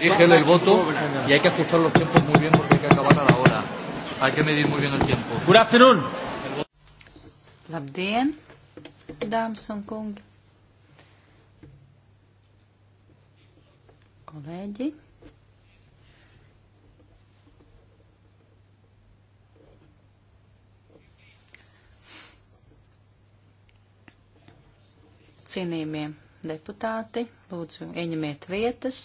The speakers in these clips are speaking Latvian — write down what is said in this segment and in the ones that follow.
dirigen el voto y hay que ajustar los tiempos muy bien porque hay que acabar a la hora. Hay que medir muy bien el tiempo. Good afternoon! Labdien, dāmas un kungi! Kolēģi! Cienījamie deputāti, lūdzu, ieņemiet vietas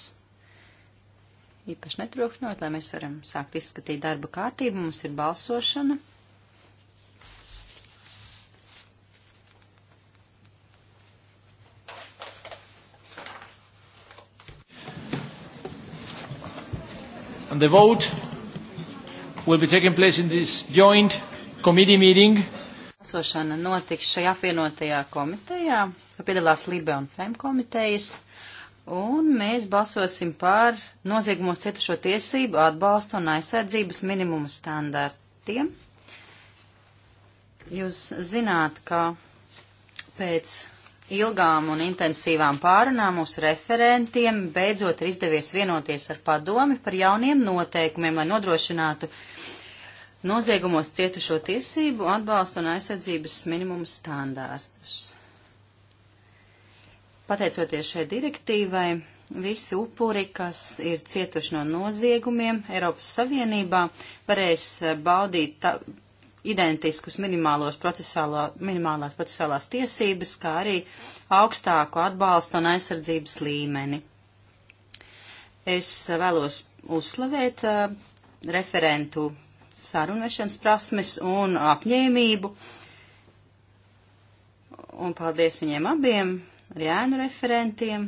īpaši netrokšņot, lai mēs varam sākt izskatīt darba kārtību. Mums ir balsošana. And the vote will be taking place in this joint committee meeting. Balsošana notiks šajā apvienotajā komitejā, kur piedalās Libe un Fem komitejas. Uh, un mēs balsosim par noziegumos cietušo tiesību atbalstu un aizsardzības minimumu standartiem. Jūs zināt, ka pēc ilgām un intensīvām pārunām mūsu referentiem beidzot ir izdevies vienoties ar padomi par jauniem noteikumiem, lai nodrošinātu noziegumos cietušo tiesību atbalstu un aizsardzības minimumu standārtus. Pateicoties šai direktīvai, visi upuri, kas ir cietuši no noziegumiem Eiropas Savienībā, varēs eh, baudīt ta, identiskus minimālos procesālā, minimālās procesālās tiesības, kā arī augstāku atbalstu un aizsardzības līmeni. Es eh, vēlos uzslavēt uh, referentu sarunvešanas prasmes un apņēmību, un paldies viņiem abiem arī ēnu referentiem.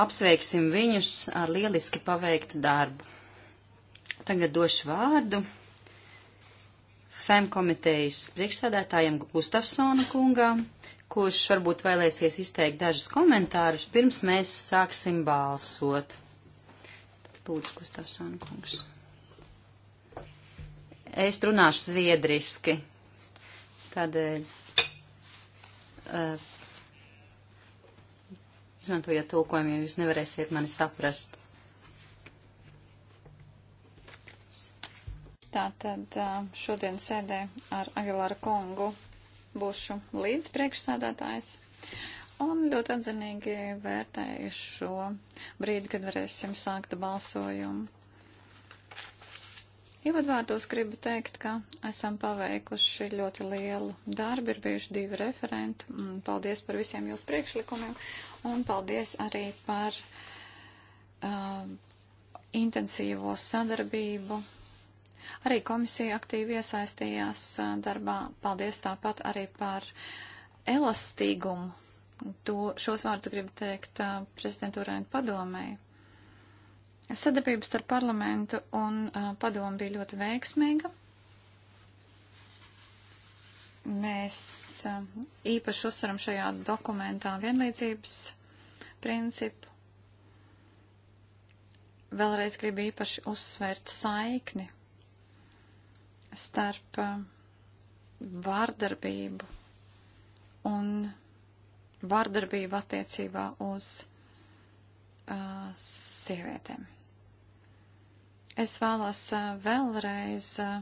Apsveiksim viņus ar lieliski paveiktu darbu. Tagad došu vārdu FEM komitejas priekšsēdētājiem Gustafsona kungām, kurš varbūt vēlēsies izteikt dažus komentārus, pirms mēs sāksim balsot. Lūdzu, Gustafsona kungs. Es runāšu zviedriski, tādēļ. Uh, izmantojot tulkojumu, jo jūs nevarēsiet mani saprast. Tātad šodien sēdē ar Agilāru Kongu būšu līdz priekšsādātājs un ļoti atzinīgi vērtēju šo brīdi, kad varēsim sākt balsojumu. Ievadvārdos gribu teikt, ka esam paveikuši ļoti lielu darbu, ir bijuši divi referenti. Paldies par visiem jūsu priekšlikumiem un paldies arī par uh, intensīvo sadarbību. Arī komisija aktīvi iesaistījās uh, darbā. Paldies tāpat arī par elastīgumu. To, šos vārdus gribu teikt uh, prezidentūrai un padomēji Sadarbības starp parlamentu un uh, padomu bija ļoti veiksmīga. Mēs uh, īpaši uzsveram šajā dokumentā vienlīdzības principu. Vēlreiz gribu īpaši uzsvērt saikni starp uh, vārdarbību un vārdarbību attiecībā uz uh, sievietēm. Es vēlos uh, vēlreiz uh,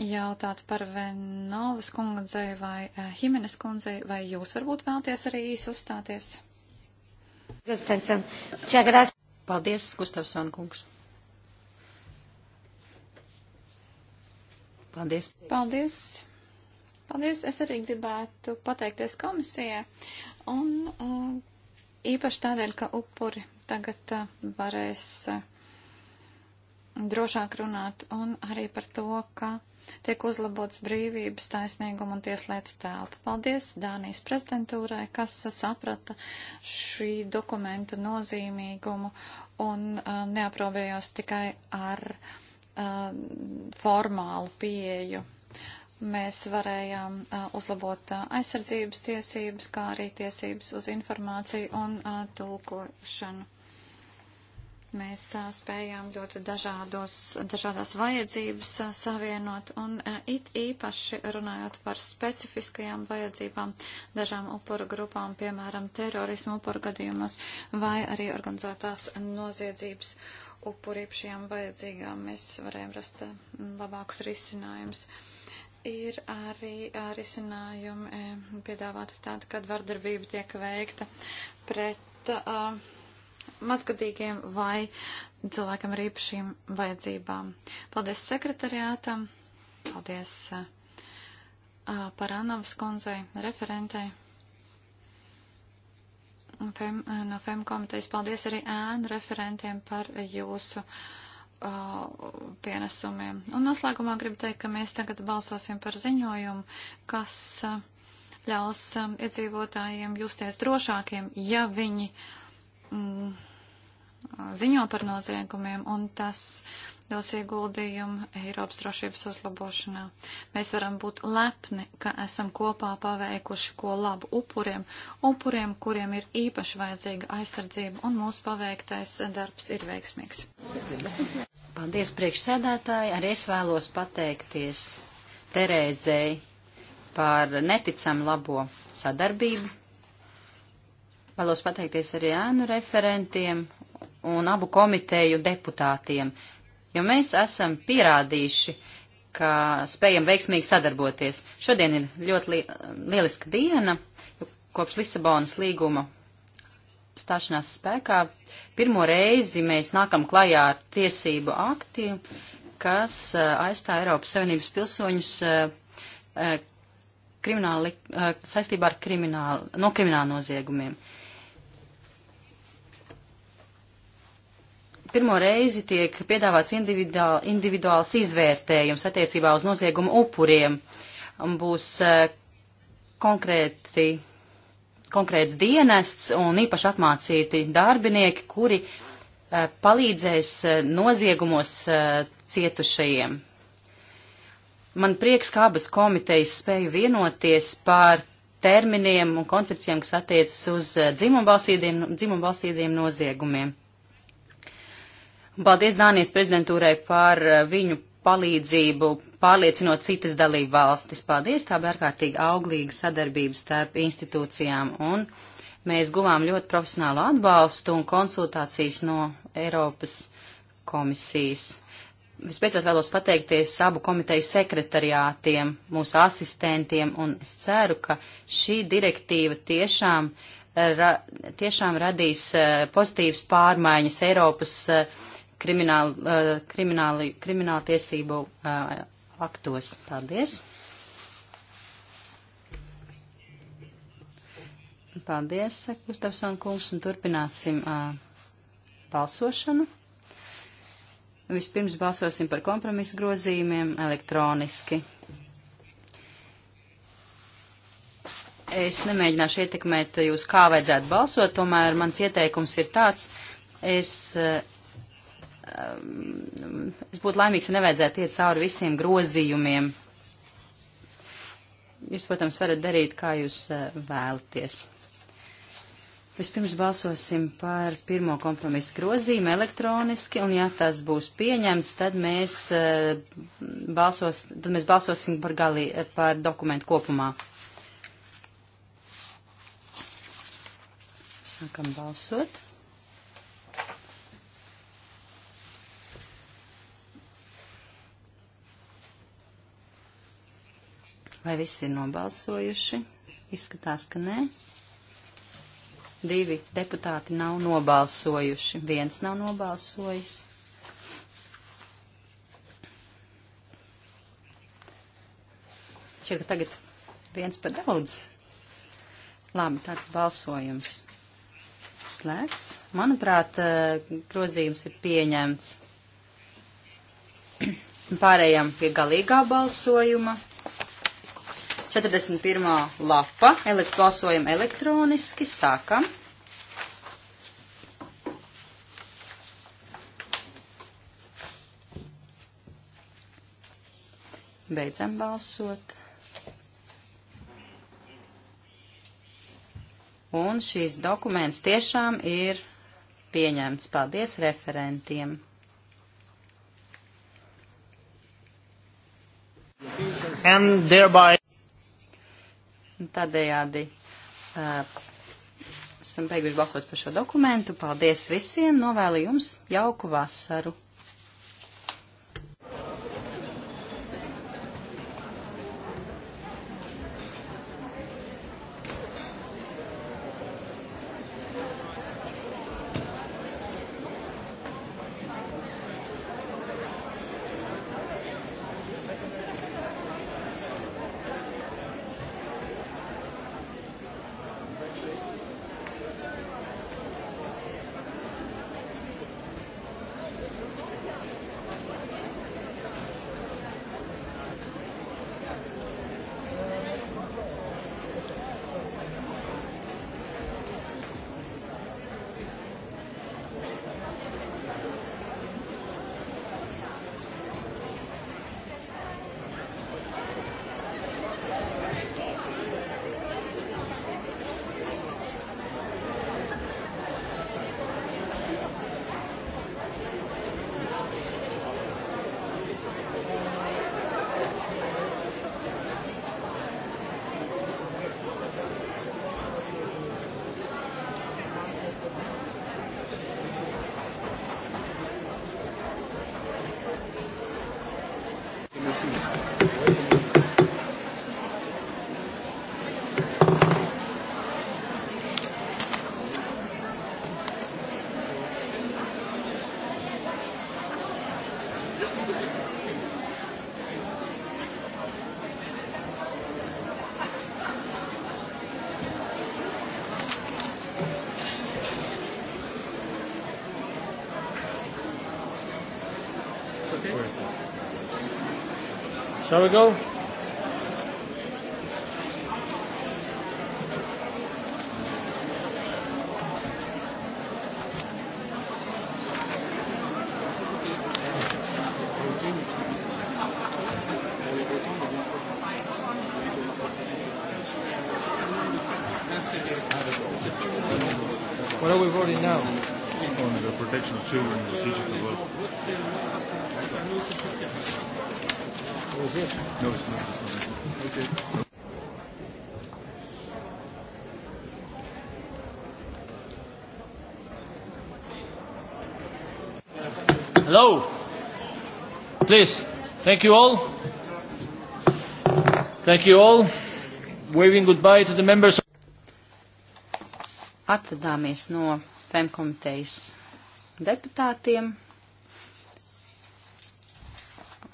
jautāt par Venovas kundzei vai uh, Himenes kundzei, vai jūs varbūt vēlties arī īsi uzstāties? Paldies, Gustavson kungs. Paldies. Paldies. Paldies. Es arī gribētu pateikties komisijai un uh, īpaši tādēļ, ka upuri tagad a, uh, varēs a, uh, drošāk runāt un arī par to, ka tiek uzlabots brīvības, taisnīguma un tieslietu telpa. Paldies Dānijas prezidentūrai, kas a, saprata šī dokumentu nozīmīgumu un uh, neaprobējos tikai ar formālu pieeju Mēs varējām uzlabot aizsardzības tiesības, kā arī tiesības uz informāciju un tulkošanu. Mēs spējām ļoti dažādos, dažādās vajadzības savienot un it īpaši runājot par specifiskajām vajadzībām dažām upuru grupām, piemēram, terorismu upuru gadījumos vai arī organizētās noziedzības upurīpšajām vajadzīgām. Mēs varējām rast labākus risinājumus. Uh, ir arī risinājumi e, piedāvāti tādi, kad vardarbība tiek veikta pret uh, mazgadīgiem vai cilvēkam ar īpašīm vajadzībām. Paldies sekretariātam, paldies uh, Paranovas kundzei, referentei. Fem, no FEM komitejas paldies arī ēnu referentiem par jūsu uh, Uh, pienesumiem. Un noslēgumā gribu teikt, ka mēs tagad balsosim par ziņojumu, kas uh, ļaus um, iedzīvotājiem justies drošākiem, ja viņi mm, uh, ziņo par noziegumiem, un tas dos ieguldījumu Eiropas drošības uzlabošanā. Mēs varam būt lepni, ka esam kopā paveikuši ko labu upuriem, upuriem, kuriem ir īpaši vajadzīga aizsardzība, un mūsu paveiktais darbs ir veiksmīgs. Paldies, priekšsēdētāji. Arī es vēlos pateikties Terēzei par neticam labo sadarbību. Vēlos pateikties arī ēnu referentiem un abu komiteju deputātiem jo mēs esam pierādījuši, ka spējam veiksmīgi sadarboties. Šodien ir ļoti li lieliska diena, jo kopš Lisabonas līguma stāšanās spēkā pirmo reizi mēs nākam klajā ar tiesību akti, kas uh, aizstā Eiropas Savienības pilsoņus uh, uh, krimināli, uh, saistībā ar kriminālu, no krimināla noziegumiem. Uh, pirmo reizi tiek piedāvāts individuāl, individuāls izvērtējums attiecībā uz noziegumu upuriem. Būs eh, konkrēti, konkrēts dienests un īpaši apmācīti darbinieki, kuri eh, palīdzēs eh, noziegumos cietušajiem. Man prieks, ka abas komitejas spēja vienoties par terminiem un koncepcijām, kas attiecas uz dzimumbalstīdiem, dzimumbalstīdiem noziegumiem. Paldies Dānijas prezidentūrai par eh, viņu palīdzību pārliecinot citas dalību valstis. Paldies, tā bija ārkārtīgi auglīga sadarbība starp institūcijām un mēs guvām ļoti profesionālu atbalstu un konsultācijas no Eiropas komisijas. Vispēcot vēlos pateikties abu komiteju sekretariātiem, mūsu asistentiem, un es ceru, ka šī direktīva tiešām, ra, tiešām radīs eh, pozitīvas pārmaiņas Eiropas uh, Eh, krimināli, uh, krimināli, krimināli tiesību uh, eh, aktos. Paldies! Paldies, Gustavson kungs, un turpināsim uh, balsošanu. Vispirms balsosim par kompromisu grozījumiem elektroniski. Es nemēģināšu ietekmēt jūs, kā vajadzētu balsot, tomēr mans ieteikums ir tāds, es uh, Um, es būtu laimīgs, ja nevajadzētu iet cauri visiem grozījumiem. Jūs, protams, varat darīt, kā jūs uh, vēlaties. Vispirms balsosim par pirmo kompromisu grozījumu elektroniski, un ja tas būs pieņemts, tad mēs, uh, balsos, tad mēs balsosim par, galī, uh, par dokumentu kopumā. Sākam balsot. Vai visi ir nobalsojuši? Izskatās, ka nē. Divi deputāti nav nobalsojuši. Viens nav nobalsojis. Šķiet, ka tagad viens par daudz. Labi, tātad balsojums slēgts. Manuprāt, eh, grozījums ir pieņemts. Pārējām pie galīgā balsojuma. 41. lapa. Elekt, balsojam elektroniski. Sākam. Beidzam balsot. Un šīs dokuments tiešām ir pieņemts. Paldies referentiem. And thereby Tādējādi uh, esam beiguši balsot par šo dokumentu. Paldies visiem, novēlu jums jauku vasaru! Shall we go? No, it's not. It's not. Okay. Hello. Please. Thank you all. Thank you all. Waving goodbye to the members. Atvadāmies no FEM komitejas deputātiem.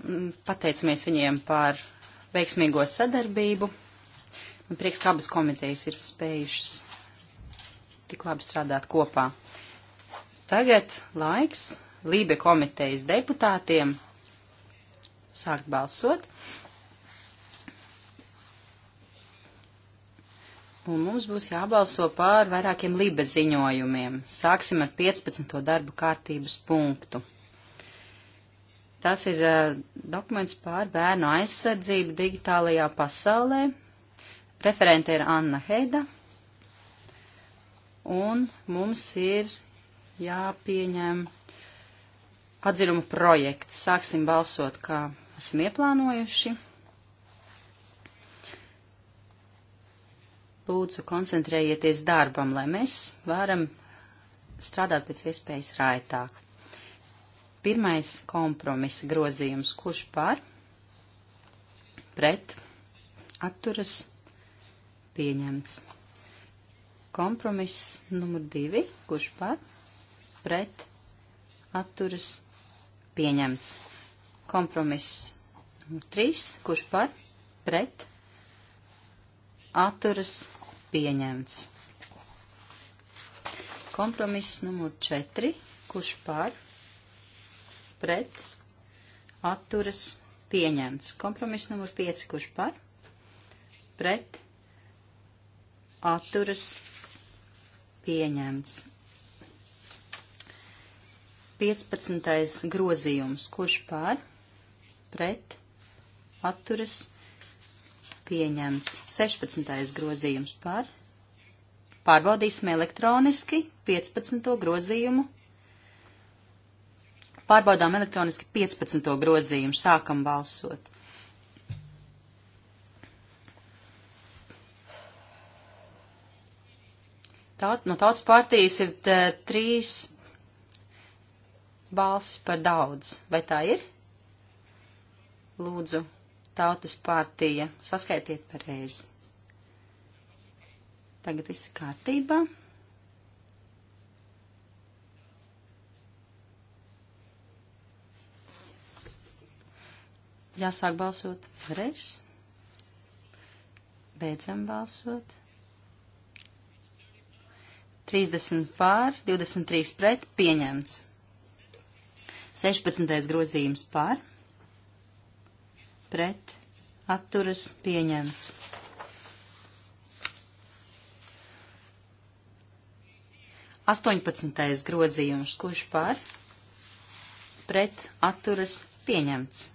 Mm, pateicamies viņiem par veiksmīgo sadarbību. Man prieks, ka abas komitejas ir spējušas tik labi strādāt kopā. Tagad laiks Lībe komitejas deputātiem sākt balsot. Un mums būs jābalso pār vairākiem Lībe ziņojumiem. Sāksim ar 15. darbu kārtības punktu. Tas ir dokuments pār bērnu aizsardzību digitālajā pasaulē. Referente ir Anna Heida. Un mums ir jāpieņem atzinuma projekts. Sāksim balsot, kā esam ieplānojuši. Lūdzu, koncentrējieties darbam, lai mēs varam strādāt pēc iespējas raitāk. Pirmais kompromisa grozījums, kurš par, pret, atturas, pieņemts. Kompromiss numur divi, kurš par, pret, atturas, pieņemts. Kompromiss numur trīs, kurš par, pret, atturas, pieņemts. Kompromiss numur četri, kurš par, pret, atturas, pieņemts. Kompromiss numur 5, kurš par, pret, atturas, pieņemts. 15. grozījums, kurš par, pret, atturas, pieņemts. 16. grozījums par, pārbaudīsim elektroniski 15. grozījumu Pārbaudām elektroniski 15. grozījumu. Sākam balsot. Taut, no tautas partijas ir tā, trīs balsis par daudz. Vai tā ir? Lūdzu, tautas partija, saskaitiet pareizi. Tagad viss kārtībā. Jāsāk balsot vēlreiz. Beidzam balsot. 30 pār, 23 pret, pieņemts. 16. grozījums pār, pret, atturas, pieņemts. 18. grozījums, kurš pār, pret, atturas, pieņemts.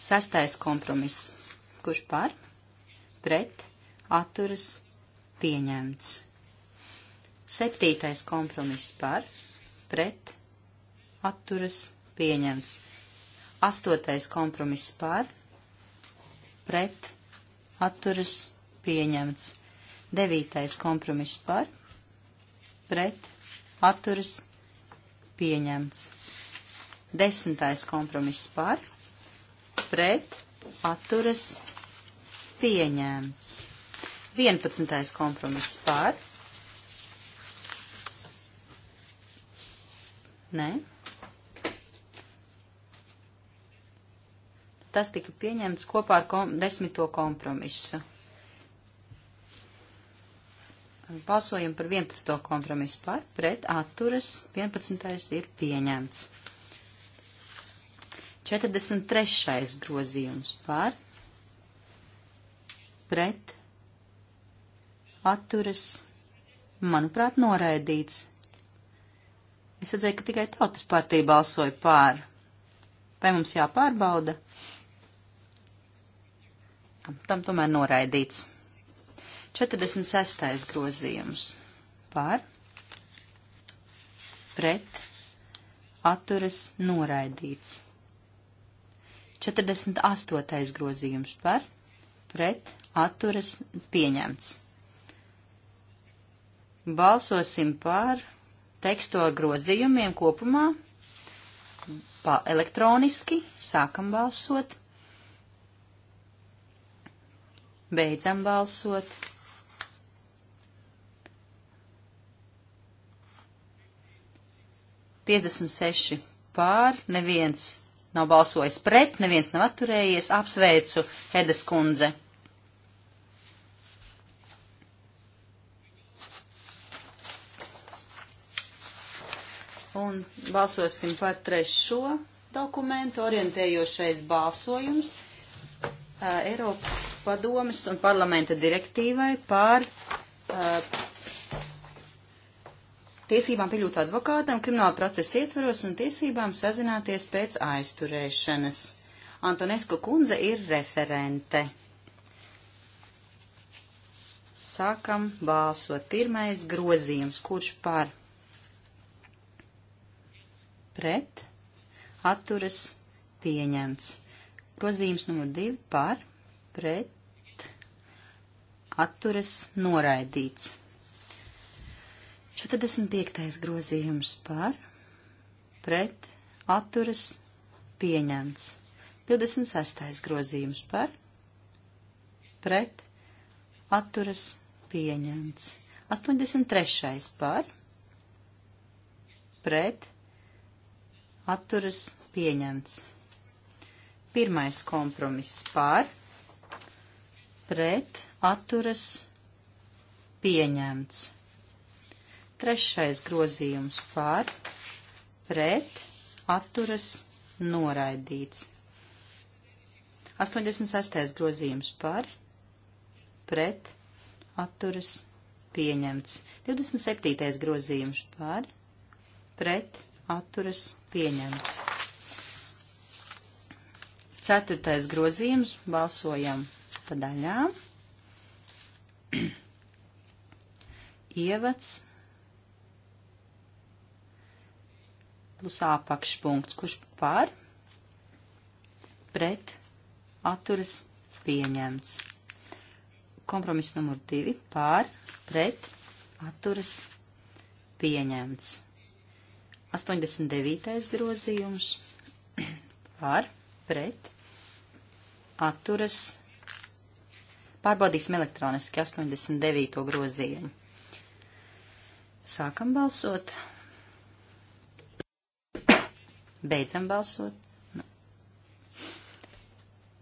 Sastais kompromiss. Kurš par? Pret. Atturas. Pieņemts. Septītais kompromiss par. Pret. Atturas. Pieņemts. Astotais kompromiss par. Pret. Atturas. Pieņemts. Devītais kompromiss par. Pret. Atturas. Pieņemts. Desmitais kompromiss par pret, atturas, pieņēmts. 11. kompromiss par. Nē. Tas tika pieņemts kopā ar kom desmito kompromisu. Balsojam par 11. kompromisu par, pret atturas 11. ir pieņemts. 43. grozījums par pret atturas, manuprāt, noraidīts. Es redzēju, ka tikai tautas partija balsoja pār. Vai mums jāpārbauda? Tam tomēr noraidīts. 46. grozījums par pret atturas noraidīts. 48. grozījums par, pret, atturas, pieņemts. Balsosim par teksto grozījumiem kopumā. Pa elektroniski sākam balsot. Beidzam balsot. Piecdesmit seši pār, neviens nav balsojis pret, neviens nav atturējies. Apsveicu Hedes kundze. Un balsosim par trešo dokumentu, orientējošais balsojums uh, Eiropas padomes un parlamenta direktīvai par uh, tiesībām piļūt advokātam krimināla procesa ietveros un tiesībām sazināties pēc aizturēšanas. Antonesko kundze ir referente. Sākam balsot. Pirmais grozījums. Kurš par? Pret. Atturas pieņemts. Grozījums numur divi par. Pret. Atturas noraidīts. 45. grozījums par, pret, atturas, pieņemts. 26. grozījums par, pret, atturas, pieņemts. 83. par, pret, atturas, pieņemts. Pirmais kompromiss par, pret, atturas, pieņemts. Trešais grozījums pār, pret, atturas, noraidīts. 86. grozījums pār, pret, atturas, pieņemts. 27. grozījums pār, pret, atturas, pieņemts. Ceturtais grozījums balsojam pa daļām. Ievads plus apakšpunkts, kurš par, pret, atturas pieņemts. Kompromiss numur divi par, pret, atturas pieņemts. 89. grozījums par, pret, atturas pieņemts. Pārbaudīsim elektroniski 89. grozījumu. Sākam balsot. Beidzam balsot. Nu.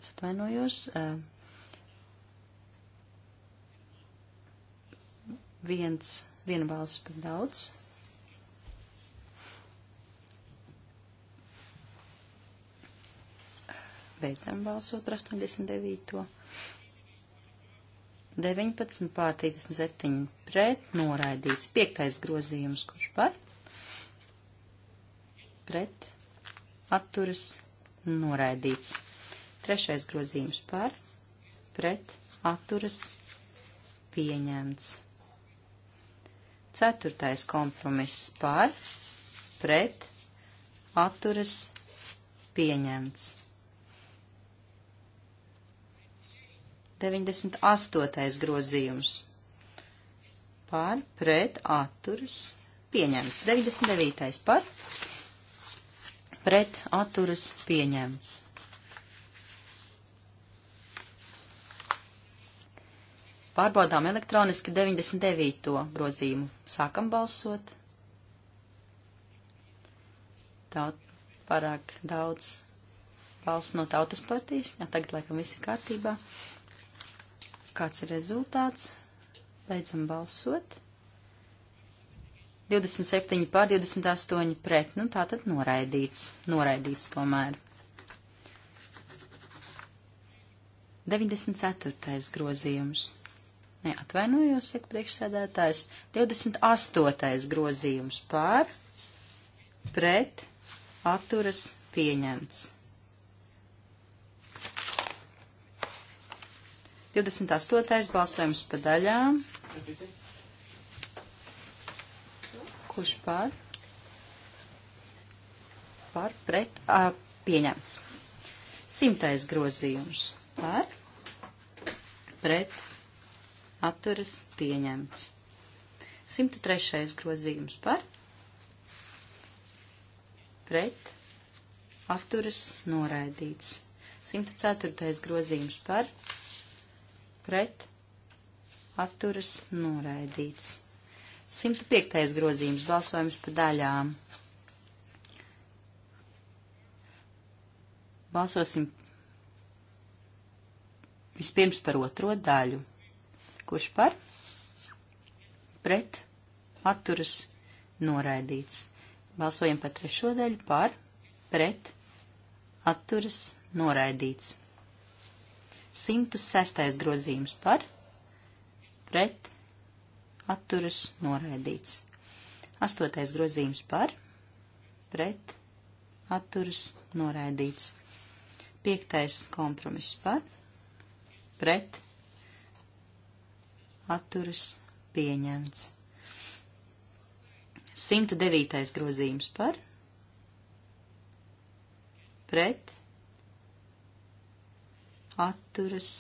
Atvainojos. Viens, viena balss par daudz. Beidzam balsot par 89. 19 pār 37 pret noraidīts. Piektais grozījums, kurš par? Pret atturas noraidīts. Trešais grozījums par, pret, atturas pieņemts. Ceturtais kompromiss par, pret, atturas pieņemts. 98. grozījums par, pret, atturas pieņemts. 99. par, pret pret atturas pieņemts. Pārbaudām elektroniski 99. grozīmu. Sākam balsot. Taut, pārāk daudz balsu no tautas partijas. Jā, tagad laikam viss ir kārtībā. Kāds ir rezultāts? Beidzam balsot. 27 pār 28 pret. Nu, tā tad noraidīts. Noraidīts tomēr. 94. grozījums. Nē, atvainojos, saka priekšsēdētājs. 28. grozījums pār, pret, atturas pieņemts. 28. balsojums pa daļām kurš par, par pret a, pieņemts. Simtais grozījums par, pret, atturas pieņemts. 103. grozījums par, pret, atturas noraidīts. 104. grozījums par, pret, atturas noraidīts. 105. grozījums balsojums pa daļām. Balsosim vispirms par otro daļu. Kurš par? Pret, atturas, noraidīts. Balsojam par trešo daļu par, pret, atturas, noraidīts. 106. grozījums par, pret, atturas noraidīts. Astotais grozījums par, pret, atturas noraidīts. Piektais kompromiss par, pret, atturas pieņemts. 109. grozījums par, pret, atturas,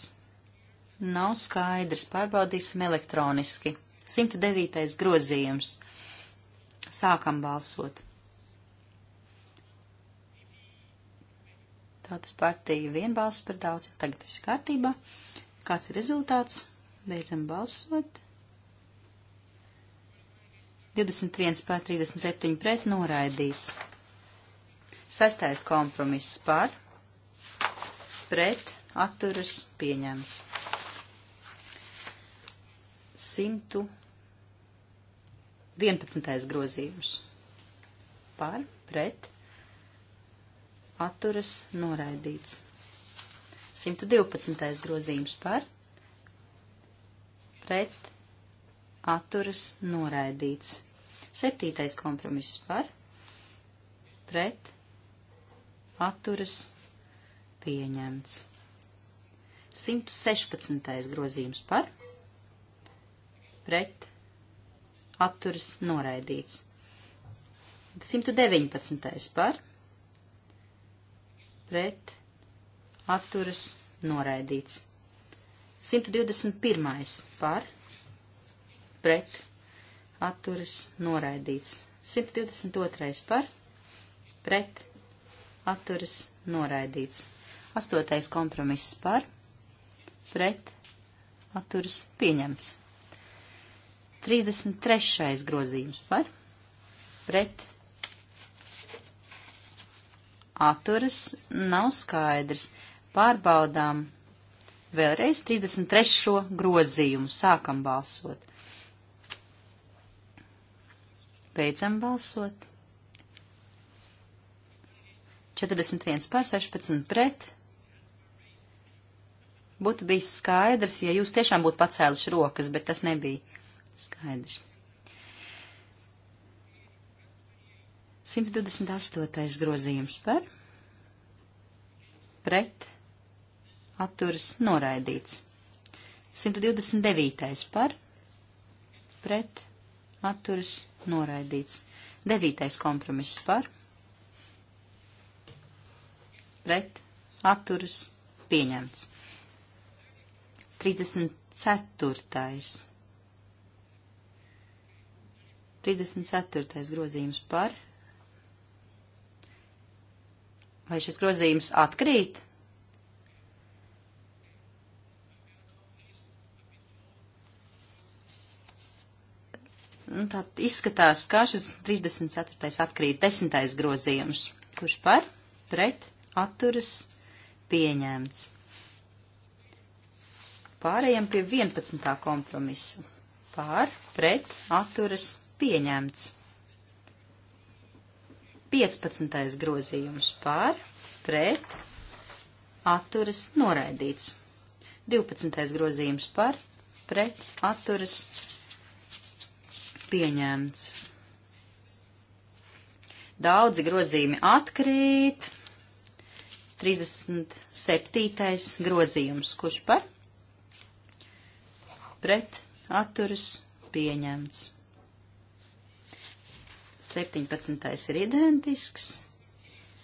nav skaidrs, pārbaudīsim elektroniski. 109. grozījums. Sākam balsot. Tautas partija vienbalsts par daudz, tagad tas ir kārtībā. Kāds ir rezultāts? Beidzam balsot. 21 pār 37 pret noraidīts. Sastais kompromiss par, pret, atturas pieņemts. 100. 11. grozījums par, pret, atturas noraidīts. 112. grozījums par, pret, atturas noraidīts. 7. kompromiss par, pret, atturas pieņemts. 116. grozījums par, pret, atturas noraidīts. 119. par pret atturas noraidīts. 121. par pret atturas noraidīts. 122. par pret atturas noraidīts. 8. kompromiss par pret atturas pieņemts. 33. grozījums par pret atturas nav skaidrs. Pārbaudām vēlreiz 33. grozījumu. Sākam balsot. Beidzam balsot. 41 pār 16 pret. Būtu bijis skaidrs, ja jūs tiešām būtu pacēluši rokas, bet tas nebija skaidrs. 128. grozījums par, pret, atturas noraidīts. 129. par, pret, atturas noraidīts. 9. kompromiss par, pret, atturas pieņemts. 34. 34. grozījums par. Vai šis grozījums atkrīt? Nu, tā izskatās, kā šis 34. atkrīt 10. grozījums, kurš par, pret, atturas, pieņēmts. Pārējiem pie 11. kompromisa. Pār, pret, atturas, pieņēmts pieņemts. 15. grozījums pār, pret, atturas, noraidīts. 12. grozījums par, pret, atturas, pieņemts. Daudzi grozījumi atkrīt. 37. grozījums, kurš par, pret, atturas, pieņemts. 17. ir identisks,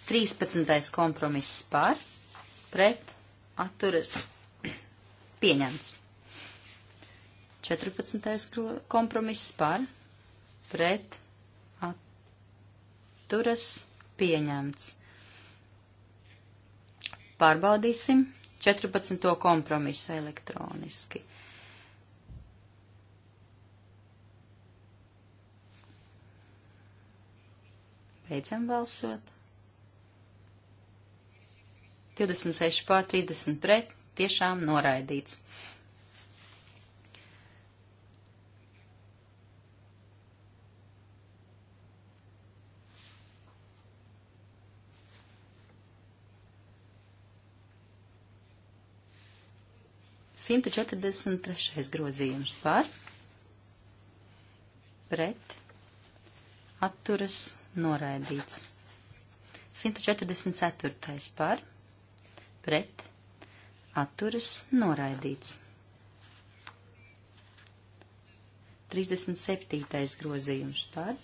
13. kompromiss par, pret, atturas, pieņemts. 14. kompromiss par, pret, atturas, pieņemts. Pārbaudīsim 14. kompromisu elektroniski. Beidzam balsot. 26 pār 30 pret, tiešām noraidīts. Simta četrdesmit trešais grozījums par pret atturas noraidīts. 144. par, pret, atturas noraidīts. 37. grozījums par,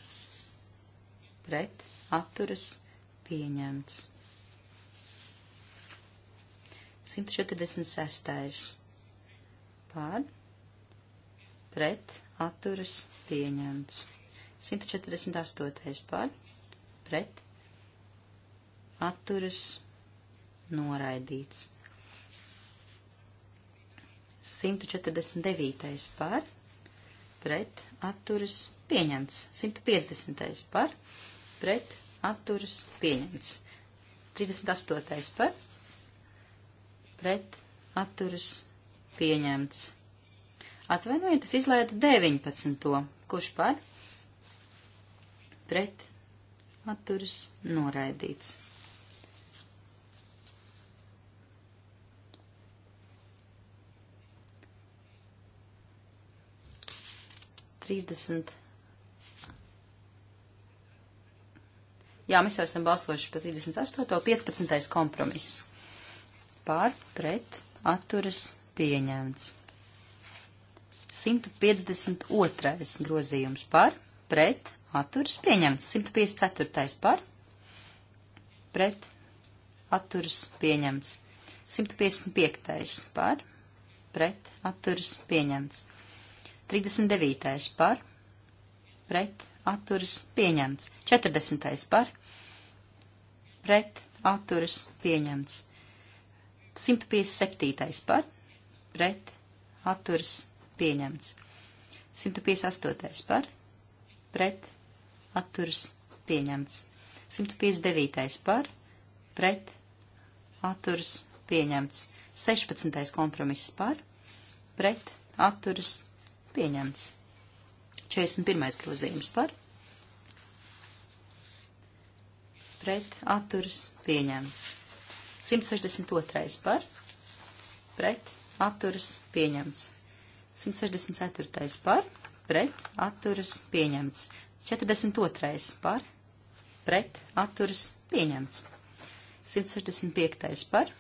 pret, atturas pieņemts. 146. par, pret, atturas pieņemts. 148. par pret atturas noraidīts. 149. par pret atturas pieņemts. 150. par pret atturas pieņemts. 38. par pret atturas pieņemts. Atvainojiet, es izlaidu 19. Kurš par? pret atturas noraidīts. Trīsdesmit. Jā, mēs jau esam balsojuši par 38. 15. kompromiss. Pār, pret, atturas, pieņemts. 152. grozījums par, pret, atturas pieņemts. 154. par, pret, atturas pieņemts. 155. par, pret, atturas pieņemts. 39. par, pret, atturas pieņemts. 40. par, pret, atturas pieņemts. 157. par, pret, atturas pieņemts. 158. par, pret, atturas pieņemts. 159. par, pret, atturas pieņemts. 16. kompromiss par, pret, atturas pieņemts. 41. grozījums par, pret, atturas pieņemts. 162. par, pret, atturas pieņemts. 164. par, pret, atturas pieņemts. 42. par, pret, atturas, pieņemts. 165. par,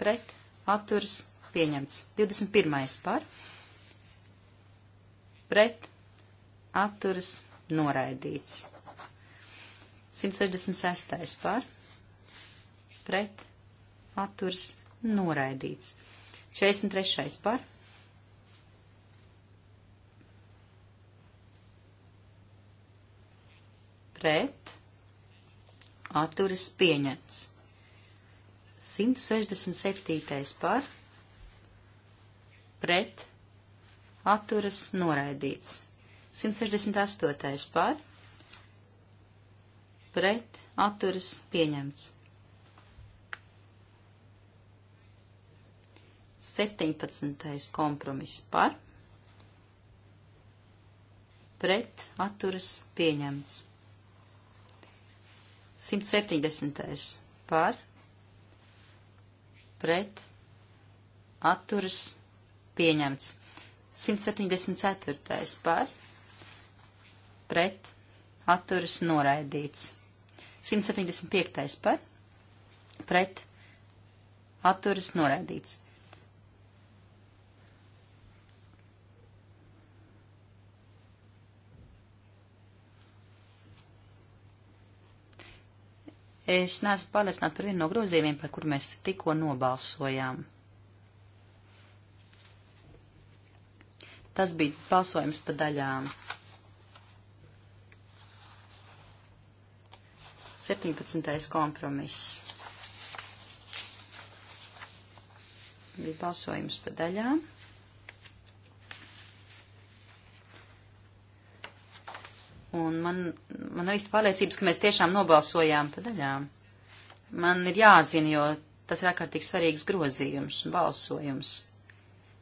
pret, atturas, pieņemts. 21. par, pret, atturas, noraidīts. 166. par, pret, atturas, noraidīts. 43. par, pret, atturas pieņemts. 167. par, pret, atturas noraidīts. 168. par, pret, atturas pieņemts. 17. kompromiss par, pret, atturas pieņemts. 170. par, pret, atturas, pieņemts. 174. par, pret, atturas, noraidīts. 175. par, pret, atturas, noraidīts. Es neesmu pārliecināta par vienu no grozījumiem, par kuru mēs tikko nobalsojām. Tas bija balsojums pa daļām. 17. kompromiss. Bija balsojums pa daļām. Un man, man nav īsti pārliecības, ka mēs tiešām nobalsojām pa daļām. Man ir jāatzina, jo tas ir ārkārtīgi svarīgs grozījums un balsojums.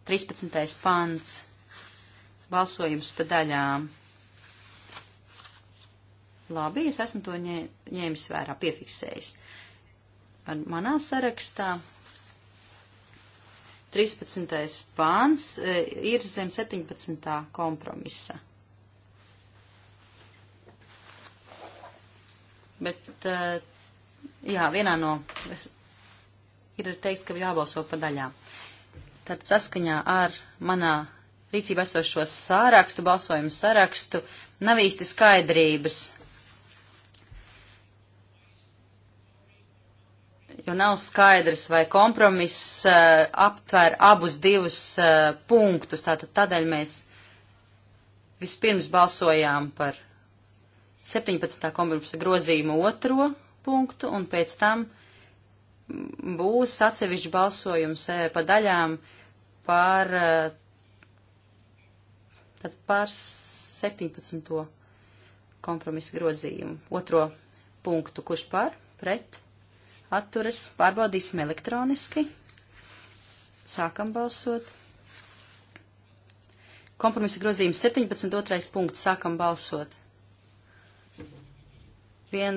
13. pants. Balsojums pa daļām. Labi, es esmu to ņē, ņēmis vērā, piefiksējis. Ar manā sarakstā 13. pāns e, ir zem 17. kompromisa. Bet eh, jā, vienā no ir teikts, ka jābalso pa daļām. Tad saskaņā ar manā rīcībā esošo sārakstu, balsojumu sārakstu, nav īsti skaidrības. Jo nav skaidrs, vai kompromiss uh, aptver abus divus uh, punktus. Tātad tādēļ mēs vispirms balsojām par 17. kompromisa grozījuma otro punktu, un pēc tam būs atsevišķi balsojums eh, pa daļām par, eh, tad par 17. kompromisa grozījumu otro punktu, kurš par, pret, atturas, pārbaudīsim elektroniski, sākam balsot. Kompromisa grozījums 17. otrais punkts, sākam balsot. Vien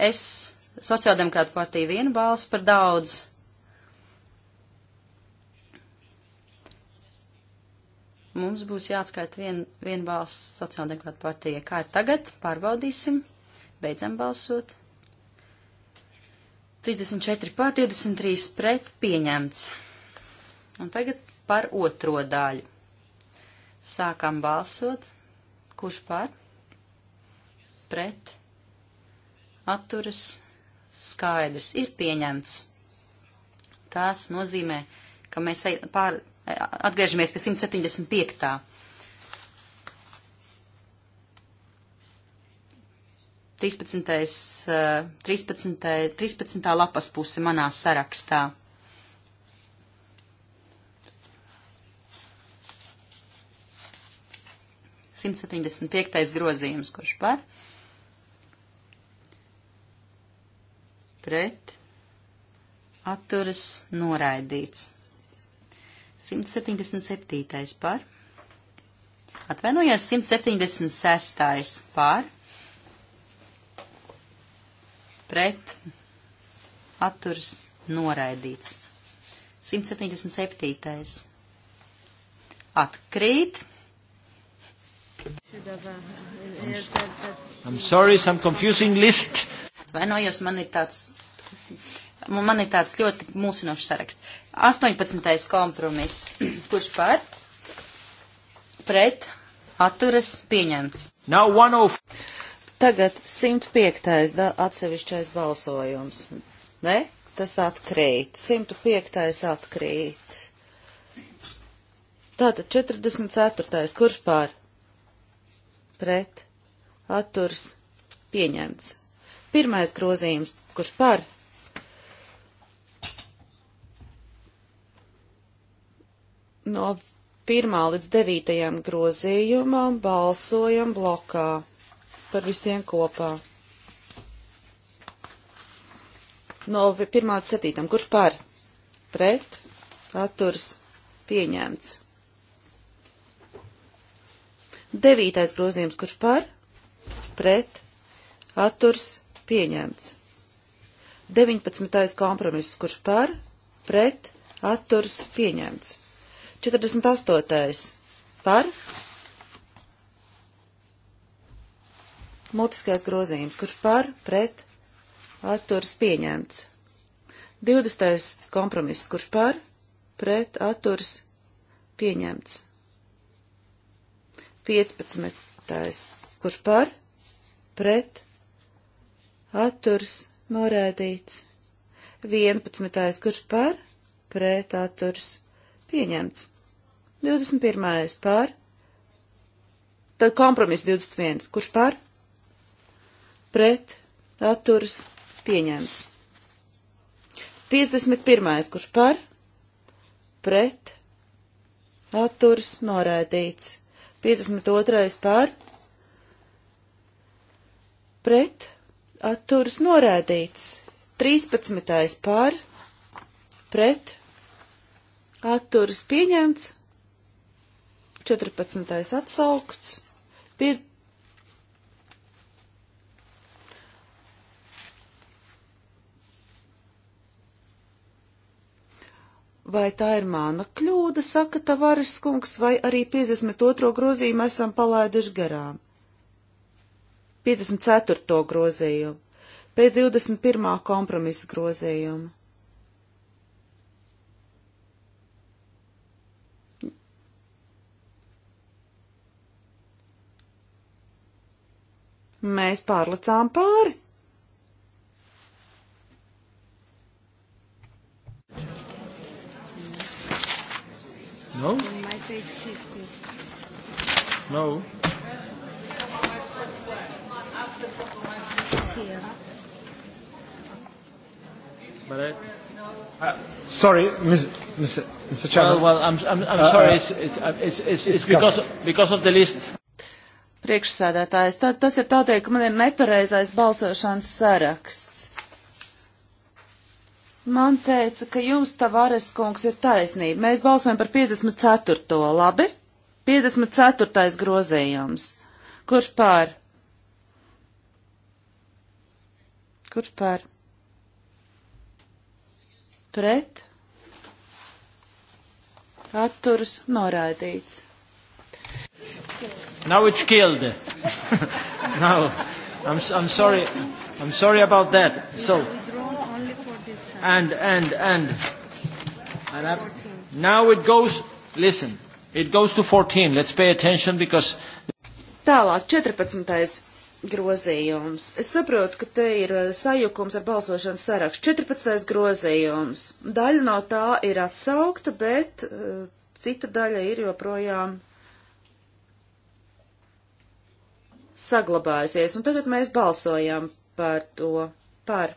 es, sociāldemokrāta partija, viena balss par daudz. Mums būs jāatskaita vien, viena balss sociāldemokrāta partija. Kā ir tagad? Pārbaudīsim. Beidzam balsot. 34 pār 23 pret pieņemts. Un tagad par otro daļu. Sākam balsot. Kurš pār? Pret atturas skaidrs ir pieņemts. Tas nozīmē, ka mēs pār, atgriežamies pie 175. Trīspadsmitais, eh, trīspadsmitā lapas puse manā sarakstā. Simtseptiņdesmit piektais grozījums, kurš par? pret, atturas noraidīts. 177. par. Atvainojos 176. par. Pret, atturas noraidīts. 177. Atkrīt. I'm sorry, some confusing list. Atvainojos, man ir tāds, man ir tāds ļoti mūsinošs saraksts. 18. kompromiss. Kurš par? Pret. Atturas pieņemts. Of... Oh- Tagad 105. atsevišķais balsojums. Ne? Tas atkrīt. 105. atkrīt. Tātad 44. kurš pār? Pret. Atturs pieņemts. Pirmais grozījums, kurš par? No pirmā līdz devītajam grozījumam balsojam blokā par visiem kopā. No pirmā līdz septītam, kurš par? Pret? Atturs pieņemts. Devītais grozījums, kurš par? Pret? Atturs pieņemts pieņemts. 19. kompromiss, kurš par, pret, atturs, pieņemts. 48. par, mutiskais grozījums, kurš par, pret, atturs, pieņemts. 20. kompromiss, kurš par, pret, atturs, pieņemts. 15. kurš par, pret, atturs norēdīts. 11. kurš par, pret atturs pieņemts. 21. par, tad kompromiss 21. kurš par, pret atturs pieņemts. 51. kurš par, pret atturs norēdīts. 52. par, pret atturas norēdīts. 13. pār pret atturas pieņemts. 14. atsaukts. Pie... Vai tā ir mana kļūda, saka Tavares kungs, vai arī 52. grozījumu esam palaiduši garām? 54. grozījumu, pēc 21. kompromisa grozījumu. Mēs pārlecām pāri. No? No. here. But I, uh, sorry, Mr. Mr. Mr. Chairman. Well, well, I'm, I'm, I'm uh, sorry. Uh, it's, it's, uh, it's, it's, it's because, because of the list. Priekšsēdētājs, tā, tas ir tādēļ, ka man ir nepareizais balsošanas saraksts. Man teica, ka jums, Tavares kungs, ir taisnība. Mēs balsojam par 54. labi? 54. grozījums. Kurš pār? Kurš par? Pret. Atturs noraidīts. Now it's killed. now, I'm, I'm sorry. I'm sorry about that. So, and, and, and, and I, now it goes, listen, it goes to 14. Let's pay attention because. Tālāk, 14 grozījums. Es saprotu, ka te ir eh, sajukums ar balsošanas sarakstu. 14. grozījums. Daļa no tā ir atsaukta, bet uh, cita daļa ir joprojām saglabājusies. Un tagad mēs balsojam par to. Par.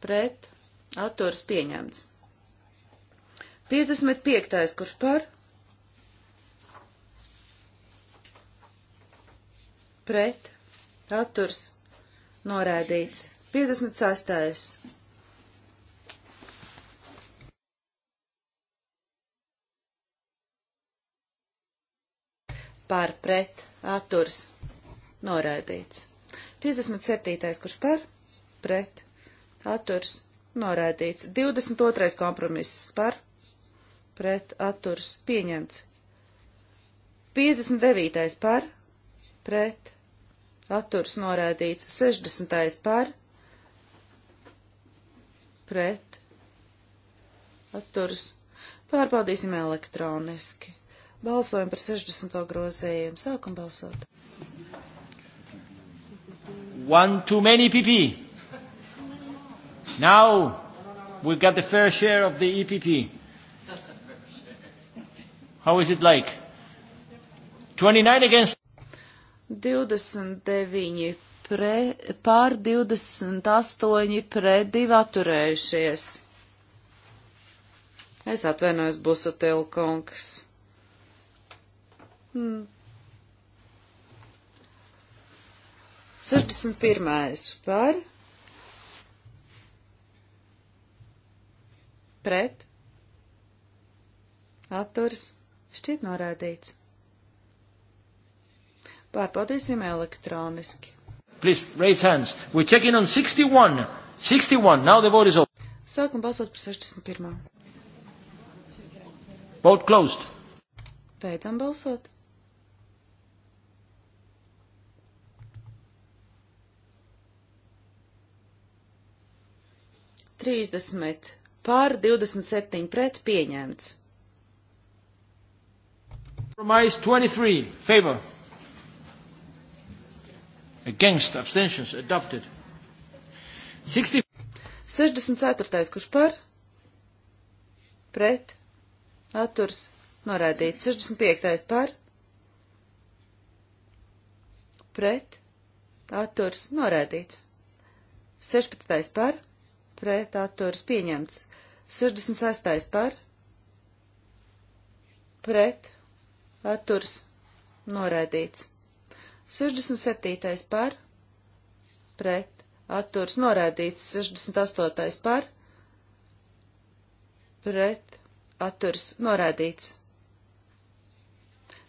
Pret. Atturs pieņemts. 55. kurš par? pret, atturs, norēdīts. 56. par pret atturs noraidīts. 57. kurš par pret atturs noraidīts. 22. kompromiss par pret atturs pieņemts. 59. par pret atturs norādīts 60. par pret atturs. Pārbaudīsim elektroniski. Balsojam par 60. grozījumu. Sākam balsot. One too many PP. E Now we got the fair share of the EPP. How is it like? 29 against 29 pre, pār 28 pret 2 atturējušies. Es atvainojos, Busutil kungs. Hmm. 61. par pret atturs šķiet norādīts. Pārbaudīsim elektroniski. Please raise hands. We're checking on 61. 61. Now the vote is over. Sākam balsot par 61. Vote closed. Beidzam balsot. Trīsdesmit pār 27 pret pieņemts. Kompromise 23. Favor. Against abstentions adopted. 60... 64. Kurš par? Pret. Atturs. Norādīts. 65. par. Pret. Atturs. Norādīts. 16. par. Pret. Atturs. Pieņemts. 66. par. Pret. Atturs. Norādīts. 67. par, pret, atturs noraidīts, 68. par, pret, atturs noraidīts,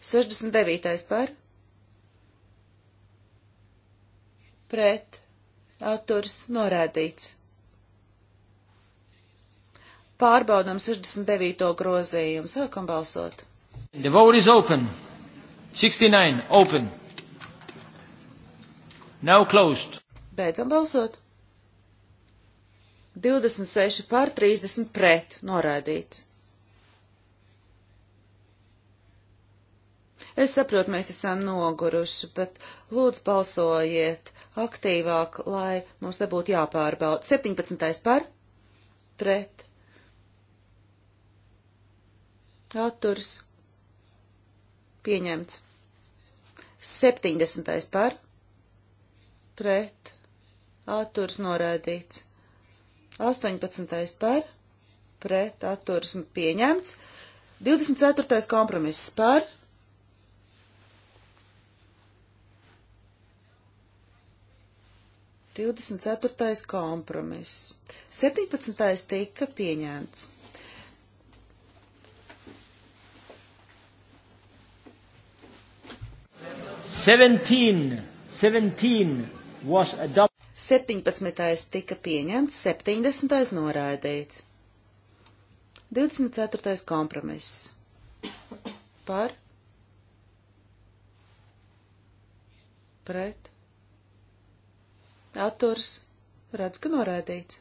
69. par, pret, atturs noraidīts. Pārbaudam 69. grozījumu, sākam balsot. The vote is open. 69, open. Nav closed. Beidzam balsot. 26 pār 30 pret norādīts. Es saprotu, mēs esam noguruši, bet lūdzu balsojiet aktīvāk, lai mums nebūtu jāpārbauda. 17. par pret. Atturs. Pieņemts. 70. par pret pret, atturs noraidīts. 18. par, pret, atturs pieņemts. 24. kompromiss par. Divdesmit ceturtais kompromiss. Septiņpadsmitais tika pieņemts. Seventeen. Seventeen. 17. tika pieņemts, 70. noraidīts. 24. kompromiss. Par. Pret. Atturs. Redz, ka noraidīts.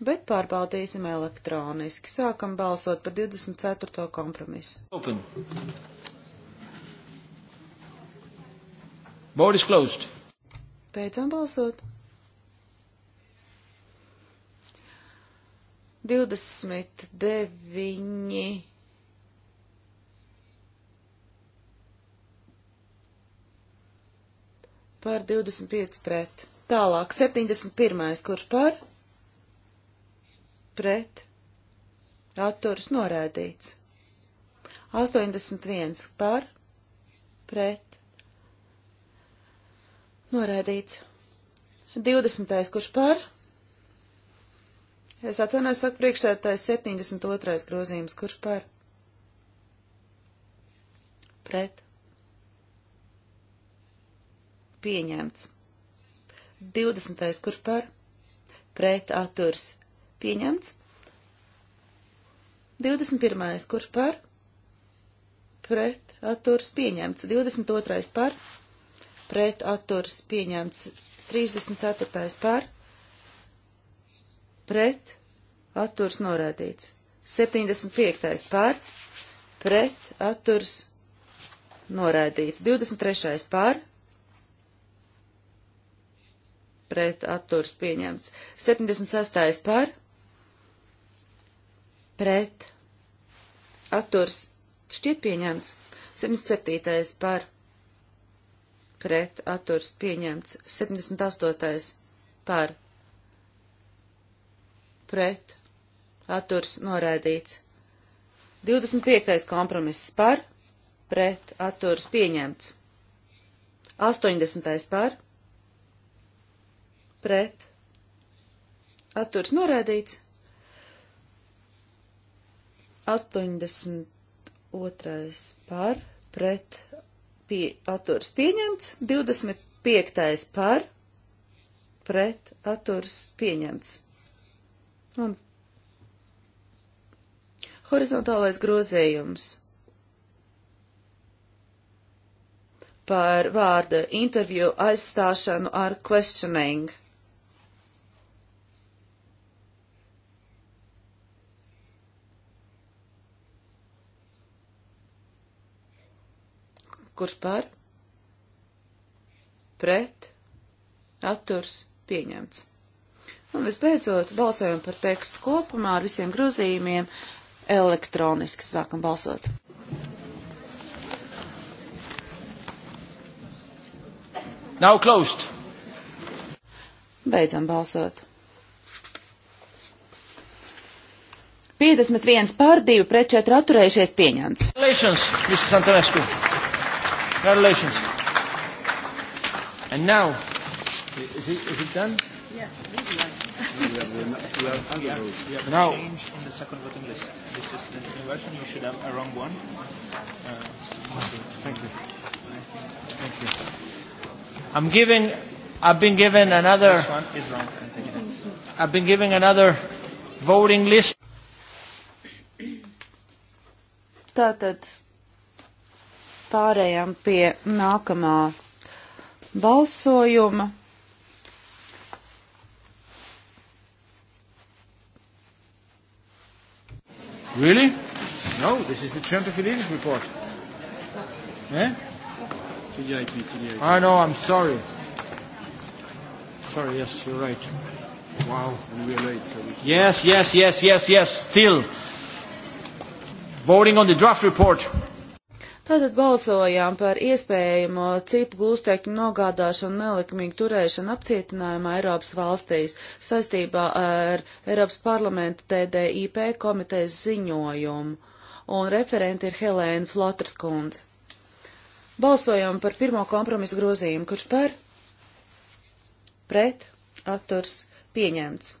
Bet pārbaudīsim elektroniski. Sākam balsot par 24. kompromisu. Open. Vote is closed. Beidzam balsot. 29. Par 25 pret. Tālāk, 71. kurš par? Pret. Atturs norēdīts. 81 par? Pret. Noraidīts. 20. kurš par? Es atvainojos, saku priekšsētājs 72. grozījums, kurš par? Pret. Pieņemts. 20. kurš par? Pret atturs. Pieņemts. 21. kurš par? Pret atturs. Pieņemts. 22. par? pret atturs pieņemts 34. par pret atturs norādīts 75. par pret atturs norādīts 23. par pret atturs pieņemts 76. par pret atturs šķiet pieņemts 77. par pret pret atturs pieņemts 78. par pret atturs noraidīts 25. kompromiss par pret atturs pieņemts 80. par pret atturs noraidīts 82. par pret pie, atturs pieņemts, 25. par, pret, atturs pieņemts. Un horizontālais grozējums par vārdu interviju aizstāšanu ar questioning. kurš par, pret, atturs, pieņemts. Un visbeidzot, balsojam par tekstu kopumā ar visiem grozījumiem elektroniski sākam balsot. Now closed. Beidzam balsot. 51 pār 2 pret 4 atturējušies pieņemts. Congratulations, Mrs. Antonescu! Congratulations. And now, is it, is it done? Yes, this one. Now, change in the second voting list. This is the new version. You should have a wrong one. Uh, thank you. Thank you. I'm giving. I've been given another. This one is wrong. I've been giving another voting list. Tātad pārējām pie nākamā balsojuma. Really? No, this is the Trentafilidis report. Eh? TDIP, TDIP. I know, I'm sorry. Sorry, yes, you're right. Wow, and we're late. So we yes, yes, yes, yes, yes, still. Voting on the draft report. Tātad balsojām par iespējamo cipu gūstekņu nogādāšanu nelikumīgu turēšanu apcietinājumā Eiropas valstīs saistībā ar Eiropas parlamenta TDIP komitejas ziņojumu, un referenti ir Helēna Flotrskundze. Balsojām par pirmo kompromisu grozījumu, kurš par pret atturs pieņemts.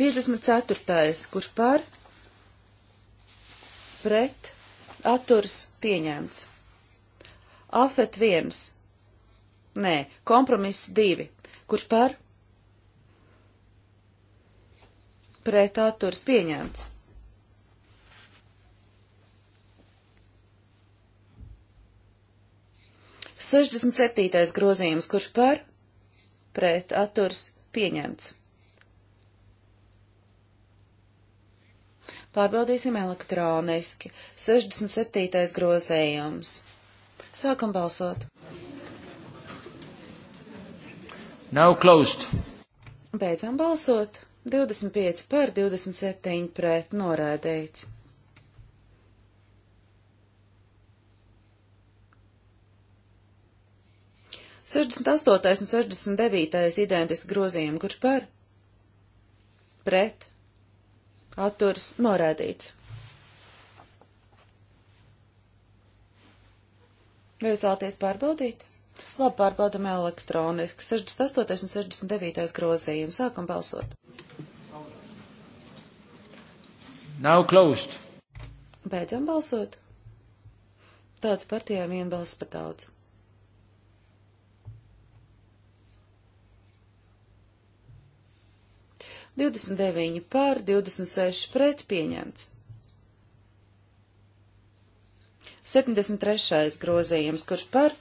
54. kurš par pret atturs pieņemts. Afet 1. Nē, kompromiss 2. Kurš par pret atturs pieņemts. Sešdesmit septītais grozījums, kurš par pret atturs pieņemts. Pārbaudīsim elektroniski. 67. grozējums. Sākam balsot. Now closed. Beidzam balsot. 25 par 27 pret norēdīts. Sešdesmit astotais un sešdesmit devītais identiski grozījumi, kurš par? Pret atturs norādīts. Vai jūs vēlaties pārbaudīt? Labi, pārbaudam elektroniski. 68. un 69. grozījums. Sākam balsot. Now closed. Beidzam balsot. Tāds partijām vienbalsts pat daudz. 29 pār, 26 pret pieņemts. 73. grozījums, kurš par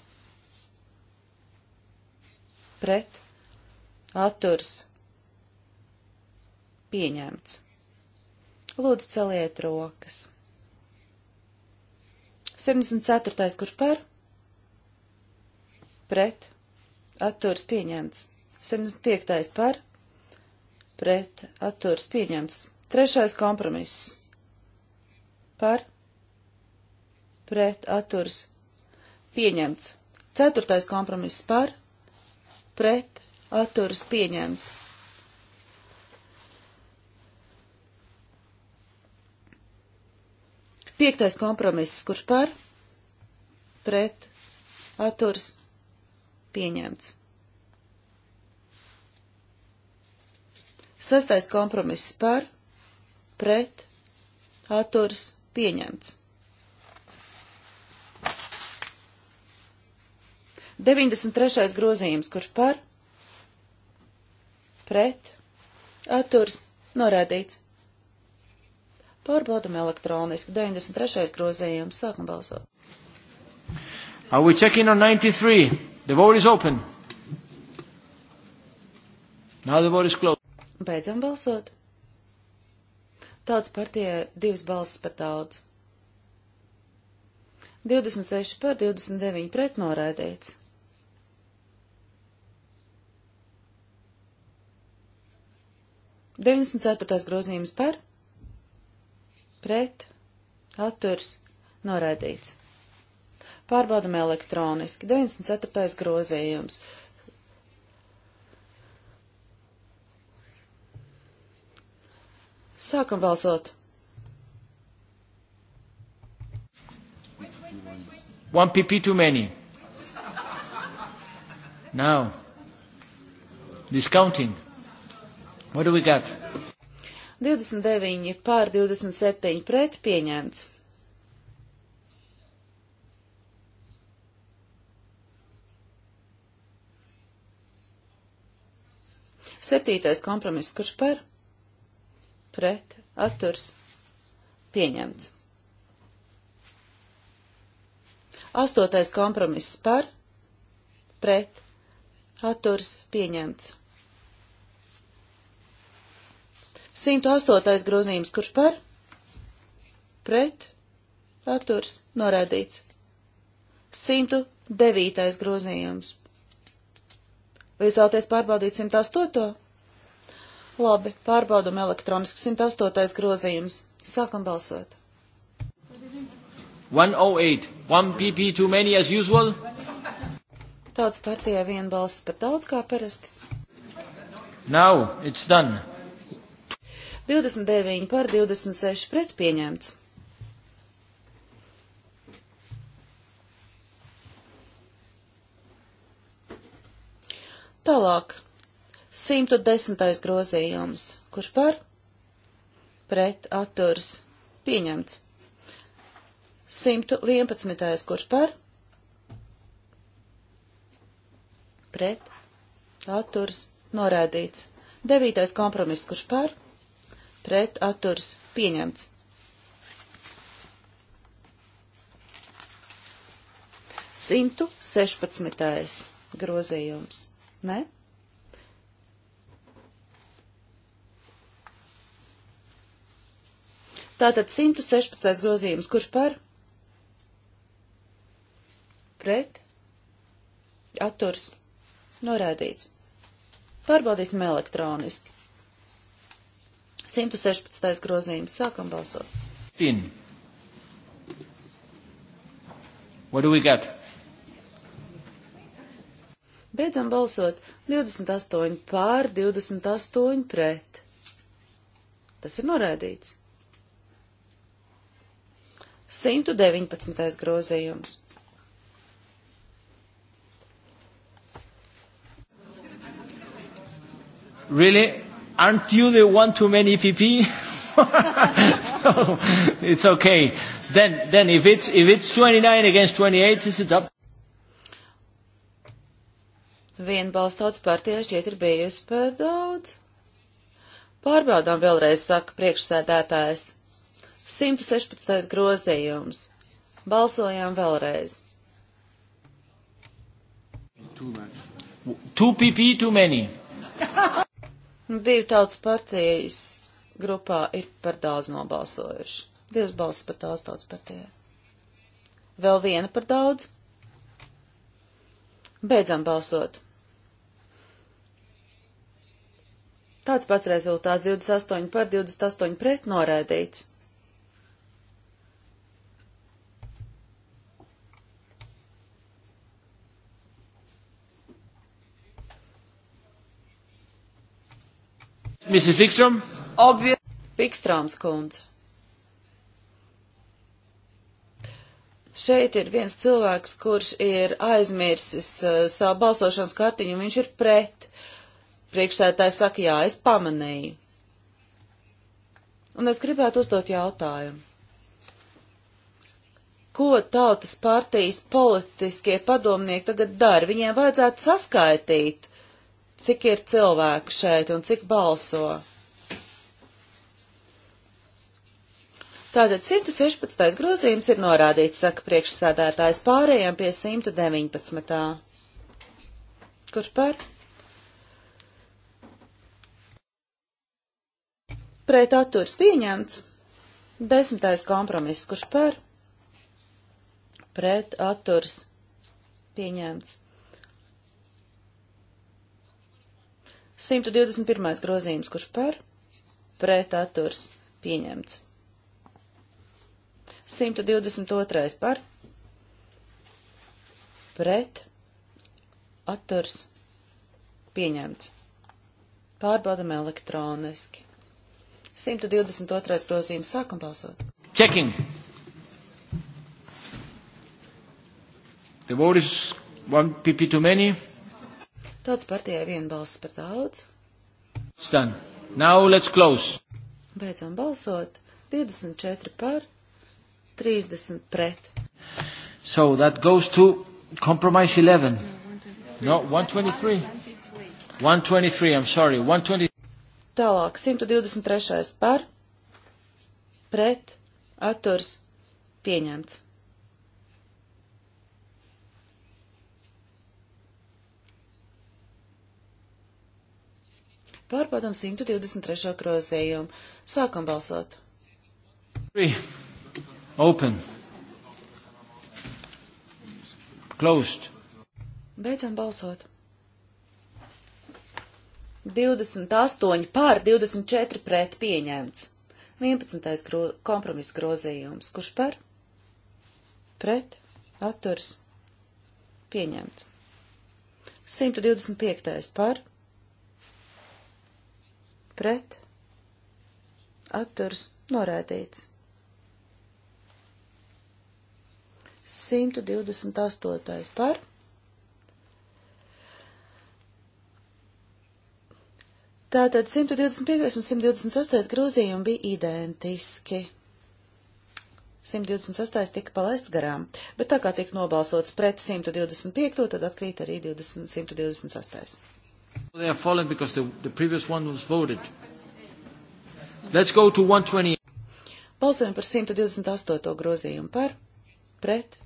pret atturs pieņemts. Lūdzu, celiet rokas. 74. kurš par pret atturs pieņemts. 75. par pret atturs pieņemts. Trešais kompromiss par pret atturs pieņemts. Ceturtais kompromiss par pret atturs pieņemts. Piektais kompromiss, kurš par pret atturs pieņemts. Sastais kompromiss par, pret, atturs pieņemts. 93. grozījums, kurš par, pret, atturs norādīts. Pārbaudam elektroniski. 93. grozījums. Sākam balsot. Are we checking on 93? The vote is open. Now the vote is closed. Beidzam balsot. Tautas partijai divas balsis par daudz. 26 par 29 pret noraidīts. Deviņdesmit ceturtais grozījums par, pret, atturs, noraidīts. Pārbaudam elektroniski. 94. grozījums. Sākam balsot. One PP too many. Now, discounting. What do we got? 29 pār 27 pret pieņemts. Septītais kompromiss, kurš par? pret atturs pieņemts. Astotais kompromiss par pret atturs pieņemts. 108. grozījums, kurš par pret atturs norādīts. 109. grozījums. Vai jūs vēlaties pārbaudīt 108? Labi, pārbaudam elektroniski 108. grozījums. Sākam balsot. 108. One PP oh too many as usual. Tautas partijai viena balss par daudz kā parasti. Now it's done. 29 par 26 pret pieņemts. Tālāk. 110. grozījums. Kurš par? Pret atturs pieņemts. 111. kurš par? Pret atturs norādīts. 9. kompromiss kurš par? Pret atturs pieņemts. 116. grozījums. Ne? Tātad 116. grozījums, kurš par? Pret? Atturs. Norēdīts. Pārbaudīsim elektroniski. 116. grozījums. Sākam balsot. Fin. What do we got? Beidzam balsot 28 pār 28 pret. Tas ir norēdīts. 119. grozījums. Really? Aren't you the one too many PP? so, it's okay. Then, then if it's if it's 29 against 28, it's adopted. Viena balss tautas partijā šķiet ir bijusi par daudz. Pārbaudām vēlreiz, saka priekšsēdētājs. 116. grozījums. Balsojām vēlreiz. Two PP too many. Divi tautas partijas grupā ir par daudz nobalsojuši. Divas balsis par daudz tautas partijā. Vēl viena par daudz. Beidzam balsot. Tāds pats rezultāts 28 par 28 pret noraidīts. Mrs. Vikstrom? Obvious. Vikstrāms kundze. Šeit ir viens cilvēks, kurš ir aizmirsis uh, savu balsošanas kartiņu, un viņš ir pret. Priekšsētājs saka, jā, es pamanīju. Un es gribētu uzdot jautājumu. Ko tautas partijas politiskie padomnieki tagad dara? Viņiem vajadzētu saskaitīt cik ir cilvēku šeit un cik balso. Tātad 116. grozījums ir norādīts, saka priekšsādātājs, pārējām pie 119. Kurš par? Pret atturs pieņemts. Desmitais kompromiss, kurš par? Pret atturs pieņemts. 121. grozījums, kurš par pret atturs pieņemts. 122. par pret atturs pieņemts. Pārbaudam elektroniski. 122. grozījums sākam balsot. Checking. The vote is one PP too many. Tautas partijai viena balss par daudz. Stan. Now let's close. Beidzam balsot. 24 par, 30 pret. So that goes to compromise 11. No, 123. 123, I'm sorry. 120. Tālāk, 123. par, pret, atturs, pieņemts. Pārbaudām 123. grozījumu. Sākam balsot. Three. Open. Closed. Beidzam balsot. 28 pār 24 pret pieņemts. 11. Gro kompromiss grozījums. Kurš par? Pret? Atturs? Pieņemts. 125. par? pret, atturs norēdīts. 128. par. Tātad 125 un 126 grozījumi bija identiski. 128 tika palaists garām, bet tā kā tika nobalsots pret 125, tad atkrīt arī 20, 128. They are fallen because the, the previous one was voted. Let's go to 120. Balsojam par 128. grozījumu par, pret.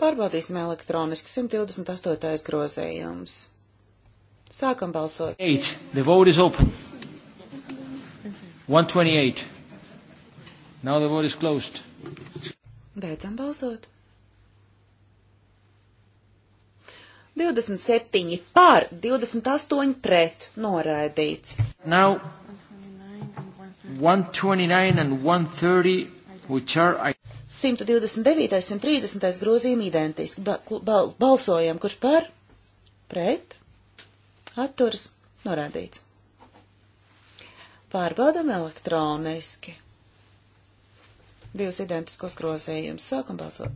Pārbaudīsim elektroniski 128. grozējums. Sākam balsot. Eight. The vote is open. 128. Now the vote is closed. Beidzam balsot. 27 par, 28 pret, noraidīts. Now 129 and 130, which are... 129, 130 grozījumi identiski. Ba bal balsojam, kurš par, pret, atturs, norādīts. Pārbaudam elektroniski. Divus identiskos grozējumus. Sākam balsot.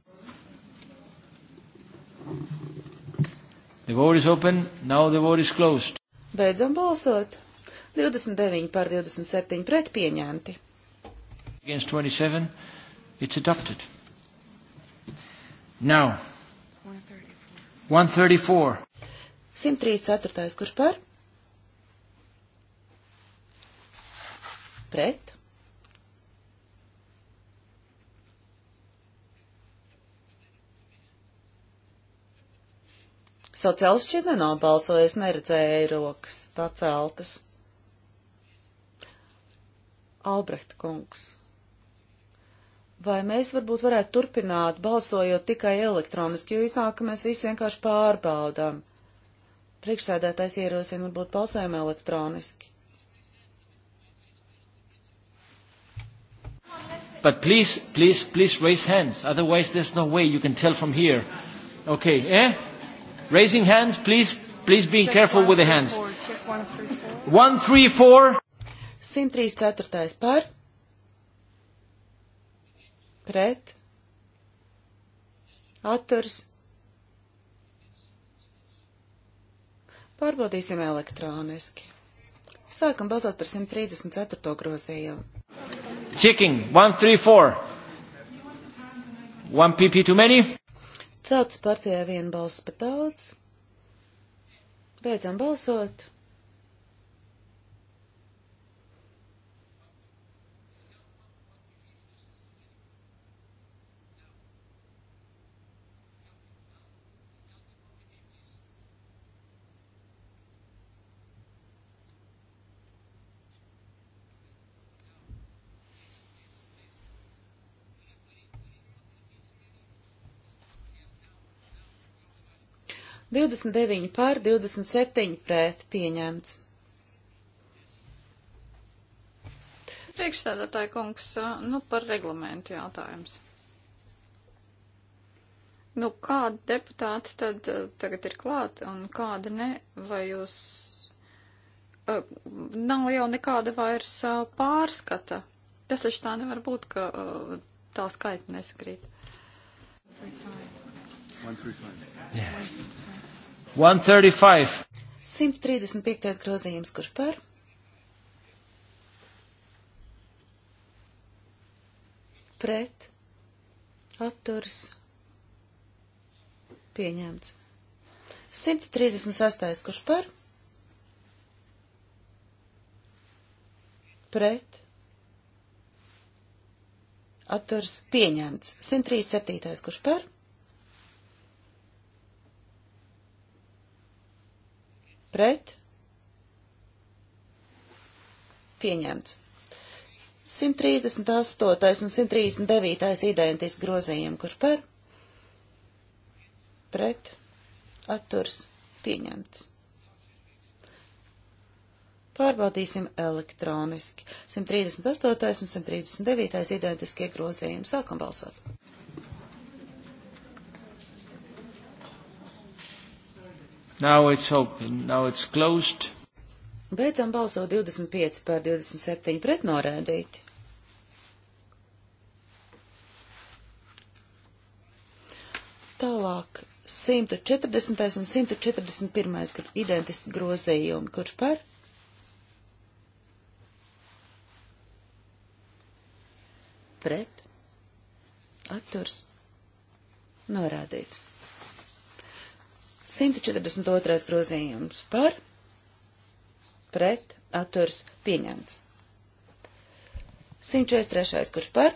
The vote is open. Now the vote is closed. Beidzam balsot. 29 pār 27 pret pieņemti. Against 27, it's adopted. Now, 134. 134. 134. Kurš par? pret? Sociāls šķiet nenobalsojies, neredzēja rokas paceltas. Albrecht kungs. Vai mēs varbūt varētu turpināt balsojot tikai elektroniski, jo iznāk, ka mēs visu vienkārši pārbaudām? Priekšsēdētājs ierosina varbūt balsojumu elektroniski. But please, please, please raise hands. Otherwise, there's no way you can tell from here. Okay, eh? Raising hands, please, please be check careful one, with the hands. Four, check one, three, four. One, three, four. 103.4. par. Pret. Atturs. Pārbaudīsim elektroniski. Sākam balsot par 134. grozījumu. Checking. One, three, four. One PP too many. Tautas partijā viena balss pat daudz. Beidzam balsot. 29 pār 27 pret pieņemts. Priekšsēdētāji kungs, nu par reglamentu jautājums. Nu, kādi deputāti tad tagad ir klāt un kādi ne? Vai jūs. Uh, nav jau nekāda vairs uh, pārskata. Tas taču tā nevar būt, ka uh, tā skaita nesakrīt. 135. Yeah. 135. 135. grozījums, kurš par? Pret. Atturs. Pieņemts. 136. kurš par? Pret. Atturs. Pieņemts. 137. kurš par? pret pieņemts. 138. un 139. identiski grozījumi, kurš par pret atturs pieņemts. Pārbaudīsim elektroniski. 138. un 139. identiskie grozījumi. Sākam balsot. Now it's open, now it's closed. Beidzam balsot 25 pār 27 pret norēdīti. Tālāk 140. un 141. identiski grozījumi. Kurš par? Pret. Atturs. Norādīts. 142. grozījums par pret atturs pieņemts. 143. kurš par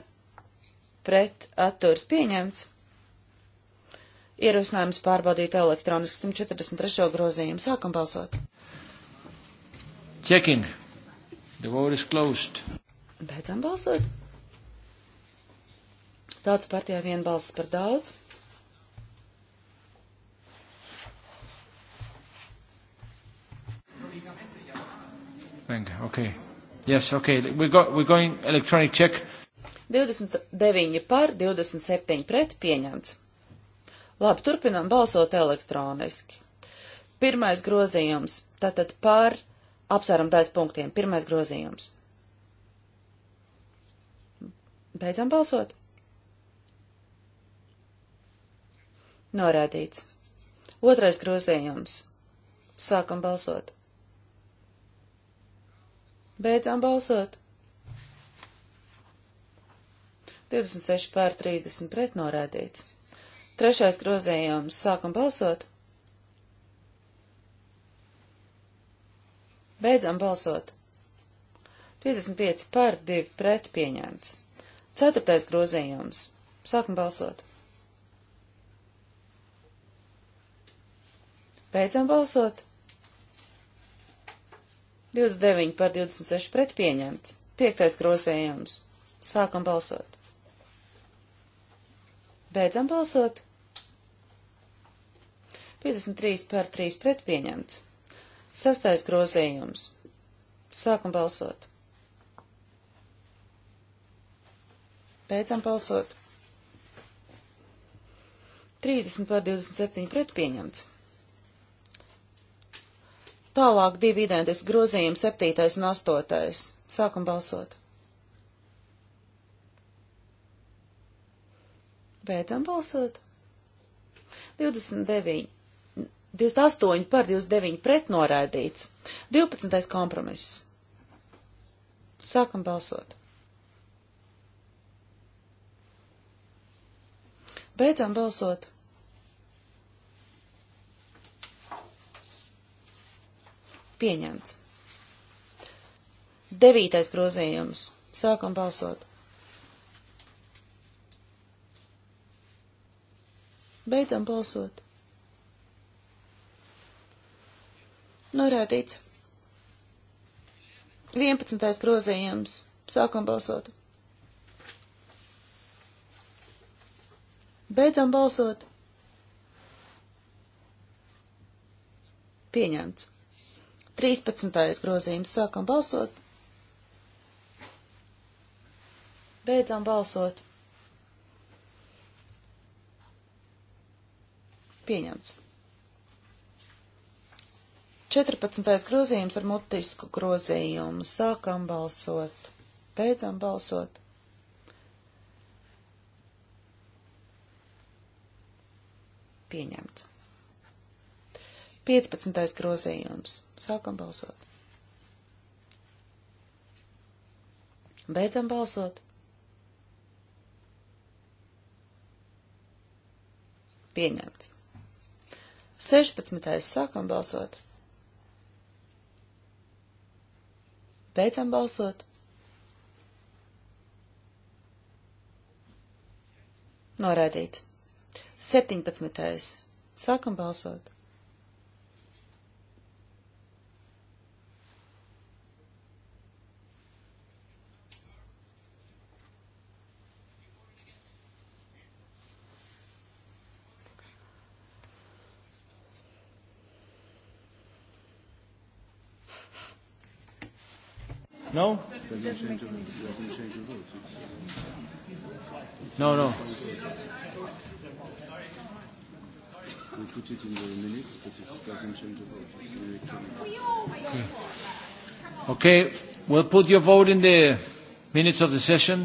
pret atturs pieņemts. Ierosinājums pārbaudīt elektroniski 143. grozījumu. Sākam balsot. Checking. The vote is closed. Beidzam balsot. Tautas partijā viena balss par daudz. Thank you. Okay. Yes, okay. We go, we're going electronic check. 29 par, 27 pret pieņemts. Labi, turpinām balsot elektroniski. Pirmais grozījums, tātad par apsvērumtais punktiem. Pirmais grozījums. Beidzam balsot. Norādīts. Otrais grozījums. Sākam balsot. Beidzām balsot. 26 pār 30 pret norādīts. Trešais grozējums. Sākam balsot. Beidzam balsot. 55 pār 2 pret pieņemts. Ceturtais grozējums. Sākam balsot. Beidzam balsot. 29 par 26 pret pieņemts. Piektais grozējums. Sākam balsot. Beidzam balsot. 53 par 3 pret pieņemts. Sastais grozējums. Sākam balsot. Beidzam balsot. 30 par 27 pret pieņemts. Tālāk divi identiski grozījumi, septītais un astotais. Sākam balsot. Beidzam balsot. 29. 28 par 29 pret norādīts. 12. kompromiss. Sākam balsot. Beidzam balsot. Pieņemts. Devītais grozījums. Sākam balsot. Beidzam balsot. Norādīts. 11. grozījums. Sākam balsot. Beidzam balsot. Pieņemts. 13. grozījums. Sākam balsot. Beidzam balsot. Pieņemts. 14. grozījums ar mutisku grozījumu. Sākam balsot. Beidzam balsot. Pieņemts. 15. grozījums. Sākam balsot. Beidzam balsot. Pieņemts. 16. sākam balsot. Beidzam balsot. Noraidīts. 17. Sākam balsot. No? No, no. We put it in the minutes, but it doesn't change the vote. It's electronic. Okay, we'll put your vote in the minutes of the session.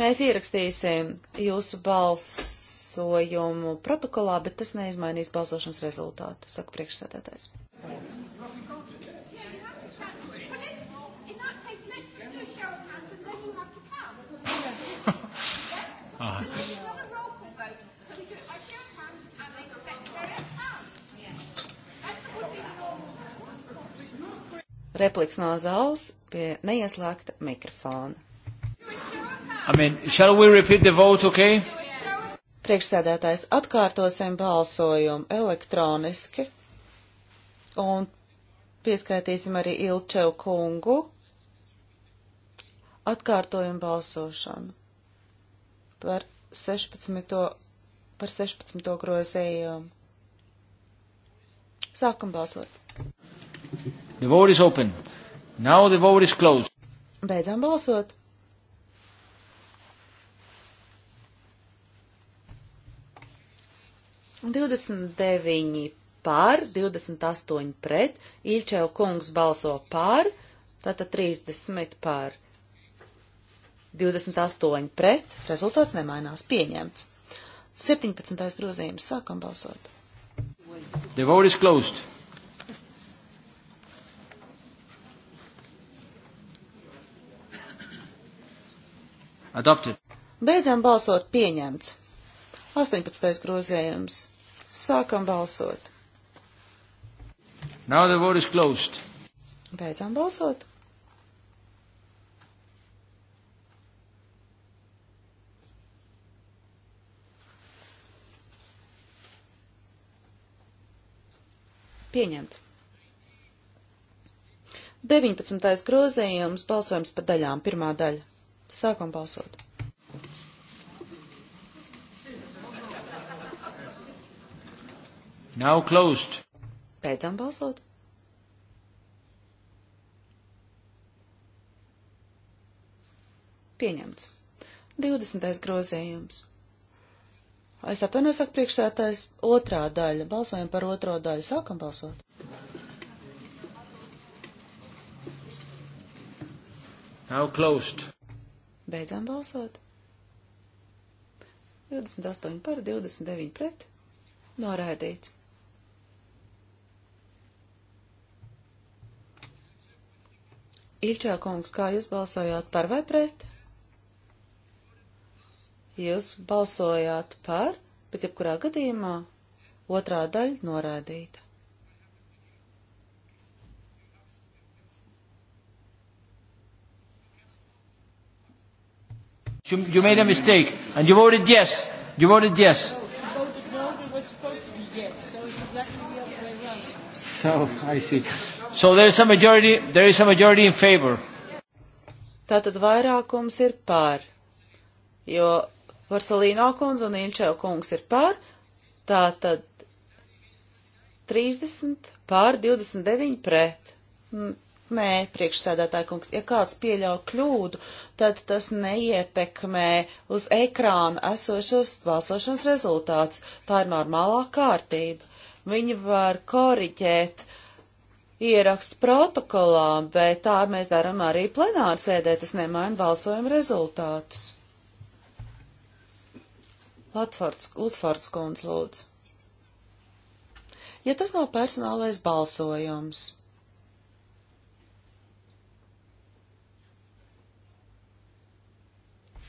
Mēs ierakstīsim jūsu balsojumu protokolā, bet tas neizmainīs balsošanas rezultātu, saka priekšsēdētājs. repliks no zāles pie neieslēgta mikrofona. I mean, shall we repeat the vote, okay? Priekšsēdētājs atkārtosim balsojumu elektroniski un pieskaitīsim arī Ilčevu kungu atkārtojumu balsošanu par 16. par 16. grozējumu. Sākam balsot. The vote is open. Now the vote is closed. Beidzam balsot. Un 29 pār, 28 pret, Ilčev kungs balso pār, tātad 30 pār, 28 pret, rezultāts nemainās pieņemts. 17. grozījums sākam balsot. The vote is closed. Adopted. Beidzam balsot pieņemts. 18. grozējums. Sākam balsot. Now the vote is closed. Beidzam balsot. Pieņemts. 19. grozījums balsojums par daļām. Pirmā daļa. Sākam balsot. Now closed. Beidzam balsot. Pieņemts. 20. grozījums. Es atvainojos, saka priekšsētājs, otrā daļa. Balsojam par otro daļu. Sākam balsot. Now closed. Beidzām balsot. 28 par 29 pret. Noraidīts. Ilčā kungs, kā jūs balsojāt par vai pret? Jūs balsojāt par, bet jebkurā gadījumā otrā daļa norādīta. You, you made a mistake, and you voted yes. You voted yes. No, voted no, but was supposed to be yes, so it's exactly the other way around. So, I see. So there is a majority, there is a majority in favor. Tātad vairākums ir pār, jo Varsalīno kundze un Inčev kungs ir pār, tātad 30 pār 29 pret. Nē, priekšsēdētāja kungs, ja kāds pieļauj kļūdu, tad tas neietekmē uz ekrāna esošos balsošanas rezultātus. Tā ir normālā kārtība. Viņi var koriģēt ierakstu protokolā, bet tā mēs darām arī plenāru sēdē, tas nemaina balsojuma rezultātus. Latvards, Lutvards kundz lūdzu. Ja tas nav personālais balsojums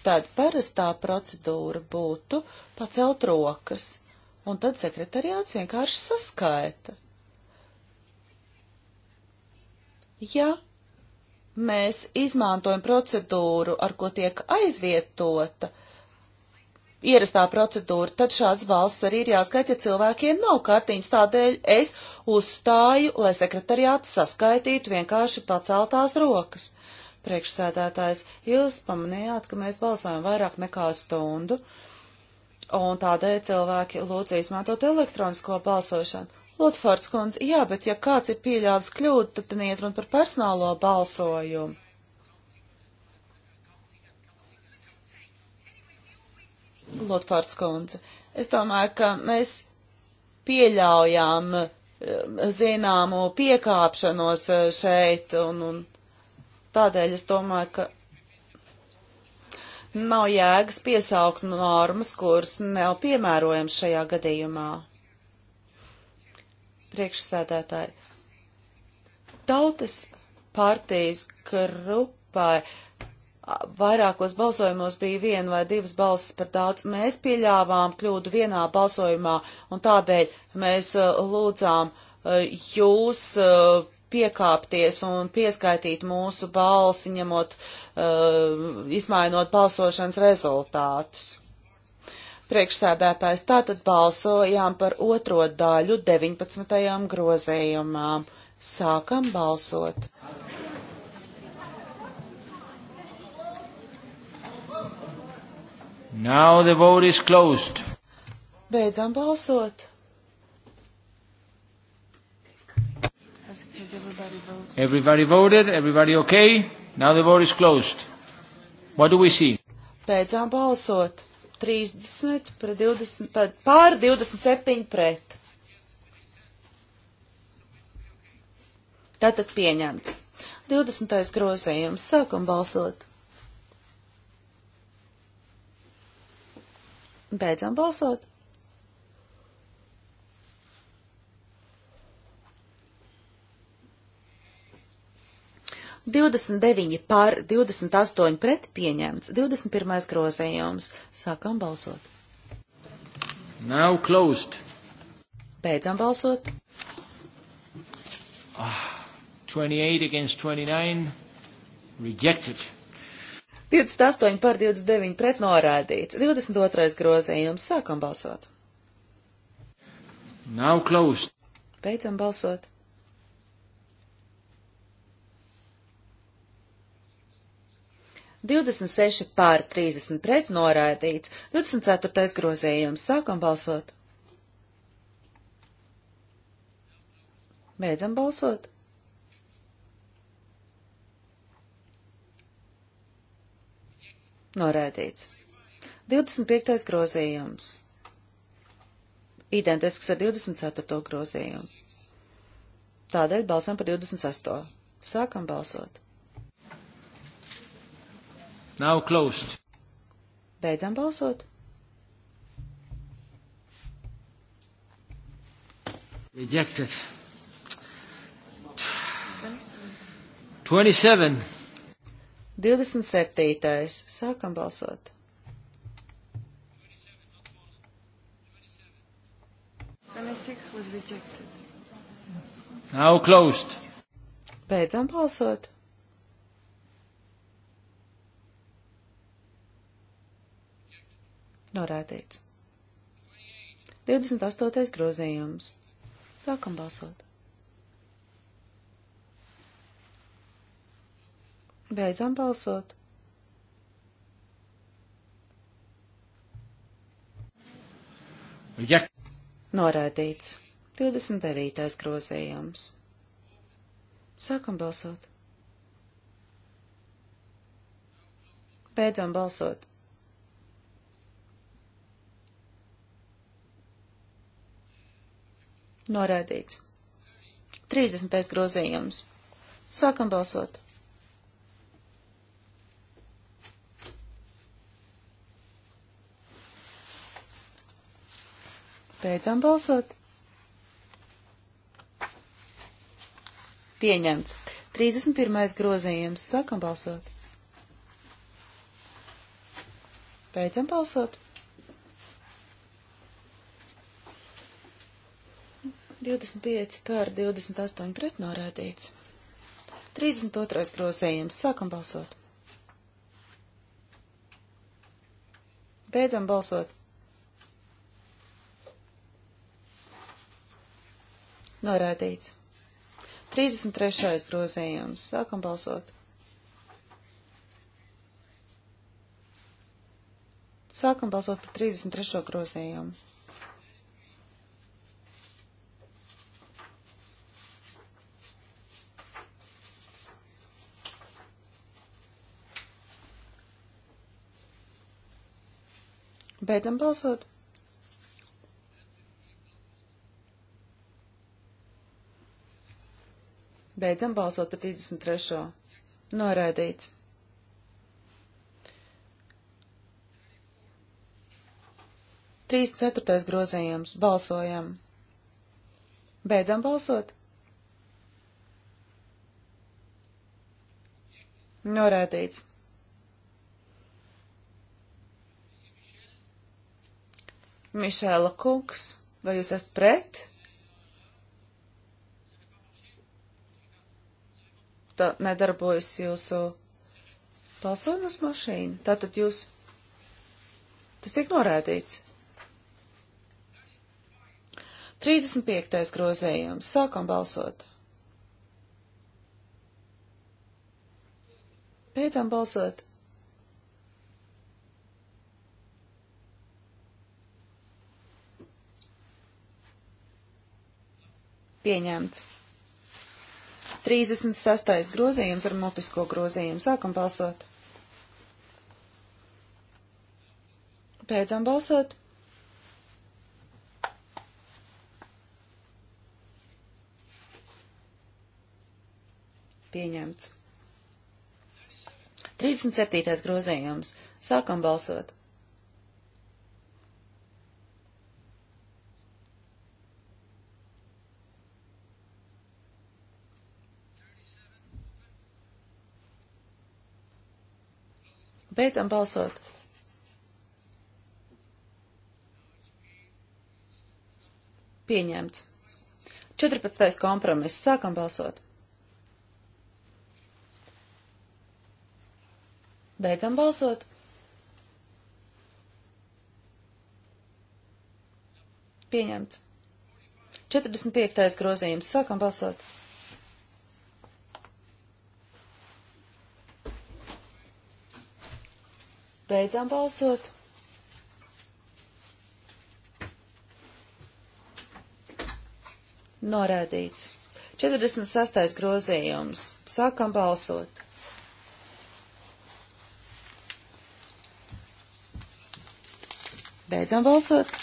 tad parastā procedūra būtu pacelt rokas, un tad sekretariāts vienkārši saskaita. Ja mēs izmantojam procedūru, ar ko tiek aizvietota ierastā procedūra, tad šāds valsts arī ir jāskaita, ja cilvēkiem nav kartiņas. Tādēļ es uzstāju, lai sekretariāts saskaitītu vienkārši paceltās rokas priekšsēdētājs, jūs pamanījāt, ka mēs balsojam vairāk nekā stundu, un tādēļ cilvēki lūdz izmantot elektronisko balsošanu. Lutfords kundze, jā, bet ja kāds ir pieļāvis kļūdu, tad neiet runa par personālo balsojumu. Lutfords kundze, es domāju, ka mēs pieļaujām eh, zināmu piekāpšanos eh, šeit un, un Tādēļ es domāju, ka nav jēgas piesaukt normas, kuras nav piemērojams šajā gadījumā. Priekšsēdētāji, tautas partijas grupai vairākos balsojumos bija viena vai divas balsis par daudz. Mēs pieļāvām kļūdu vienā balsojumā, un tādēļ mēs uh, lūdzām uh, jūs uh, piekāpties un pieskaitīt mūsu balsi, ņemot, uh, izmainot balsošanas rezultātus. Priekšsēdētājs tātad balsojām par otro daļu 19. grozējumām. Sākam balsot! Now the vote is closed. Beidzam balsot. everybody voted? Everybody voted. Everybody okay? Now the vote is closed. What do we see? Beidzām balsot. 30 pret 20, pret, pār 27 pret. Tātad pieņemts. 20. grozējums. Sākam balsot. Beidzām balsot. 29 pār 28 pret pieņemts. 21. grozējums. Sākam balsot. Now closed. Beidzam balsot. Ah, 28 against 29. Rejected. 28 par 29 pret norādīts. 22. grozījums. Sākam balsot. Now closed. Beidzam balsot. 26 pār 30 pret noraidīts. 24. grozījums. Sākam balsot. Beidzam balsot. Noraidīts. 25. grozījums. Identisks ar 24. grozījumu. Tādēļ balsam par 28. Sākam balsot. Now closed. Beidzam balsot. Rejected. 27. 27. Sākam balsot. Now closed. Beidzam balsot. Norādīts. 28. grozījums. Sākam balsot. Beidzam balsot. Ja. Norādīts. 29. grozījums. Sākam balsot. Beidzam balsot. Noraidīts. 30. grozījums. Sākam balsot. Beidzam balsot. Pieņemts. 31. grozījums. Sākam balsot. Beidzam balsot. 25 pār 28 pret norādīts. 32. grozējums. Sākam balsot. Beidzam balsot. Norādīts. 33. grozējums. Sākam balsot. Sākam balsot par 33. grozējumu. Beidzam balsot. Beidzam balsot par 33. Noraidīts. 34. grozījums. Balsojam. Beidzam balsot. Norādīts. Mišēla Kungs, vai jūs esat pret? Tā nedarbojas jūsu balsošanas mašīna. Tātad jūs. Tas tiek norādīts. 35. grozējums. Sākam balsot. Beidzam balsot. Pieņemts. 36. grozījums ar mutisko grozījumu. Sākam balsot. Beidzam balsot. Pieņemts. 37. grozījums. Sākam balsot. Beidzam balsot. Pieņemts. 14. kompromiss. Sākam balsot. Beidzam balsot. Pieņemts. 45. grozījums. Sākam balsot. Beidzām balsot. Norādīts. 46. grozījums. Sākam balsot. Beidzam balsot.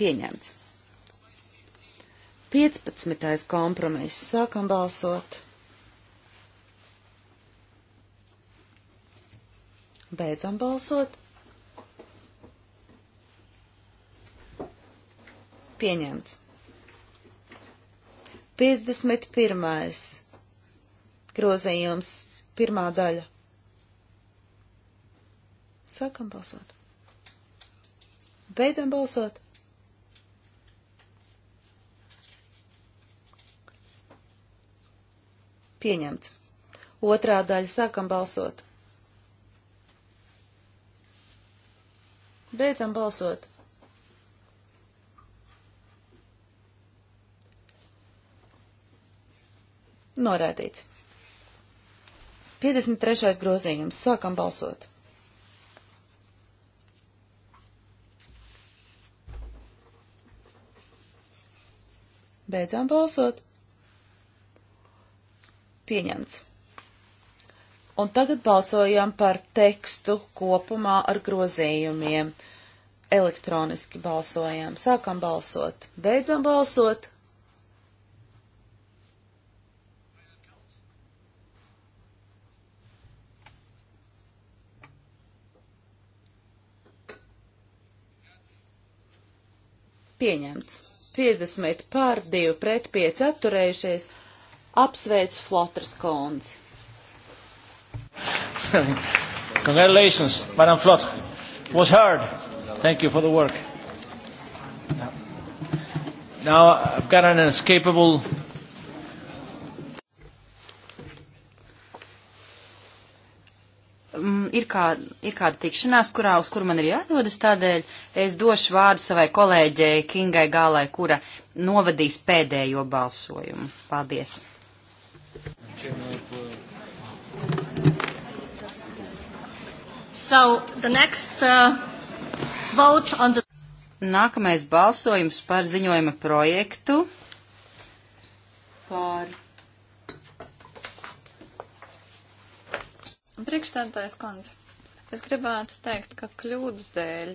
Pieņemts. 15. kompromiss. Sākam balsot. Beidzam balsot. Pieņemts. 51. grozījums, pirmā daļa. Sākam balsot. Beidzam balsot. Pieņemts. Otrā daļa sākam balsot. Beidzam balsot. Norādīts. 53. grozījums. Sākam balsot. Beidzām balsot. Pieņemts. Un tagad balsojam par tekstu kopumā ar grozījumiem. Elektroniski balsojam. Sākam balsot. Beidzam balsot. Pieņemts. 50 pār 2 pret 5 atturējušies Apsveicu Flotras kundzi. Congratulations, Madam Flotra. Was heard. Thank you for the work. Now I've got an escapable. Mm, ir, kā, ir kāda tikšanās, kurā, uz kuru man ir jādodas, tādēļ es došu vārdu savai kolēģei Kingai Gālai, kura novadīs pēdējo balsojumu. Paldies! can have. So the next uh, vote on the. Nākamais balsojums par ziņojuma projektu par. Priekšstādātais kundze, es gribētu teikt, ka kļūdas dēļ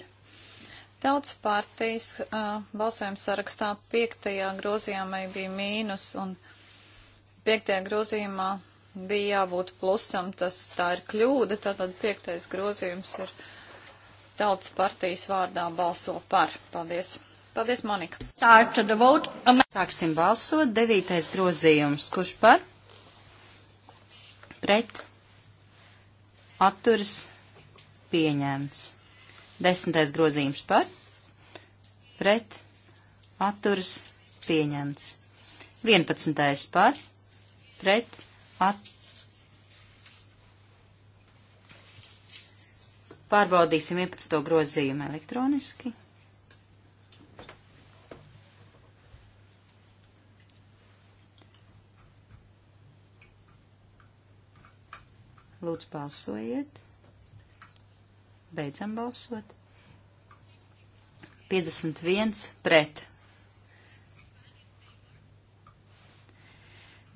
Tautas partijas uh, balsojuma sarakstā piektajā grozījumai bija mīnus un Piektajā grozījumā bija jābūt plusam, tas tā ir kļūda, tātad piektais grozījums ir tautas partijas vārdā balso par. Paldies. Paldies, Monika. Sāksim balsot. Devītais grozījums. Kurš par? Pret. Atturs. Pieņēmts. Desmitais grozījums par. Pret. Atturs. Pieņemts. Vienpadsmitais par pret at. Pārbaudīsim 11. grozījumu elektroniski. Lūdzu, balsojiet. Beidzam balsot. 51 pret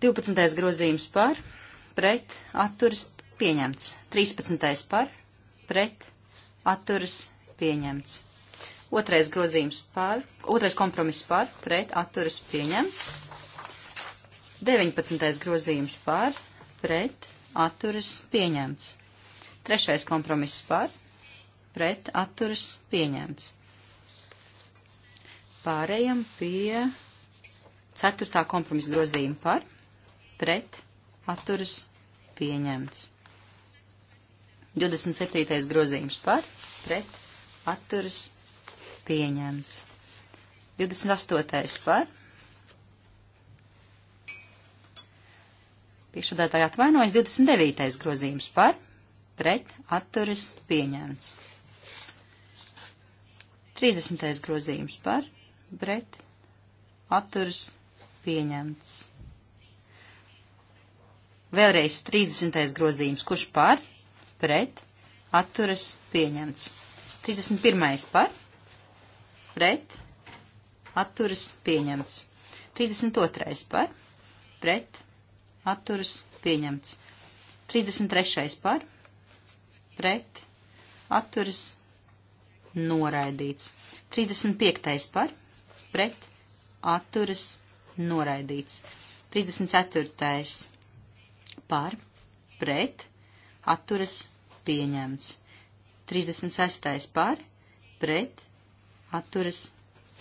12. grozījums par, pret, atturas, pieņemts. 13. par, pret, atturas, pieņemts. Otrais grozījums par, otrais kompromiss par, pret, atturas, pieņemts. 19. grozījums par, pret, atturas, pieņemts. Trešais kompromiss par, pret, atturas, pieņemts. Pārējam pie ceturtā kompromisa grozījuma par, pret, atturas, pieņemts. 27. grozījums par, pret, atturas, pieņemts. 28. par. Priekšsādātāji atvainojas 29. grozījums par, pret, atturas, pieņemts. 30. grozījums par, pret, atturas, pieņemts. Vēlreiz 30. grozījums, kurš par, pret, atturas pieņemts. 31. par, pret, atturas pieņemts. 32. par, pret, atturas pieņemts. 33. par, pret, atturas noraidīts. 35. par, pret, atturas noraidīts. 34 par, pret, atturas pieņemts. 36. par, pret, atturas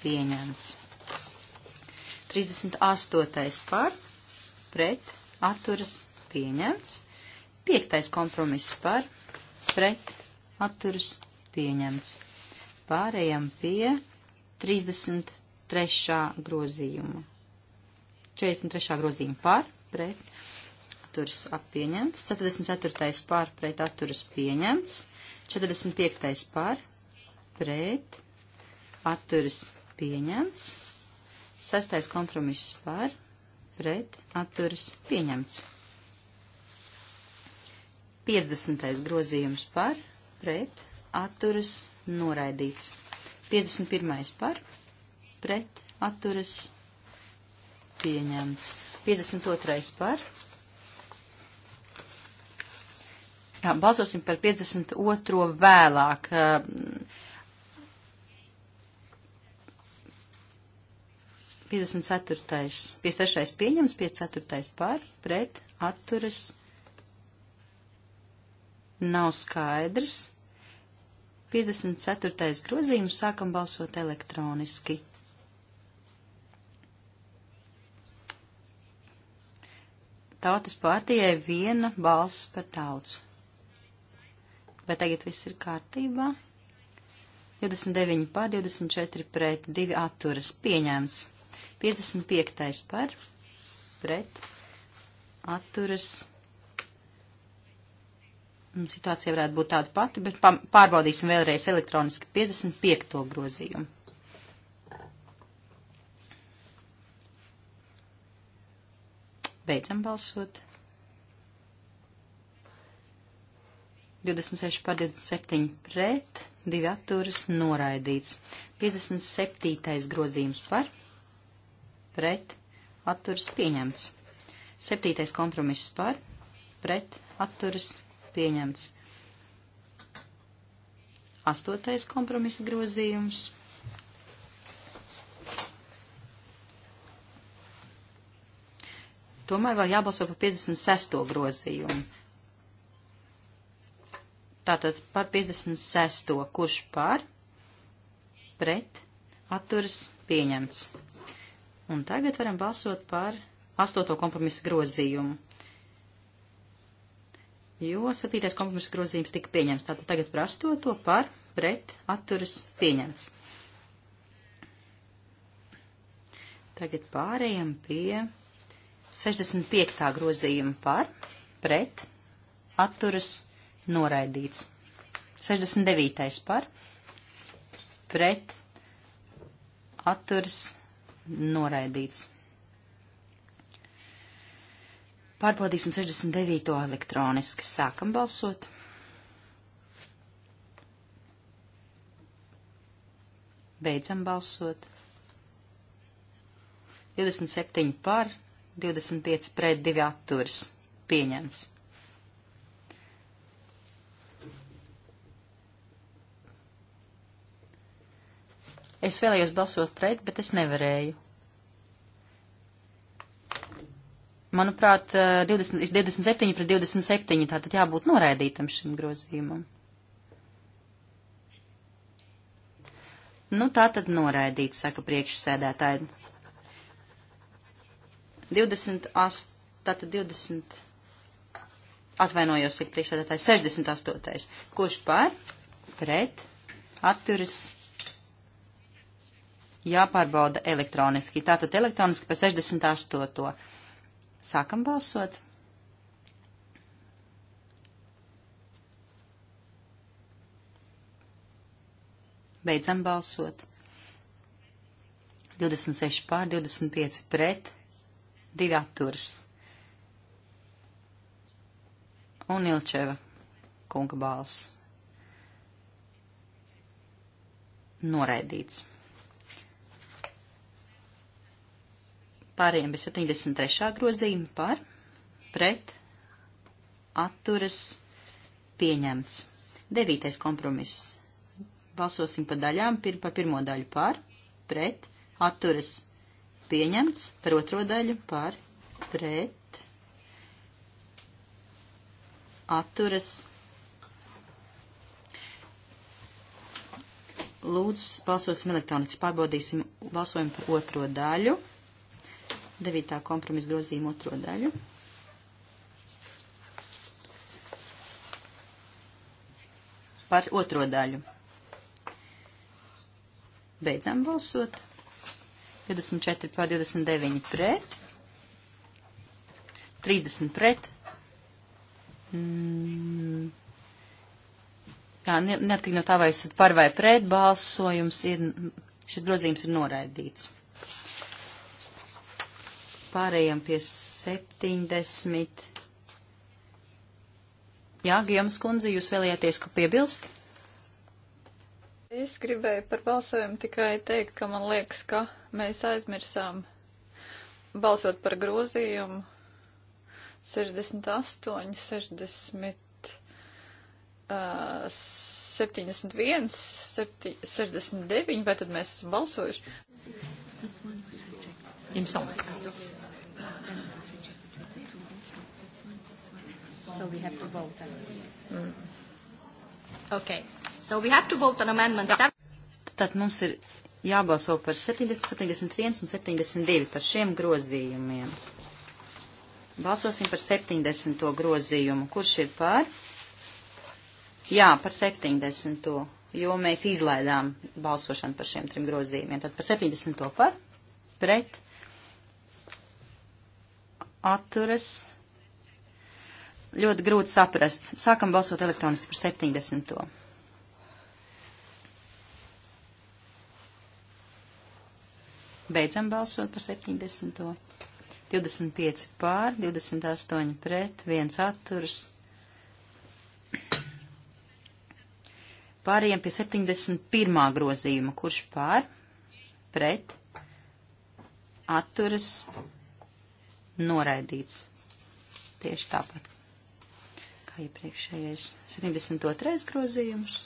pieņemts. 38. par, pret, atturas pieņemts. 5. kompromiss par, pret, atturas pieņemts. Pārējām pie 33. grozījuma. 43. grozījuma par, pret, atturas pieņemts, 44. pār pret atturas pieņemts, 45. pār pret atturas pieņemts, 6. kompromiss pār pret atturas pieņemts. 50. grozījums par pret atturas noraidīts. 51. par pret atturas pieņemts. 52. par Jā, balsosim par 52. vēlāk. Piecdesmit ceturtais, piecdesmit trešais pieņems, piecdesmit ceturtais par, pret, atturas, nav skaidrs. 54. grozījums sākam balsot elektroniski. Tautas partijai viena balss par tautu. Vai tagad viss ir kārtībā? 29 pār 24 pret 2 atturas pieņēmts. 55 par pret atturas. Situācija varētu būt tāda pati, bet pārbaudīsim vēlreiz elektroniski 55. grozījumu. Beidzam balsot. 26 par 27 pret, 2 atturas noraidīts. 57. grozījums par, pret, atturas pieņemts. 7. kompromiss par, pret, atturas pieņemts. 8. kompromisa grozījums. Tomēr vēl jābalso par 56. grozījumu Tātad par 56. kurš par, pret, atturas pieņemts. Un tagad varam balsot par 8. kompromisa grozījumu. Jo 7. kompromisa grozījums tika pieņemts. Tātad tagad par 8. par, pret, atturas pieņemts. Tagad pārējām pie 65. grozījuma par, pret, atturas pieņemts noraidīts. 69. par pret atturs noraidīts. Pārbaudīsim 69. elektroniski. Sākam balsot. Beidzam balsot. 27 par, 25 pret 2 atturs. Pieņemts. Es vēlējos balsot pret, bet es nevarēju. Manuprāt, 20, eh, 27 pret 27, tātad jābūt noraidītam šim grozījumam. Nu, tā tad noraidīt, saka priekšsēdētāji. 28, tātad 20, atvainojos, saka priekšsēdētāji, 68. Kurš par? Pret? Atturas? jāpārbauda elektroniski. Tātad elektroniski pa 68. Sākam balsot. Beidzam balsot. 26 pār 25 pret, 2 atturas. Un Ilčeva kunga balss. Noraidīts. Pārējiem bez 73. grozījuma par pret atturas pieņemts. Devītais kompromiss. Balsosim pa daļām. Pir, par pirmo daļu par pret atturas pieņemts. Par otro daļu par pret atturas pieņemts. Lūdzu, balsosim elektroniski, pārbaudīsim balsojumu par otro daļu devītā kompromisa grozījuma otro daļu. Par otro daļu. Beidzam balsot. 24 pār 29 pret. 30 pret. Mm. Jā, neatkarīgi no tā, vai esat par vai pret, balsojums ir, šis grozījums ir noraidīts. Pārējām pie 70. Jā, Gijoms kundze, jūs vēlējāties, ko piebilst? Es gribēju par balsojumu tikai teikt, ka man liekas, ka mēs aizmirsām balsot par grozījumu 68, 60, uh, 71, 7, 69, vai tad mēs esam balsojuši? Jums nav. So we have to vote on it. Mm. Okay. So we have to vote on amendment 7. Tad mums ir jābalso par 70, 71 un 72 par šiem grozījumiem. Balsosim par 70. grozījumu. Kurš ir par? Jā, par 70. jo mēs izlaidām balsošanu par šiem trim grozījumiem. Tad par 70. par? Pret? Atturas? ļoti grūti saprast. Sākam balsot elektroniski par 70. Beidzam balsot par 70. 25 pār, 28 pret, 1 atturs. Pārējiem pie 71. grozījuma, kurš pār, pret, atturas, noraidīts. Tieši tāpat kā iepriekšējais 72. grozījums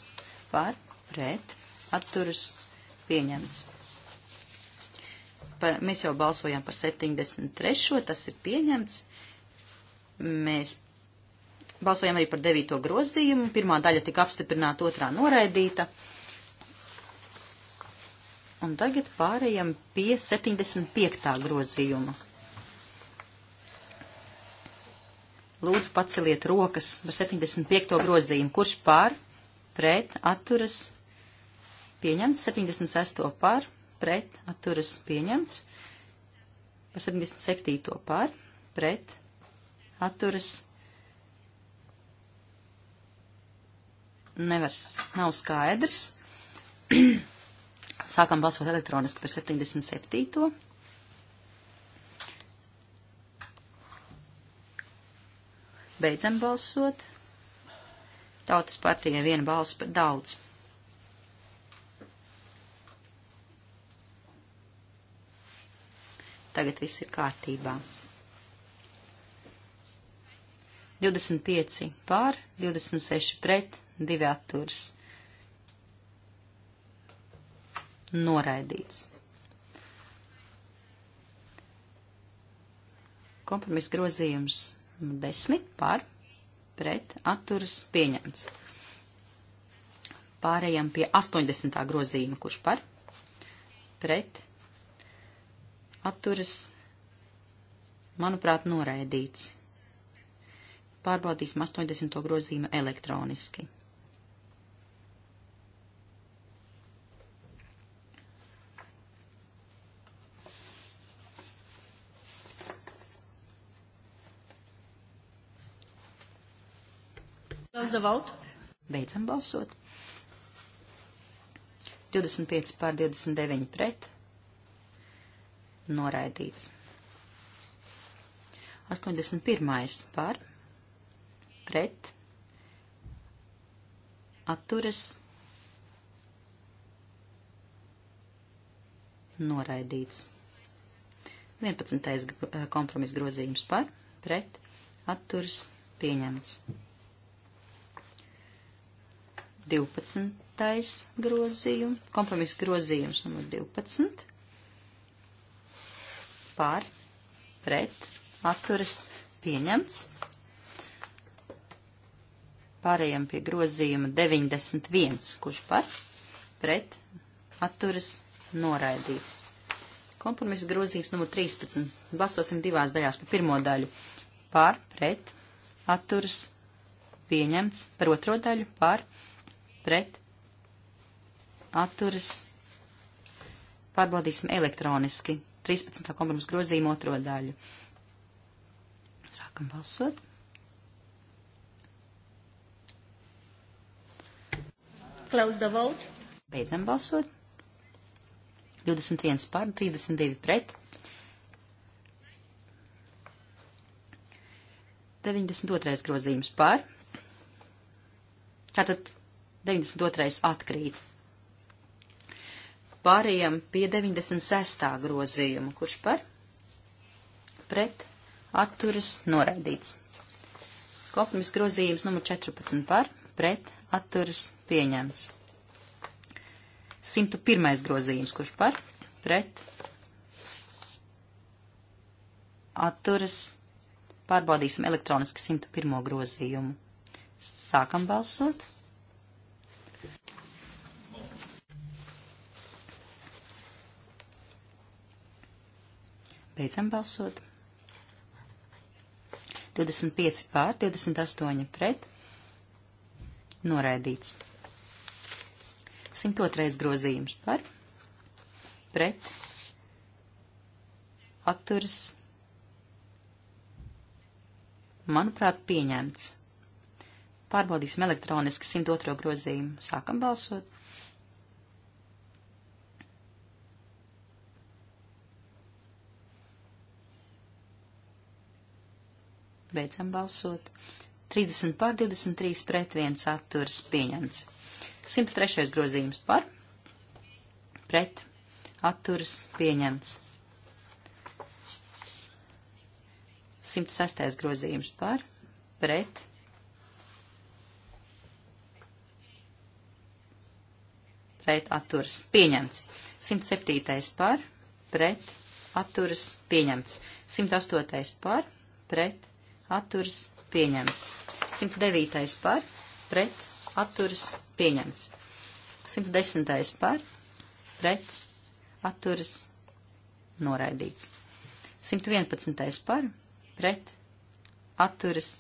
par pret atturas pieņemts. Par, mēs jau balsojām par 73. tas ir pieņemts. Mēs balsojām arī par 9. grozījumu. Pirmā daļa tika apstiprināta, otrā noraidīta. Un tagad pārējām pie 75. grozījuma. Lūdzu, paceliet rokas par 75. grozījumu. Kurš pār, pret, atturas, pieņemts. 76. pār, pret, atturas, pieņemts. Par 77. pār, pret, atturas. Nevars, nav skaidrs. Sākam balsot elektroniski par 77. Beidzam balsot. Tautas partijai viena balss par daudz. Tagad viss ir kārtībā. 25 pār, 26 pret, 2 atturs. Noraidīts. Kompromiss grozījums 10 par pret atturas pieņemts. Pārējām pie 80. grozījuma, kurš par pret atturas, manuprāt, noraidīts. Pārbaudīsim 80. grozījumu elektroniski. close the vote. Beidzam balsot. 25 pār 29 pret. Noraidīts. 81 pār pret. Atturas. Noraidīts. 11. kompromis grozījums par pret. Atturas pieņemts. 12. grozījums, kompromisa grozījums numur 12. Pār, pret, atturas pieņemts. Pārējām pie grozījuma 91, kurš par, pret, atturas noraidīts. Kompromisa grozījums numur 13. Balsosim divās daļās par pirmo daļu. Pār, pret, atturas pieņemts. Par otro daļu, pār, pret pret, atturas, pārbaudīsim elektroniski. 13. kompromisa grozījuma otro daļu. Sākam balsot. Close the vote. Beidzam balsot. 21 pār, 32 pret. 92. grozījums pār. Tātad 92. atkrīt. Pārējām pie 96. grozījuma, kurš par pret atturas noraidīts. Kopums grozījums numur 14 par pret atturas pieņemts. 101. grozījums, kurš par pret atturas pārbaudīsim elektroniski 101. grozījumu. Sākam balsot. Beidzam balsot. 25 pār, 28 pret. Noraidīts. 102. grozījums par. Pret. Atturs. Manuprāt, pieņemts. Pārbaudīsim elektroniski 102. grozījumu. Sākam balsot. Beidzam balsot. 30 pār 23 pret 1 atturs pieņemts. 103. grozījums par pret atturs pieņemts. 106. grozījums par pret. Pret atturs pieņemts. 107. par pret atturs pieņemts. 108. par pret atturas pieņemts. 109. par pret atturas pieņemts. 110. par pret atturas noraidīts. 111. par pret atturas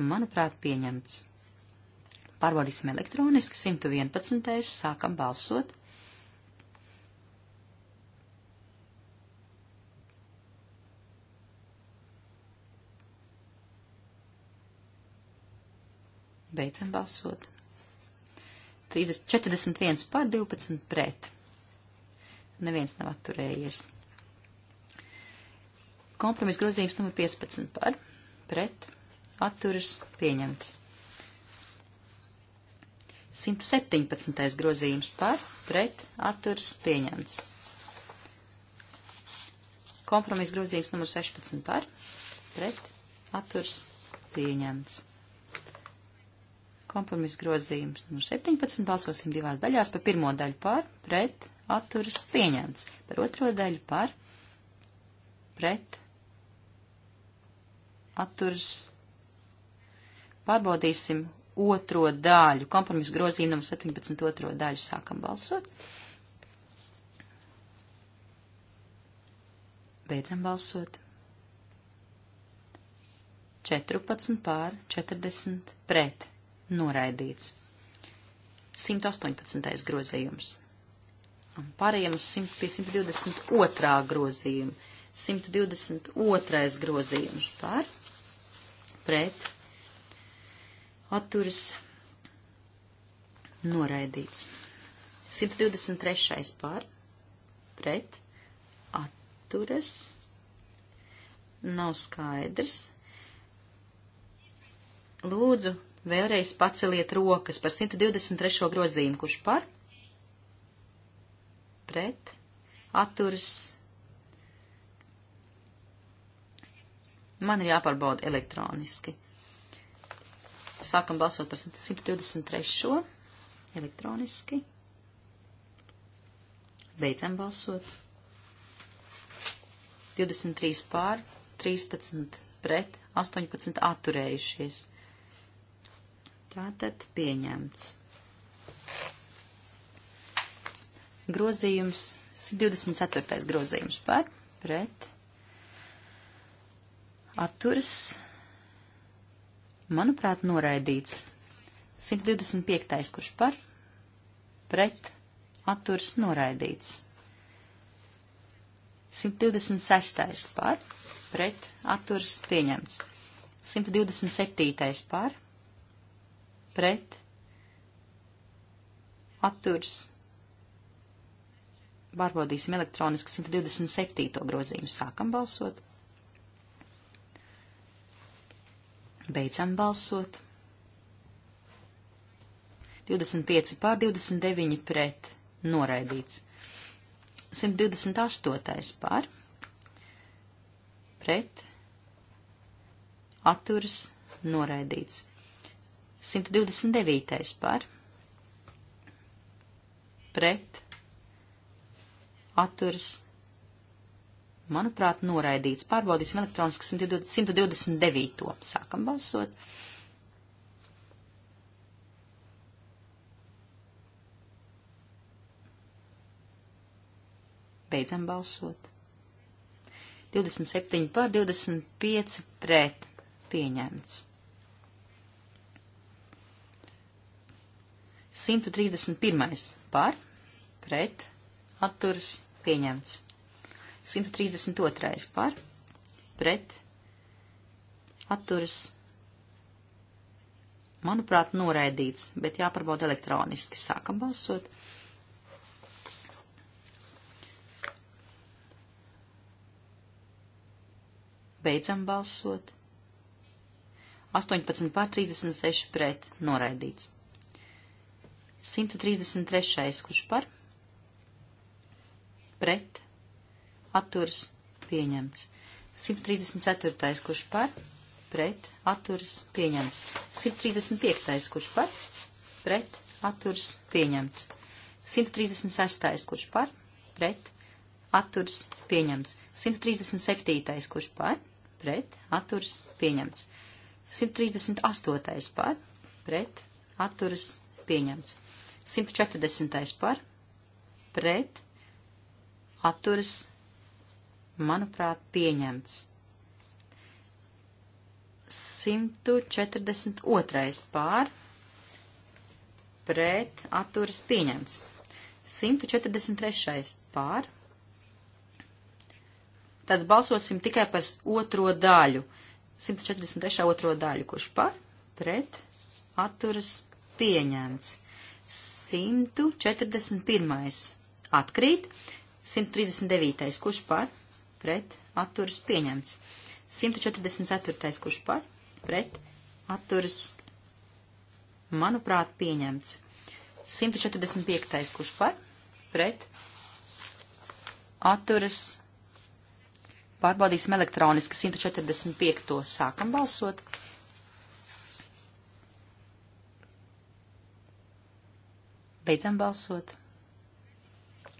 manuprāt pieņemts. Pārbaudīsim elektroniski 111. sākam balsot. Beidzam balsot. 30, 41 pār 12 pret. Neviens nav atturējies. Kompromis grozījums numur 15 par pret atturas pieņemts. 117. grozījums par pret atturas pieņemts. Kompromis grozījums numur 16 par pret atturas pieņemts. Kompromiss grozījums numur 17. Balsosim divās daļās par pirmo daļu par, pret, atturas pieņemts. Par otro daļu par, pret, atturas. Pārbaudīsim otro daļu. Kompromiss grozījuma numur 17. otro daļu sākam balsot. Beidzam balsot. 14 pār 40 pret noraidīts. 118. grozījums. Un pārējiem uz 122. grozījumu. 122. grozījums par pret atturas noraidīts. 123. par pret atturas nav skaidrs. Lūdzu, Vēlreiz paceliet rokas par 123. grozījumu, kurš par, pret, atturs. Man ir jāparbauda elektroniski. Sākam balsot par 123. elektroniski. Beidzam balsot. 23 pār, 13 pret, 18 atturējušies. Tātad pieņemts. Grozījums, 24. grozījums par, pret, atturas, manuprāt, noraidīts. 125. kurš par, pret, atturas, noraidīts. 126. par, pret, atturas, pieņemts. 127. par, pret, atturs. Pārbaudīsim elektroniski 127. grozījumu. Sākam balsot. Beidzam balsot. 25 pār 29 pret. Noraidīts. 128 pār. Pret. Atturs. Noraidīts. 129. par pret atturs manuprāt, noraidīts. Pārbaudīsim elektroniski 129. Sākam balsot. Beidzam balsot. 27 pār 25 pret pieņemts. 131. par, pret, atturas, pieņemts. 132. par, pret, atturas, manuprāt, noraidīts, bet jāparbauda elektroniski. Sākam balsot. Beidzam balsot. 18 pār 36 pret noraidīts. 133. kurš par pret atturs pieņemts. 134. kurš par pret atturs pieņemts. 135. kurš par pret atturs pieņemts. 136. kurš par pret atturs pieņemts. 137. kurš par pret atturs pieņemts. 138. par pret atturs pieņemts. 140. par pret atturas, manuprāt, pieņemts. 142. pār pret atturas pieņemts. 143. pār. Tad balsosim tikai par otro daļu. 143. otro daļu, kurš par pret atturas pieņemts. 141. atkrīt, 139. kurš par, pret, atturas pieņemts. 144. kurš par, pret, atturas, manuprāt, pieņemts. 145. kurš par, pret, atturas, pārbaudīsim elektroniski 145. sākam balsot. Beidzam balsot.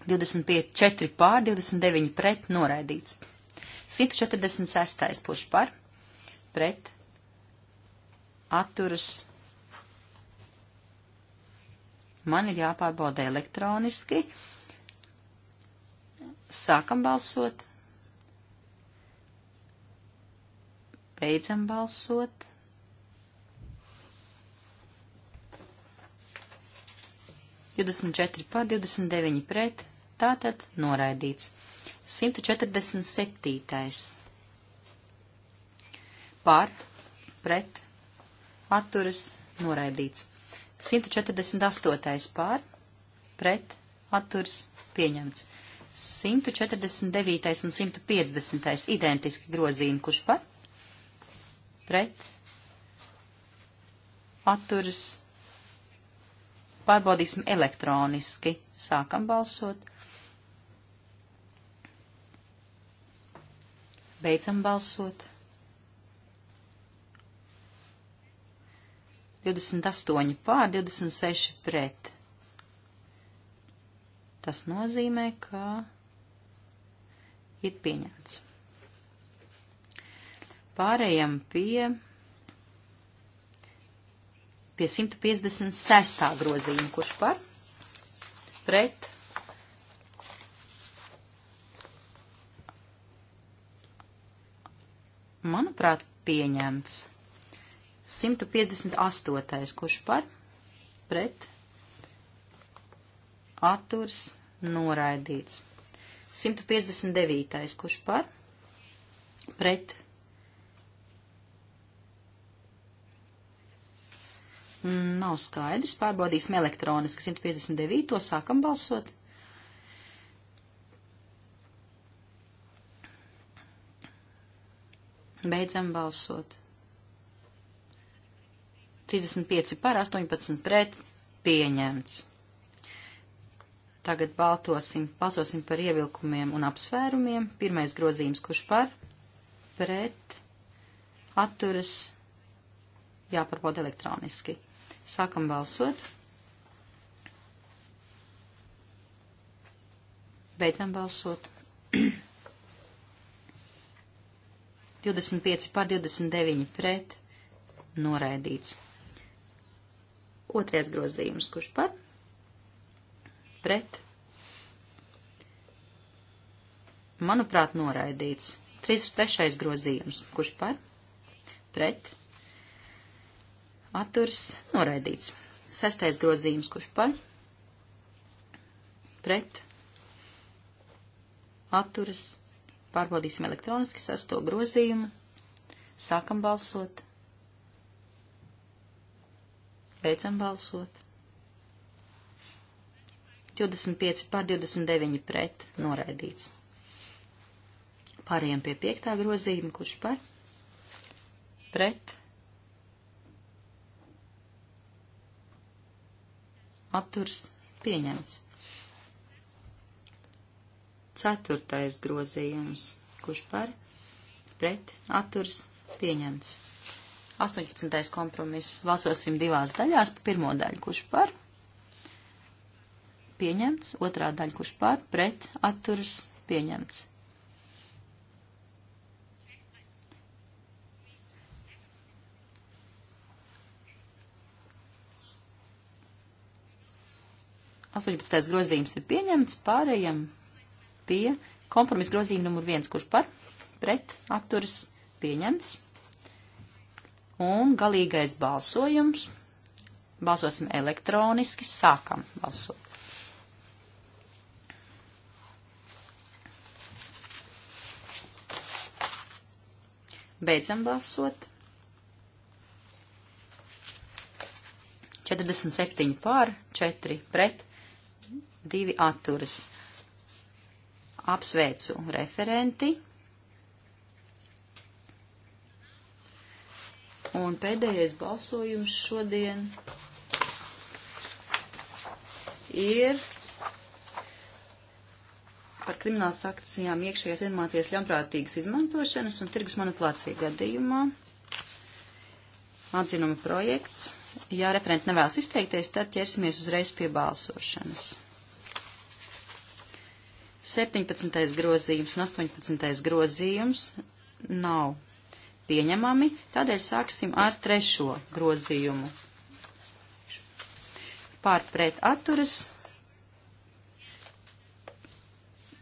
25, 4 pār, 29 pret, noraidīts. 146. puš par, pret, atturas. Man ir jāpārbauda elektroniski. Sākam balsot. Beidzam balsot. 24 pār 29 pret, tātad noraidīts. 147. Pār, pret, atturas, noraidīts. 148. pār, pret, atturas, pieņemts. 149. un 150. identiski grozījumi, kurš par, pret, atturas, pieņemts Pārbaudīsim elektroniski. Sākam balsot. Beidzam balsot. 28 pār 26 pret. Tas nozīmē, ka ir pieņemts. Pārējām pie pie 156. grozījuma, kurš par pret manuprāt pieņemts. 158. kurš par pret atturs noraidīts. 159. kurš par pret Nav skaidrs. Pārbaudīsim elektroniski. 159. sākam balsot. Beidzam balsot. 35 par 18 pret pieņemts. Tagad baltosim, balsosim par ievilkumiem un apsvērumiem. Pirmais grozījums, kurš par, pret, atturas, jāparbauda elektroniski. Sākam balsot. Beidzam balsot. 25 pār 29 pret noraidīts. Otrais grozījums, kurš par? Pret. Manuprāt, noraidīts. 33. grozījums, kurš par? Pret atturs noraidīts. Sestais grozījums, kurš par, pret, atturs, pārbaudīsim elektroniski sesto grozījumu, sākam balsot, beidzam balsot. 25 pār 29 pret noraidīts. Pārējiem pie piektā grozījuma, kurš par, pret, atturs pieņemts. Ceturtais grozījums, kurš par pret atturs pieņemts. 18. kompromiss balsosim divās daļās, pa pirmo daļu, kurš par pieņemts, otrā daļa, kurš par pret atturs pieņemts. 18. grozījums ir pieņemts, pārējiem pie kompromisa grozījuma numur 1, kurš par pret atturas pieņemts. Un galīgais balsojums. Balsosim elektroniski, sākam balsot. Beidzam balsot. 47 pār, 4 pret, divi atturas. Apsveicu referenti. Un pēdējais balsojums šodien ir par kriminālas akcijām iekšējās informācijas ļaunprātīgas izmantošanas un tirgus manipulācija gadījumā. Atzinuma projekts. Ja referenti nevēlas izteikties, tad ķersimies uzreiz pie balsošanas. 17. grozījums un 18. grozījums nav pieņemami, tādēļ sāksim ar trešo grozījumu. Pārpret atturas.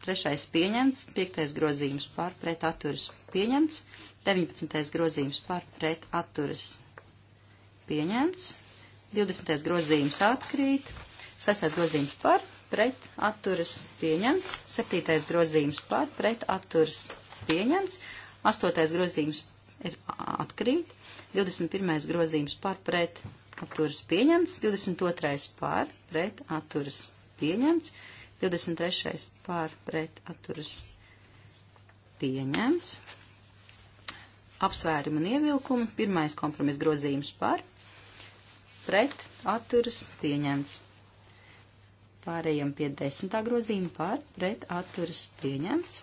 Trešais pieņemts, piektais grozījums pārpret atturas pieņemts, 19. grozījums pārpret atturas pieņemts, 20. grozījums atkrīt, 6. grozījums par pret atturas pieņemts, septītais grozījums par pret atturas pieņemts, astotais grozījums ir atkrīt, 21. grozījums par pret atturas pieņemts, 22. par pret atturas pieņemts, 23. par pret atturas pieņemts. Apsvērumi un ievilkumi. Pirmais kompromis grozījums par pret atturas pieņemts. Pārējiem pie 10. grozījuma par pret atturas pieņemts.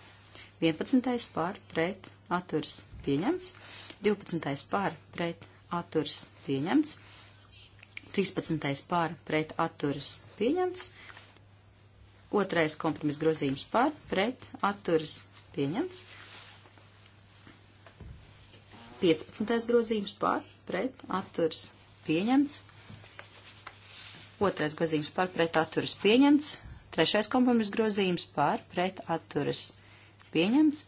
11. par pret atturas pieņemts. 12. par pret atturas pieņemts. 13. par pret atturas pieņemts. Otrais kompromis grozījums par pret atturas pieņemts. 15. grozījums par pret atturas pieņemts. Otrais grozījums par pret atturas pieņemts. Trešais kompromiss grozījums par pret atturas pieņemts.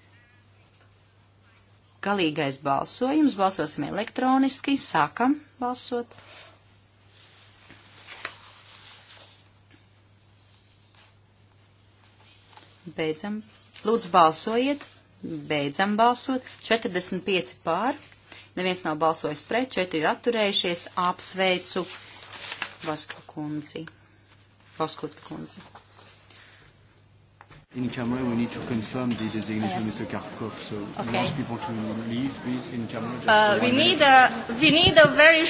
Galīgais balsojums. Balsosim elektroniski. Sākam balsot. Beidzam. Lūdzu, balsojiet. Beidzam balsot. 45 pār. Neviens nav balsojis pret, 4 ir atturējušies. Apsveicu Vasko kundzi. Vaskot kundzi. In camera, we need to confirm the designation yes. of Mr. Karkov. So okay. we ask people to leave, please, in camera. Just uh, we, need minute. a, we need a very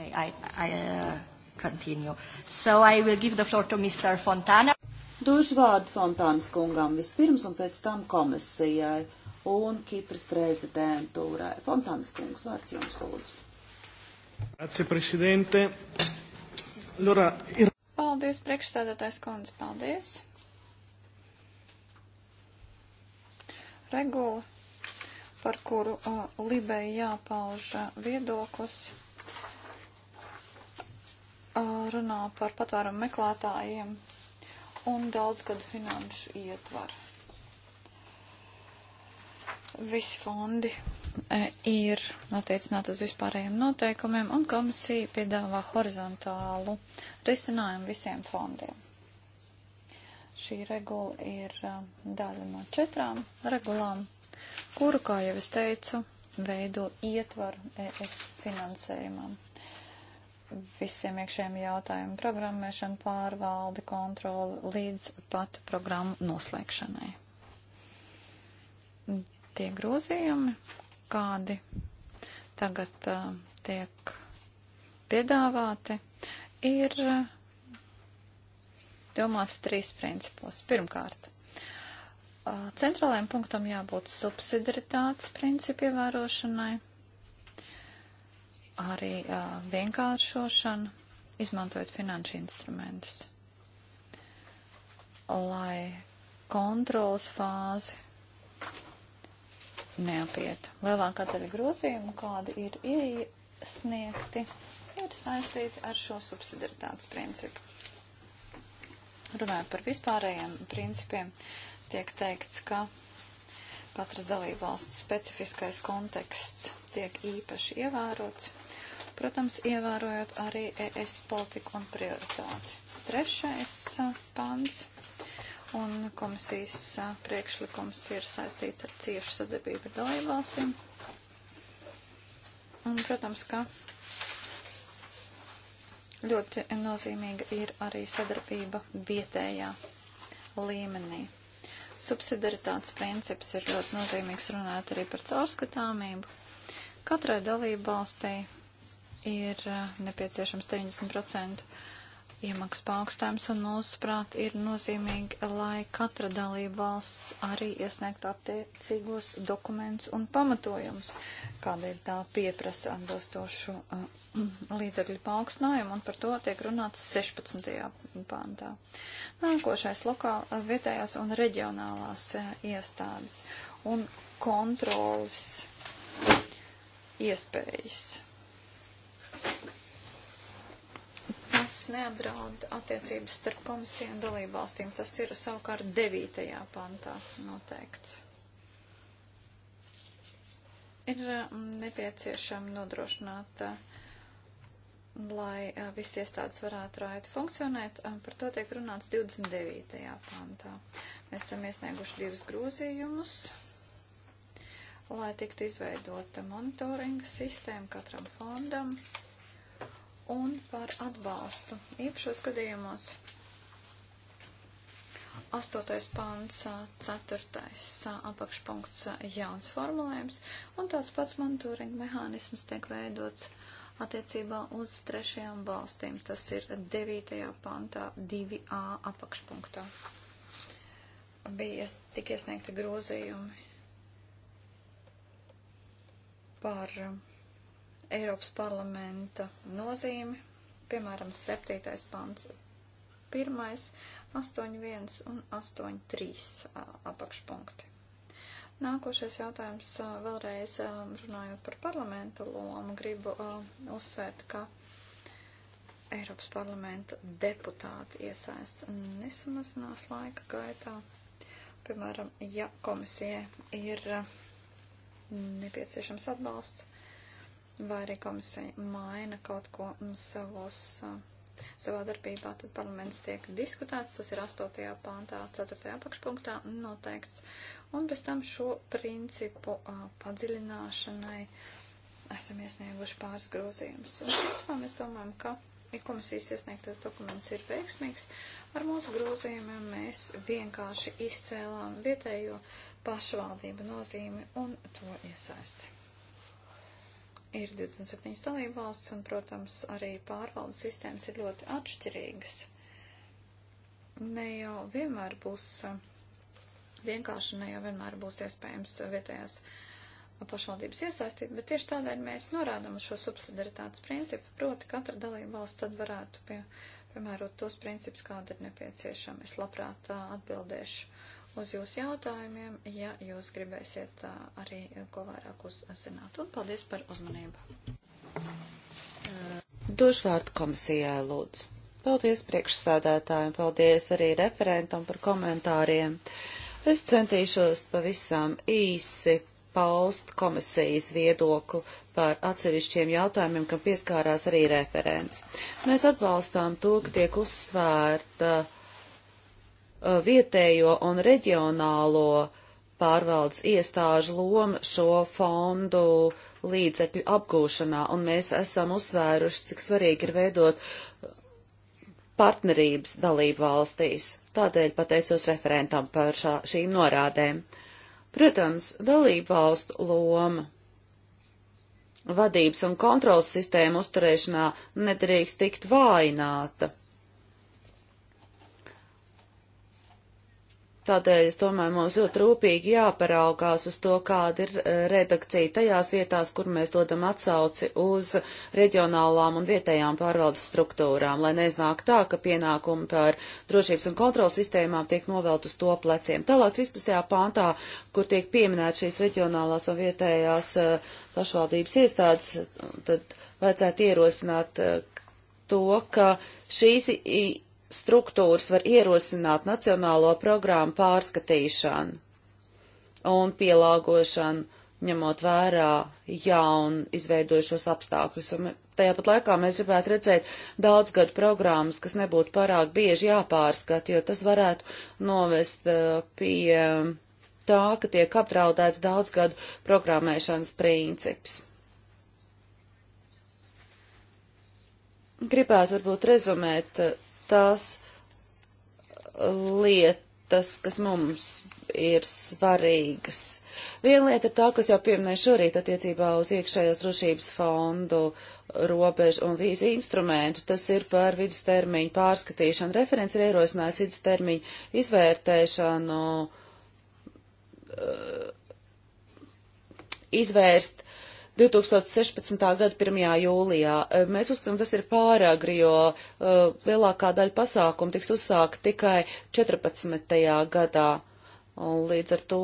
Okay, I, I uh, continue. So I will give the floor to Mr. Fontana. Došu vārdu Fontānas kungam vispirms un pēc tam komisijai un Kipras prezidentūrai. Fontānas kungs, vārds jums lūdzu. Grazie, prezidente. Lora, ir... Paldies, priekšstādātais kundze, paldies. Regula, par kuru uh, Libei jāpauž uh, viedoklis runā par patvērumu meklētājiem un daudzgadu finanšu ietvaru. Visi fondi ir attiecināti uz vispārējiem noteikumiem, un komisija piedāvā horizontālu risinājumu visiem fondiem. Šī regula ir daļa no četrām regulām, kuru, kā jau es teicu, veido ietvaru ES finansējumam visiem iekšējiem jautājumiem - programmēšana, pārvalde, kontroli līdz pat programmu noslēgšanai. Tie grozījumi, kādi tagad uh, tiek piedāvāti, ir uh, domāts trīs principos. Pirmkārt, uh, centrālajiem punktam jābūt subsidaritātes principu ievērošanai arī uh, vienkāršošanu, izmantojot finanšu instrumentus, lai kontrolas fāzi neapietu. Lielākā daļa grozījumu, kādi ir iesniegti, ir saistīti ar šo subsidiaritātes principu. Runājot par vispārējiem principiem, tiek teikts, ka katras dalībvalsts specifiskais konteksts tiek īpaši ievērots protams, ievērojot arī ES politiku un prioritāti. Trešais pants un komisijas priekšlikums ir saistīta ar ciešu sadarbību ar dalībvalstīm. Un, protams, ka ļoti nozīmīga ir arī sadarbība vietējā līmenī. Subsidaritātes princips ir ļoti nozīmīgs runāt arī par caurskatāmību. Katrai dalību valstī ir eh, nepieciešams 90% iemaksas paaugstinājums, un mūsuprāt ir nozīmīgi, lai katra dalība valsts arī iesniegtu attiecīgos dokumentus un pamatojumus, kādēļ tā pieprasa atbilstošu uh, līdzekļu paaugstinājumu, un par to tiek runāts 16. pāntā. Nākošais lokāla eh, vietējās un reģionālās uh, iestādes un kontrolas iespējas Tas neapdraud attiecības starp komisiju un dalību valstīm. Tas ir savukārt 9. pantā noteikts. Ir mm, nepieciešama nodrošināt, mm, lai mm, visi iestādes varētu rājot funkcionēt. Par to tiek runāts 29. pantā. Mēs esam iesnieguši divus grozījumus lai tiktu izveidota monitoringa sistēma katram fondam un par atbalstu. Iepšos gadījumos 8. pants, 4. apakšpunkts jauns formulējums un tāds pats monitoringa mehānisms tiek veidots attiecībā uz trešajām valstīm. Tas ir 9. pantā 2a apakšpunktā. Bija tik iesniegti grozījumi par um, Eiropas parlamenta nozīmi, piemēram, 7. pants, 1, 8.1 un 8.3 apakšpunkti. Nākošais jautājums vēlreiz runājot par parlamenta lomu, gribu uzsvērt, ka Eiropas parlamenta deputāti iesaist nesamazinās laika gaitā. Piemēram, ja komisija ir nepieciešams atbalsts, vai arī komisija maina kaut ko savos, uh, savā darbībā, tad parlaments tiek diskutēts, tas ir 8. pāntā, 4. apakšpunktā noteikts, un bez tam šo principu uh, padziļināšanai esam iesnieguši pāris grozījumus. Un, principā, mēs domājam, ka ja komisijas iesniegtais dokuments ir veiksmīgs. Ar mūsu grozījumiem mēs vienkārši izcēlām vietējo uh, pašvaldību nozīmi un to iesaisti. Ir 27 dalībvalsts un, protams, arī pārvaldes sistēmas ir ļoti atšķirīgas. Ne jau vienmēr būs vienkārši, ne jau vienmēr būs iespējams vietējās pašvaldības iesaistīt, bet tieši tādēļ mēs norādām uz šo subsidaritātes principu, proti katra dalībvalsts tad varētu pie, piemērot tos principus, kāda ir nepieciešama. Es labprāt atbildēšu uz jūsu jautājumiem, ja jūs gribēsiet arī ko vairāk uzzināt. Un paldies par uzmanību. Došu vārdu komisijā, lūdzu. Paldies priekšsādātājiem, paldies arī referentam par komentāriem. Es centīšos pavisam īsi paust komisijas viedokli par atsevišķiem jautājumiem, kam pieskārās arī referents. Mēs atbalstām to, ka tiek uzsvērta uh, Uh, vietējo un reģionālo pārvaldes iestāžu loma šo fondu līdzekļu apgūšanā, un mēs esam uzsvēruši, cik svarīgi ir veidot partnerības dalību valstīs. Tādēļ pateicos referentam par šā, šīm norādēm. Protams, dalību valstu loma vadības un kontrolas sistēmu uzturēšanā nedrīkst tikt vājināta. Tādēļ es domāju, mums ļoti rūpīgi jāparaugās uz to, kāda ir eh, redakcija tajās vietās, kur mēs dodam atsauci uz reģionālām un vietējām pārvaldes struktūrām, lai neiznāk tā, ka pienākumi par drošības un kontrolas sistēmām tiek novelt uz to pleciem. Tālāk 13. pāntā, kur tiek pieminēt šīs reģionālās un vietējās eh, pašvaldības iestādes, tad vajadzētu ierosināt eh, to, ka šīs struktūras var ierosināt nacionālo programmu pārskatīšanu un pielāgošanu, ņemot vērā jaunu izveidojušos apstākļus. Un tajā pat laikā mēs gribētu redzēt daudzgadu programmas, kas nebūtu pārāk bieži jāpārskat, jo tas varētu novest uh, pie tā, ka tiek apdraudēts daudzgadu programmēšanas princips. Gribētu varbūt rezumēt uh, tās uh, lietas, kas mums ir svarīgas. Viena lieta ir tā, kas jau pieminēju šorīt attiecībā uz iekšējos drošības fondu robežu un vīzu instrumentu. Tas ir par vidustermiņu pārskatīšanu. Referents ir ierosinājis vidustermiņu izvērtēšanu, uh, izvērst 2016. gada 1. jūlijā. Eh, mēs uzskatām, tas ir pāragri, jo uh, lielākā daļa pasākumu tiks uzsākt tikai 14. gadā. Un līdz ar to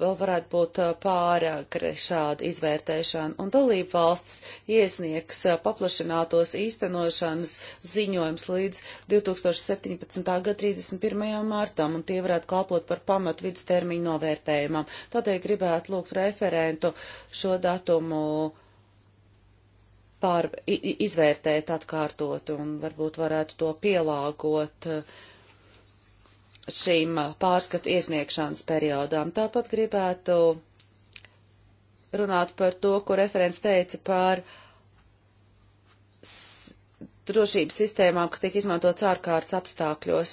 vēl varētu būt uh, pāragri šāda izvērtēšana, un dalību valstis iesniegs uh, paplašinātos īstenošanas ziņojums līdz 2017. gada 31. martam, un tie varētu kalpot par pamatu vidustermiņu novērtējumam. Tādēļ gribētu lūgt referentu šo datumu pār, izvērtēt atkārtot, un varbūt varētu to pielāgot uh, šīm pārskatu iesniegšanas periodām. Tāpat gribētu runāt par to, ko referents teica par drošības sistēmām, kas tiek izmantots ārkārtas apstākļos.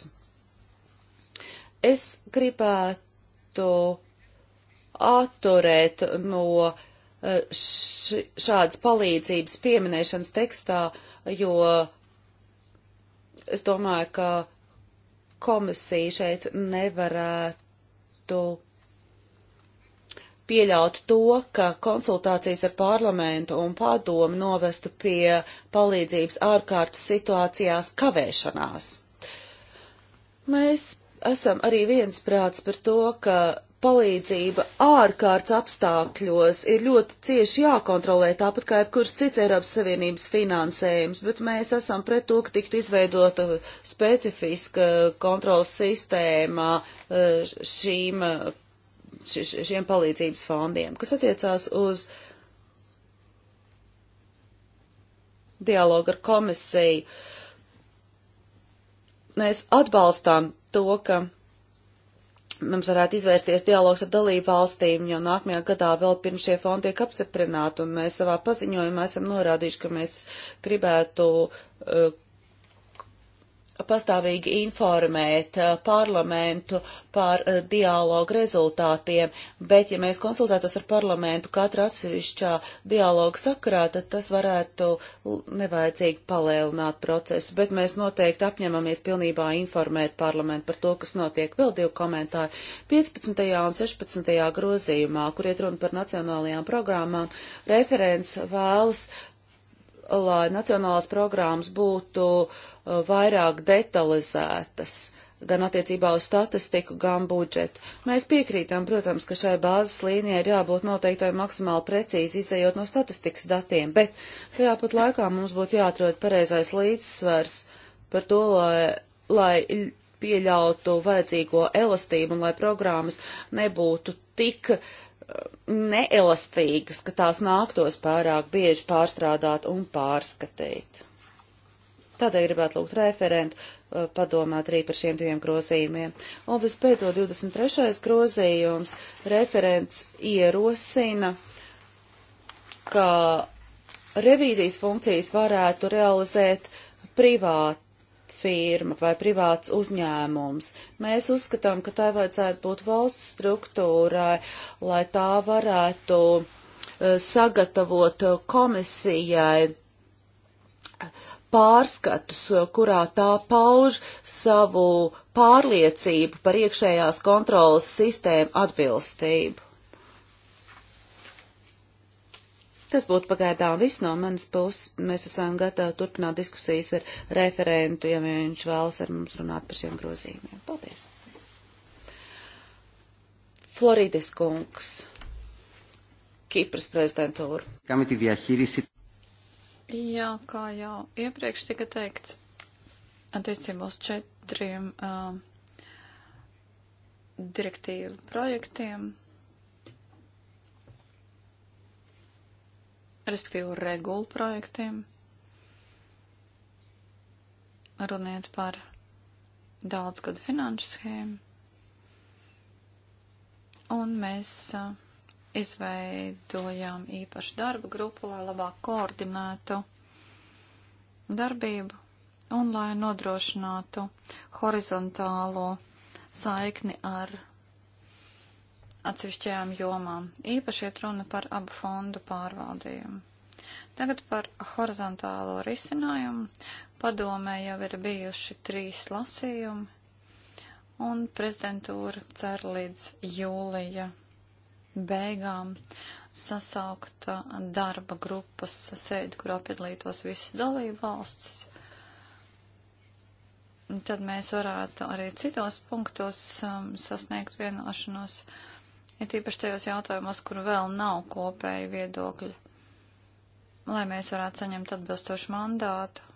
Es gribētu atturēt no šādas palīdzības pieminēšanas tekstā, jo es domāju, ka komisija šeit nevarētu pieļaut to, ka konsultācijas ar parlamentu un padomu novestu pie palīdzības ārkārtas situācijās kavēšanās. Mēs esam arī viensprāts par to, ka palīdzība ārkārtas apstākļos ir ļoti cieši jākontrolē, tāpat kā jebkurš cits Eiropas Savienības finansējums, bet mēs esam pret to, ka tiktu izveidota specifiska kontrolas sistēma eh, šīm, šiem palīdzības fondiem, kas attiecās uz dialogu ar komisiju. Mēs atbalstām to, ka mums varētu izvērsties dialogs ar dalību valstīm jau nākamajā gadā vēl pirms šie fondi tiek apstiprināti, un mēs savā paziņojumā esam norādījuši, ka mēs gribētu uh, pastāvīgi informēt eh, parlamentu par eh, dialogu rezultātiem, bet ja mēs konsultētos ar parlamentu katra atsevišķā dialogu sakarā, tad tas varētu nevajadzīgi palēlināt procesu, bet mēs noteikti apņemamies pilnībā informēt parlamentu par to, kas notiek. Vēl divi komentāri. 15. un 16. grozījumā, kur iet runa par nacionālajām programmām, referents vēlas, lai nacionālās programmas būtu uh, Uh, vairāk detalizētas gan attiecībā uz statistiku, gan budžetu. Mēs piekrītam, protams, ka šai bāzes līnijai ir jābūt noteiktai maksimāli precīzi izējot no statistikas datiem, bet tajā pat laikā mums būtu jāatrod pareizais līdzsvars par to, lai, lai pieļautu vajadzīgo elastību un lai programmas nebūtu tik uh, neelastīgas, ka tās nāktos pārāk bieži pārstrādāt un pārskatīt. Tādēļ gribētu lūgt referentu uh, padomāt arī par šiem diviem grozījumiem. Un vispēcot 23. grozījums, referents ierosina, ka revīzijas funkcijas varētu realizēt privāti firma vai privāts uzņēmums. Mēs uzskatām, ka tai vajadzētu būt valsts struktūrai, lai tā varētu uh, sagatavot komisijai pārskatus, kurā tā pauž savu pārliecību par iekšējās kontrolas sistēmu atbilstību. Tas būtu pagaidām viss no manas puses. Mēs esam gatavi turpināt diskusijas ar referentu, ja viņš vēlas ar mums runāt par šiem grozījumiem. Paldies! Florides kungs, Kipras prezidentūra. Jā, kā jau iepriekš tika teikts, attiecībā uz četriem uh, direktīvu projektiem, respektīvi regulu projektiem, runiet par daudzgadu finanšu schēmu. Un mēs uh, izveidojām īpašu darba grupu, lai labāk koordinētu darbību un lai nodrošinātu horizontālo saikni ar atsevišķajām jomām. Īpaši iet runa par abu fondu pārvaldījumu. Tagad par horizontālo risinājumu. Padomē jau ir bijuši trīs lasījumi, un prezidentūra cer līdz jūlija beigām sasaukt uh, darba grupas sēdi, kurā piedalītos visas dalību valstis. Tad mēs varētu arī citos punktos um, sasniegt vienošanos, ja tīpaši tajos jautājumos, kur vēl nav kopēja viedokļa, lai mēs varētu saņemt atbilstošu mandātu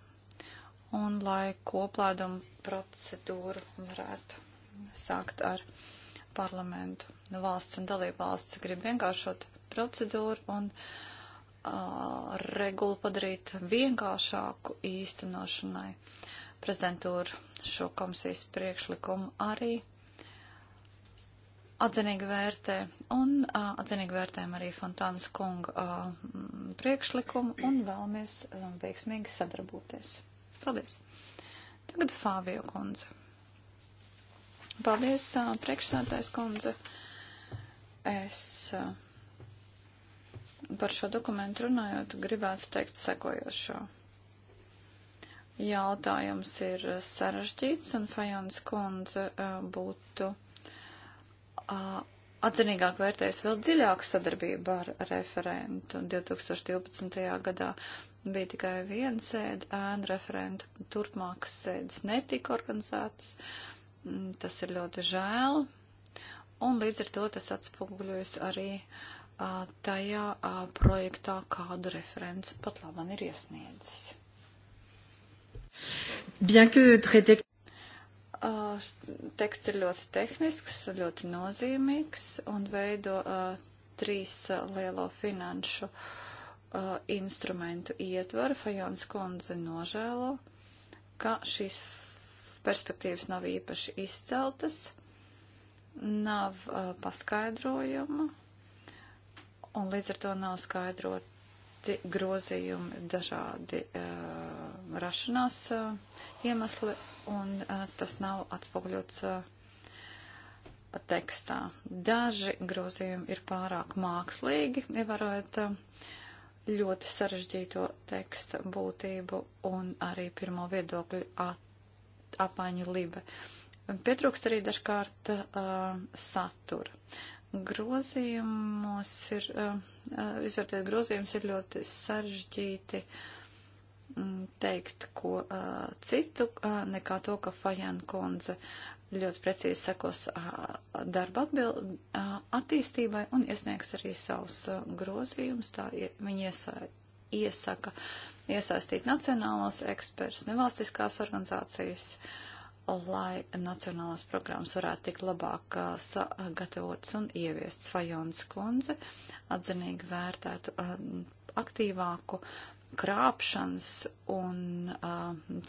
un lai koplēdumu procedūru varētu sākt ar parlamentu. Valsts un dalība valsts grib vienkāršot procedūru un uh, regulu padarīt vienkāršāku īstenošanai. Prezidentūra šo komisijas priekšlikumu arī atzinīgi vērtē un uh, atzinīgi vērtējam arī Fontānas kunga uh, priekšlikumu un vēlamies um, veiksmīgi sadarboties. Paldies! Tagad Fāvio kundze. Paldies, priekšsādājs kundze. Es par šo dokumentu runājot gribētu teikt sekojošo. Jautājums ir sarežģīts, un Fajons kundze būtu atzinīgāk vērtējusi vēl dziļāku sadarbību ar referentu 2012. gadā bija tikai viena sēde, ēna referenta turpmākas sēdes netika organizētas. Uh, Mm, tas ir ļoti žēl. Un līdz ar to tas atspoguļojas arī a, tajā a, projektā, kādu referents pat labam ir iesniedzis. Bien que très technique. Uh, teksts ir ļoti tehnisks, ļoti nozīmīgs un veido uh, trīs uh, lielo finanšu uh, instrumentu ietvaru. Fajons kundze nožēlo, ka šīs perspektīvas nav īpaši izceltas, nav uh, paskaidrojuma, un līdz ar to nav skaidroti grozījumi dažādi uh, rašanās uh, iemesli, un uh, tas nav atspoguļots. Uh, tekstā. Daži grozījumi ir pārāk mākslīgi, ievērojot ļoti sarežģīto teksta būtību un arī pirmo viedokļu at apaņu liba. Pietrūkst arī dažkārt uh, satura. Grozījumos ir, uh, izvērtēt grozījums ir ļoti sarežģīti um, teikt ko uh, citu, uh, nekā to, ka Fajan kundze ļoti precīzi sekos uh, darba atbild, uh, attīstībai un iesniegs arī savus uh, grozījumus. Tā ie, viņi iesa, iesaka iesaistīt nacionālos eksperts, nevalstiskās organizācijas, lai nacionālās programmas varētu tikt labāk sagatavotas un ieviests. Fajons kundze atzinīgi vērtētu aktīvāku krāpšanas un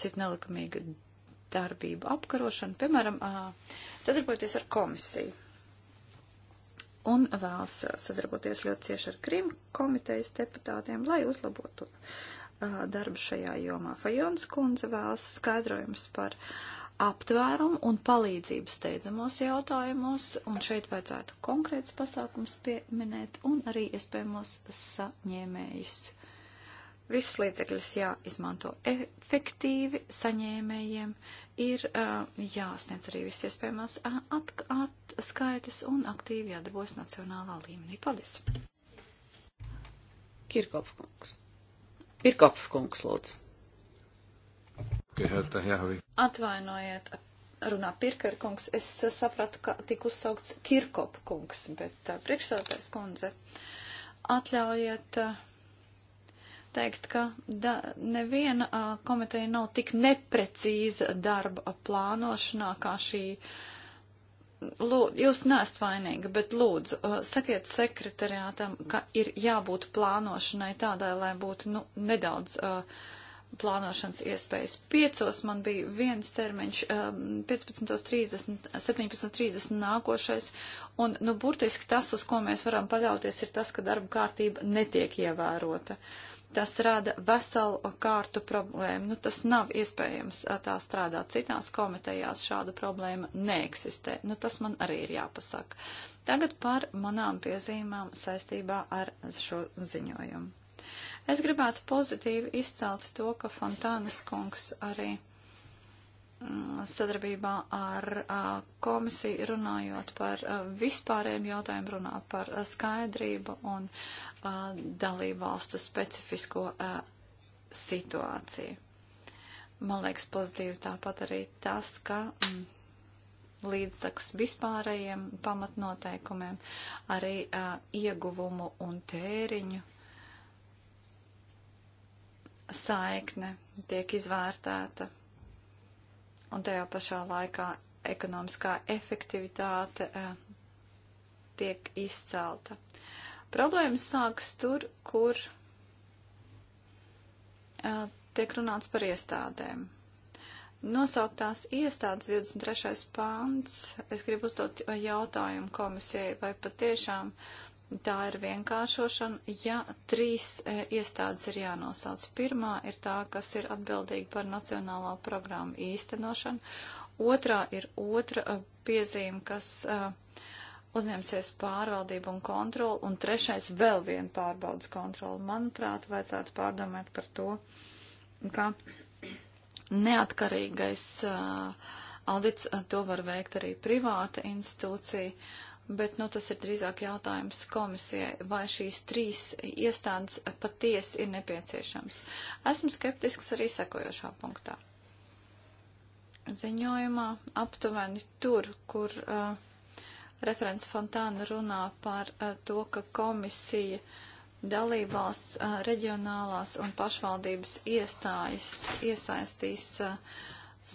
citu nelikumīgu darbību apkarošanu, piemēram, sadarbojoties ar komisiju. Un vēlas sadarboties ļoti cieši ar Krim komitejas deputātiem, lai uzlabotu darbu šajā jomā. Fajons kundze vēlas skaidrojums par aptvērumu un palīdzību steidzamos jautājumos, un šeit vajadzētu konkrēts pasākums pieminēt un arī iespējamos saņēmējus. Viss līdzekļus jāizmanto efektīvi, saņēmējiem ir uh, jāsniedz arī viss iespējamās atskaites un aktīvi jādarbojas nacionālā līmenī. Paldies! Kirkopkungs. Pirkop kungs, lūdzu. Atvainojiet, runā Pirkar kungs. Es eh, sapratu, ka tika uzsaukts Kirkop kungs, bet uh, priekšsēdētājs kundze. Atļaujiet. Uh, teikt, ka da, neviena komiteja nav tik neprecīza darba plānošanā kā šī uh, lūd, jūs neesat vainīga, bet lūdzu, uh, sakiet sekretariātam, ka ir jābūt plānošanai tādai, lai būtu nu, nedaudz uh, plānošanas iespējas. Piecos man bija viens termiņš, um, 15.30, 17.30 nākošais, un, nu, burtiski tas, uz ko mēs varam paļauties, ir tas, ka darba kārtība netiek ievērota. Uh, tas rada veselu kārtu problēmu. Nu, tas nav iespējams tā strādāt. Citās komitejās šāda problēma neeksistē. Nu, tas man arī ir jāpasaka. Tagad par manām piezīmām saistībā ar šo ziņojumu. Es gribētu pozitīvi izcelt to, ka Fontānas kungs arī Mm, sadarbībā ar komisiju runājot par vispārējiem jautājumiem, runā par skaidrību un dalību valstu specifisko situāciju. Man liekas pozitīvi tāpat arī tas, ka mm, līdzsakus vispārējiem pamatnoteikumiem arī ieguvumu un tēriņu saikne tiek izvērtēta un tajā pašā laikā ekonomiskā efektivitāte uh, tiek izcelta. Problēmas sākas tur, kur uh, tiek runāts par iestādēm. Nosauktās iestādes 23. pāns, es gribu uzdot jautājumu komisijai, vai patiešām uh, Tā ir vienkāršošana, ja trīs e, iestādes ir jānosauc. Pirmā ir tā, kas ir atbildīga par nacionālā programma īstenošanu. Otrā ir otra e, piezīme, kas e, uzņemsies pārvaldību un kontroli. Un trešais vēl viena pārbaudas kontroli. Manuprāt, vajadzētu pārdomāt par to, ka neatkarīgais e, audits e, to var veikt arī privāta institūcija bet nu, tas ir drīzāk jautājums komisijai, vai šīs trīs iestādes patiesi ir nepieciešams. Esmu skeptisks arī sekojošā punktā. Ziņojumā aptuveni tur, kur uh, referents Fontāna runā par uh, to, ka komisija dalībvalsts uh, reģionālās un pašvaldības iestājas iesaistīs. Uh,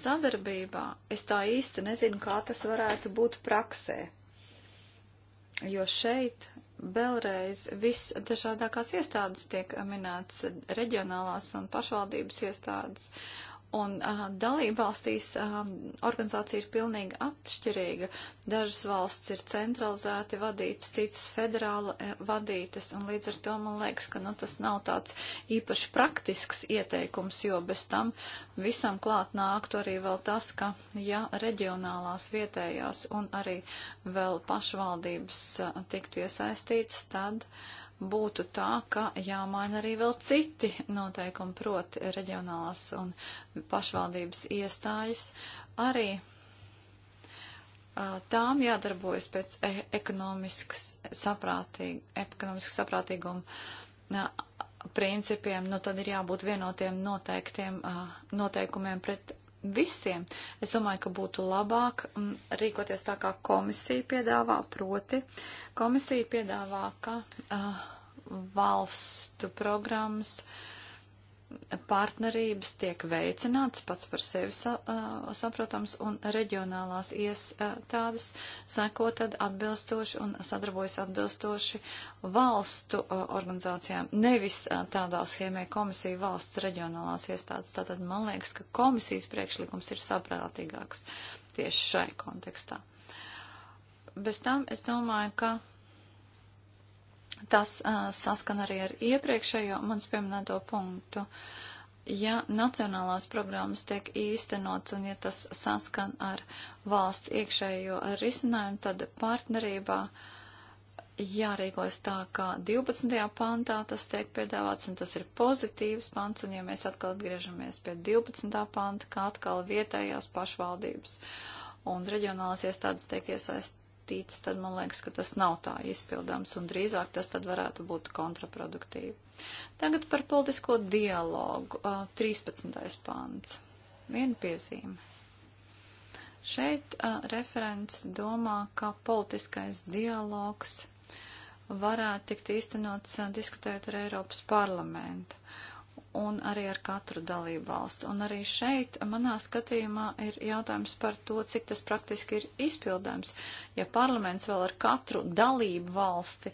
Sadarbībā es tā īsti nezinu, kā tas varētu būt praksē jo šeit vēlreiz visdažādākās iestādes tiek minētas, reģionālās un pašvaldības iestādes, Un uh, dalība valstīs um, organizācija ir pilnīgi atšķirīga. Dažas valsts ir centralizēti vadītas, citas federāli vadītas, un līdz ar to man liekas, ka nu, tas nav tāds īpaši praktisks ieteikums, jo bez tam visam klāt nāktu arī vēl tas, ka ja reģionālās vietējās un arī vēl pašvaldības uh, tiktu iesaistītas, tad. Uh, būtu tā, ka jāmaina arī vēl citi noteikumi, proti reģionālās un pašvaldības iestājas. Arī tām jādarbojas pēc e, ekonomiskas saprātīga, ekonomiski saprātīguma principiem, nu tad ir jābūt vienotiem noteiktiem noteikumiem pret visiem. Es domāju, ka būtu labāk mm, rīkoties tā, kā komisija piedāvā, proti komisija piedāvā, ka uh, valstu programmas partnerības tiek veicināts pats par sevi sa, uh, saprotams, un reģionālās iestādes uh, seko tad atbilstoši un sadarbojas atbilstoši valstu uh, organizācijām, nevis uh, tādā schēmē komisija valsts reģionālās iestādes. Tātad man liekas, ka komisijas priekšlikums ir saprātīgāks tieši šai kontekstā. Bez tam es domāju, ka Tas uh, saskan arī ar iepriekšējo mans pieminēto punktu. Ja nacionālās programmas tiek īstenots un ja tas saskan ar valstu iekšējo risinājumu, tad partnerībā uh, jārīkojas tā, kā 12. pantā tas tiek piedāvāts, un tas ir pozitīvs pants, un ja mēs atkal atgriežamies pie 12. panta, kā atkal vietējās pašvaldības un reģionālās iestādes tiek iesaist, rakstīts, tad man liekas, ka tas nav tā izpildāms un drīzāk tas tad varētu būt kontraproduktīvi. Tagad par politisko dialogu. 13. pāns. Viena piezīme. Šeit a, referents domā, ka politiskais dialogs varētu tikt īstenots a, diskutējot ar Eiropas parlamentu un arī ar katru dalību valstu. Un arī šeit, manā skatījumā, ir jautājums par to, cik tas praktiski ir izpildāms. Ja parlaments vēl ar katru dalību valsti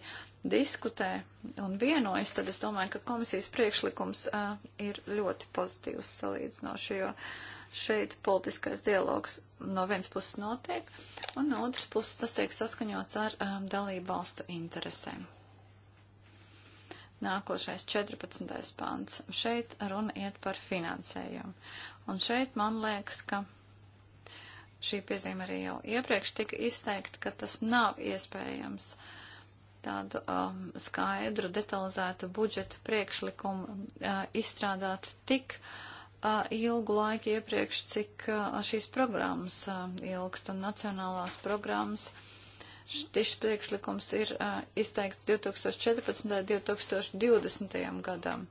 diskutē un vienojas, tad es domāju, ka komisijas priekšlikums uh, ir ļoti pozitīvs salīdzinoši, jo šeit politiskais dialogs no vienas puses notiek, un no otras puses tas tiek saskaņots ar um, dalību valstu interesēm. Nākošais 14. pants. Šeit runa iet par finansējumu. Un šeit man liekas, ka šī piezīme arī jau iepriekš tika izteikta, ka tas nav iespējams tādu um, skaidru, detalizētu budžeta priekšlikumu uh, izstrādāt tik uh, ilgu laiku iepriekš, cik uh, šīs programmas uh, ilgst un nacionālās programmas uh, Šis priekšlikums ir uh, izteikts 2014. un 2020. gadam.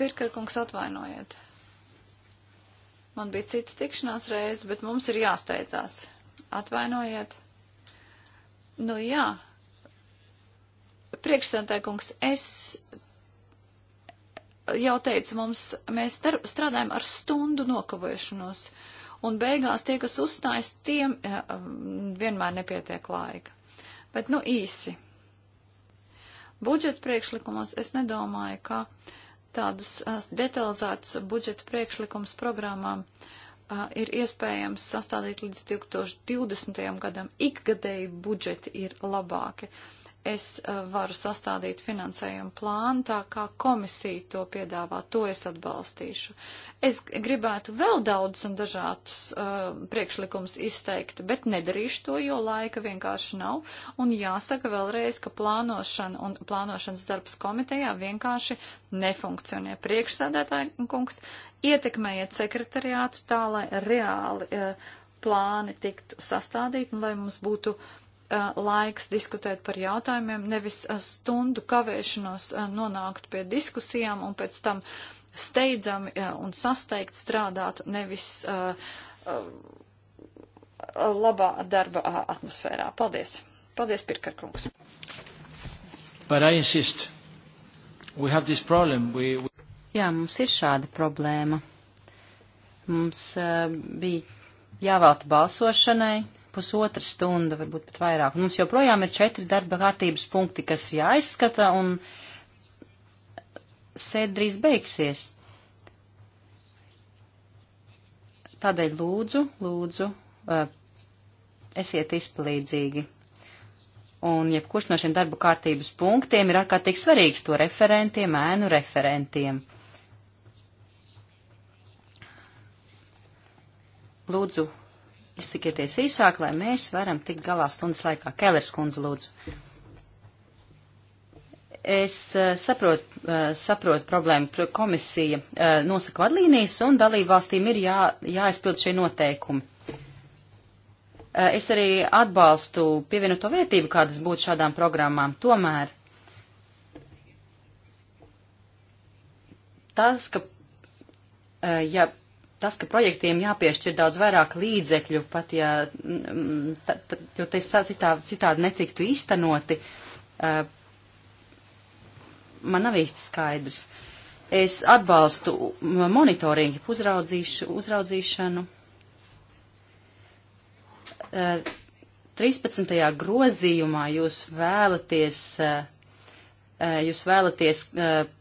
Pirkarkungs atvainojiet. Man bija cita tikšanās reize, bet mums ir jāsteidzās. Atvainojiet. Nu jā, priekšstādākungs, es jau teicu, mums, mēs strādājam ar stundu nokavēšanos. Uh, un beigās tie, kas uzstājas, tiem um, vienmēr nepietiek laika. Bet, nu, īsi. Budžeta priekšlikumos es nedomāju, ka tādus uh, detalizētus budžeta priekšlikums programmām uh, ir iespējams sastādīt līdz 2020. gadam. Ikgadēji budžeti ir labāki. Uh, es eh, varu sastādīt finansējumu plānu tā, kā komisija to piedāvā. To es atbalstīšu. Es gribētu vēl daudz un dažādus uh, priekšlikumus izteikt, bet nedarīšu to, jo laika vienkārši nav. Un jāsaka vēlreiz, ka plānošana un plānošanas darbs komitejā vienkārši nefunkcionē. Priekšsēdētāji kungs, ietekmējiet sekretariātu tā, lai reāli uh, plāni tiktu sastādīti un lai mums būtu uh, Uh, laiks diskutēt par jautājumiem, nevis uh, stundu kavēšanos uh, nonākt pie diskusijām un pēc tam steidzami un sasteigt strādāt, nevis labā darba atmosfērā. Paldies! Paldies, Pirkarkungs! But I insist, we have this problem. We, we... Jā, mums ir šāda problēma. Mums uh, bija jāvelta balsošanai, pusotra stunda, varbūt pat vairāk. Mums joprojām ir četri darba kārtības punkti, kas ir jāizskata, un sēd drīz beigsies. Tādēļ lūdzu, lūdzu, uh, esiet izpalīdzīgi. Un jebkurš no šiem darbu kārtības punktiem ir ārkārtīgi svarīgs to referentiem, ēnu referentiem. Lūdzu, izsakieties īsāk, lai mēs varam tikt galā stundas laikā. Kēlers kundze, lūdzu. Es saprotu, eh, saprotu eh, problēmu. Komisija eh, nosaka vadlīnijas un dalību valstīm ir jā, jāizpild šie noteikumi. Es arī atbalstu pievienoto vērtību, kādas būtu šādām programmām. Tomēr tas, ka ja tas, ka projektiem jāpiešķir daudz vairāk līdzekļu, pat ja, t, mm, mm, t, jo tas citā, citādi netiktu īstenoti, uh, man nav īsti skaidrs. Es atbalstu monitoringu, uzraudzīšanu. Uh, eh, 13. grozījumā jūs vēlaties uh, jūs vēlaties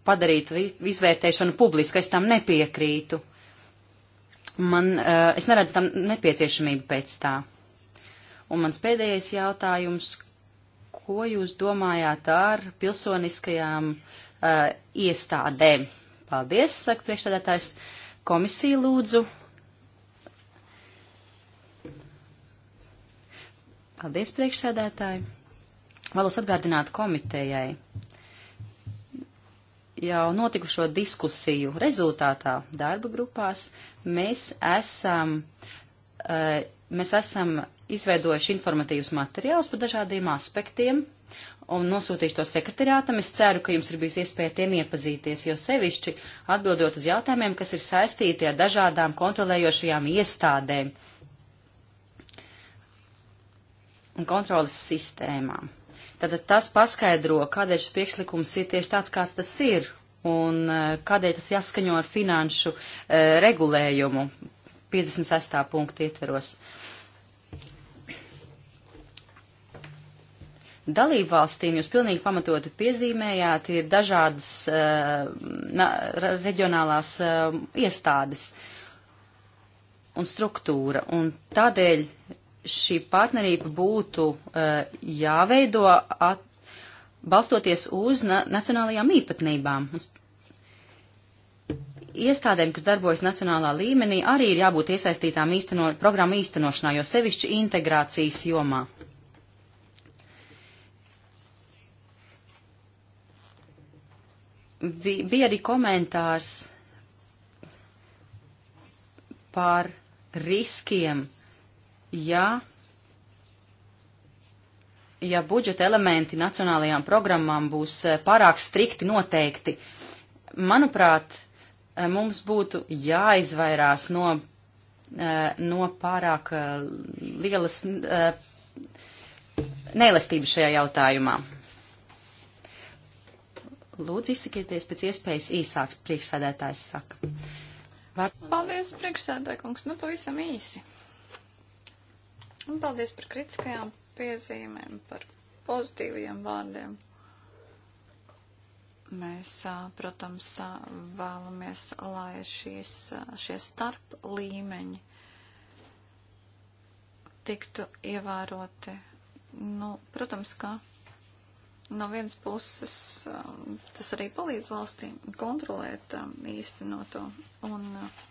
padarīt izvērtēšanu publisku, es tam nepiekrītu man, eh, es neredzu tam nepieciešamību pēc tā. Un mans pēdējais jautājums, ko jūs domājāt ar pilsoniskajām uh, iestādēm? Paldies, saka priekšstādātājs. Komisija lūdzu. Paldies, priekšsēdētāji. Vēlos atgādināt komitejai, jau notikušo diskusiju rezultātā darba grupās mēs esam, e, mēs esam izveidojuši informatīvus materiālus par dažādiem aspektiem un nosūtīšu to sekretariātam. Es ceru, ka jums ir bijusi iespēja tiem iepazīties, jo sevišķi atbildot uz jautājumiem, kas ir saistīti ar dažādām kontrolējošajām iestādēm un kontrolas sistēmām. Tad tas paskaidro, kādēļ šis priekšlikums ir tieši tāds, kāds tas ir, un e, kādēļ tas jāskaņo ar finanšu e, regulējumu 56. punktu ietveros. Dalību valstīm jūs pilnīgi pamatoti piezīmējāt, ir dažādas uh, na, reģionālās uh, iestādes un struktūra, un tādēļ šī partnerība būtu uh, jāveido at, balstoties uz na nacionālajām īpatnībām. Iestādēm, kas darbojas nacionālā līmenī, arī ir jābūt iesaistītām īsteno, programmu īstenošanā, jo sevišķi integrācijas jomā. Vi, bija arī komentārs par riskiem uh, ja, ja budžeta elementi nacionālajām programmām būs eh, pārāk strikti noteikti. Manuprāt, eh, mums būtu jāizvairās no, eh, no pārāk lielas neelastības šajā jautājumā. Lūdzu, izsakieties pēc iespējas īsāk, priekšsēdētājs saka. Vārds... Paldies, priekšsēdētājkungs, nu pavisam īsi. Un paldies par kritiskajām piezīmēm, par pozitīviem vārdiem. Mēs, protams, vēlamies, lai šīs, šie starp līmeņi tiktu ievēroti. Nu, protams, ka no vienas puses tas arī palīdz valstīm kontrolēt īstenoto un uh,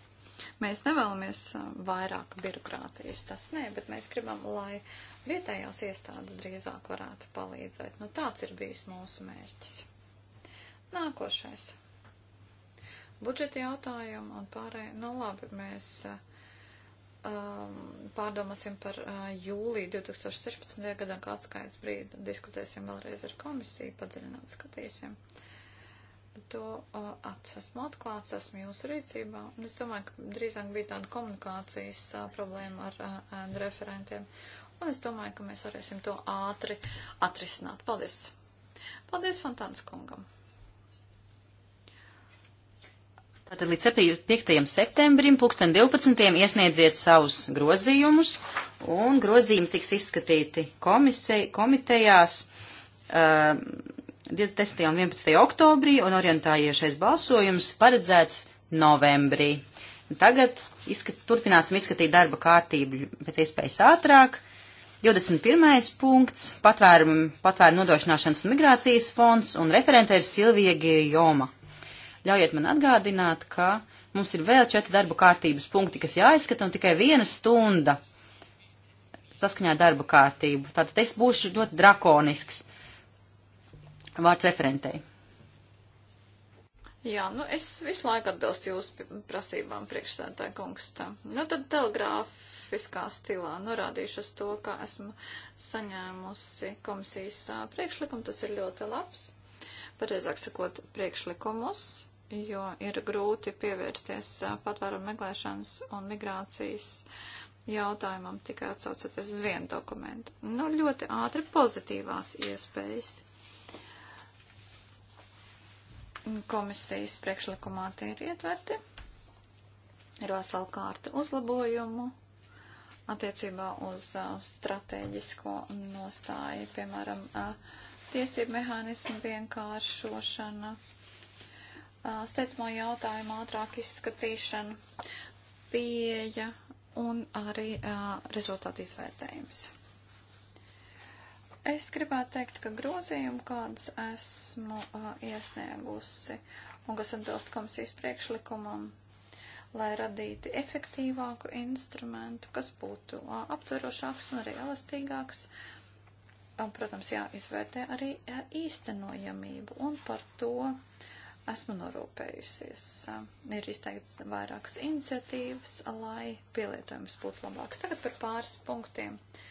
Mēs nevēlamies vairāk birokrātijas, tas nē, bet mēs gribam, lai vietējās iestādes drīzāk varētu palīdzēt. Nu, tāds ir bijis mūsu mērķis. Nākošais. Budžeta jautājumi un pārējie. Nu, labi, mēs um, pārdomāsim par uh, jūliju 2016. gadā, kā atskaits brīdi. Diskutēsim vēlreiz ar komisiju, padziļināt skatīsim. Uh, to ats esmu atklāts, esmu jūsu rīcībā. Un es domāju, ka drīzāk bija tāda komunikācijas a, problēma ar ēnu referentiem. Un es domāju, ka mēs varēsim to ātri atrisināt. Paldies! Paldies Fontāns kungam! Tātad līdz 5. septembrim, 2012. iesniedziet savus grozījumus, un grozījumi tiks izskatīti komisei, komitejās. Uh, 10. un 11. oktobrī, un orientājiešais balsojums paredzēts novembrī. Tagad izskat, turpināsim izskatīt darba kārtību pēc iespējas ātrāk. 21. punkts - patvērumu patvēru nodošanāšanas un migrācijas fonds, un referente ir Silvija Gijoma. Ļaujiet man atgādināt, ka mums ir vēl četri darba kārtības punkti, kas jāizskata, un tikai viena stunda saskaņā darba kārtību. Tātad es būšu ļoti drakonisks. Vārds referentei. Jā, nu es visu laiku atbilstu jūsu prasībām, priekšsēdētāji kungs. Tā. Nu tad telegrāfiskā stilā norādīšu uz to, ka esmu saņēmusi komisijas priekšlikumu, tas ir ļoti labs. Pareizāk sakot, priekšlikumus, jo ir grūti pievērsties patvērumu meklēšanas un migrācijas jautājumam, tikai atsaucoties uz vienu dokumentu. Nu, ļoti ātri pozitīvās iespējas Komisijas priekšlikumā tie ir ietverti. Ir vesela kārta uzlabojumu attiecībā uz uh, stratēģisko nostāju, piemēram, uh, tiesību mehānismu vienkāršošana, uh, steidzamo jautājumu ātrāk izskatīšana, pieeja un arī rezultātu izvērtējums. Es gribētu teikt, ka grozījumi, kādus esmu uh, iesniegusi un kas atbilst komisijas priekšlikumam, lai radītu efektīvāku instrumentu, kas būtu uh, aptverošāks un arī elastīgāks, un, protams, jāizvērtē arī uh, īstenojamību, un par to esmu norūpējusies. Uh, ir izteikts vairākas iniciatīvas, lai pielietojums būtu labāks. Tagad par pāris punktiem. Uh,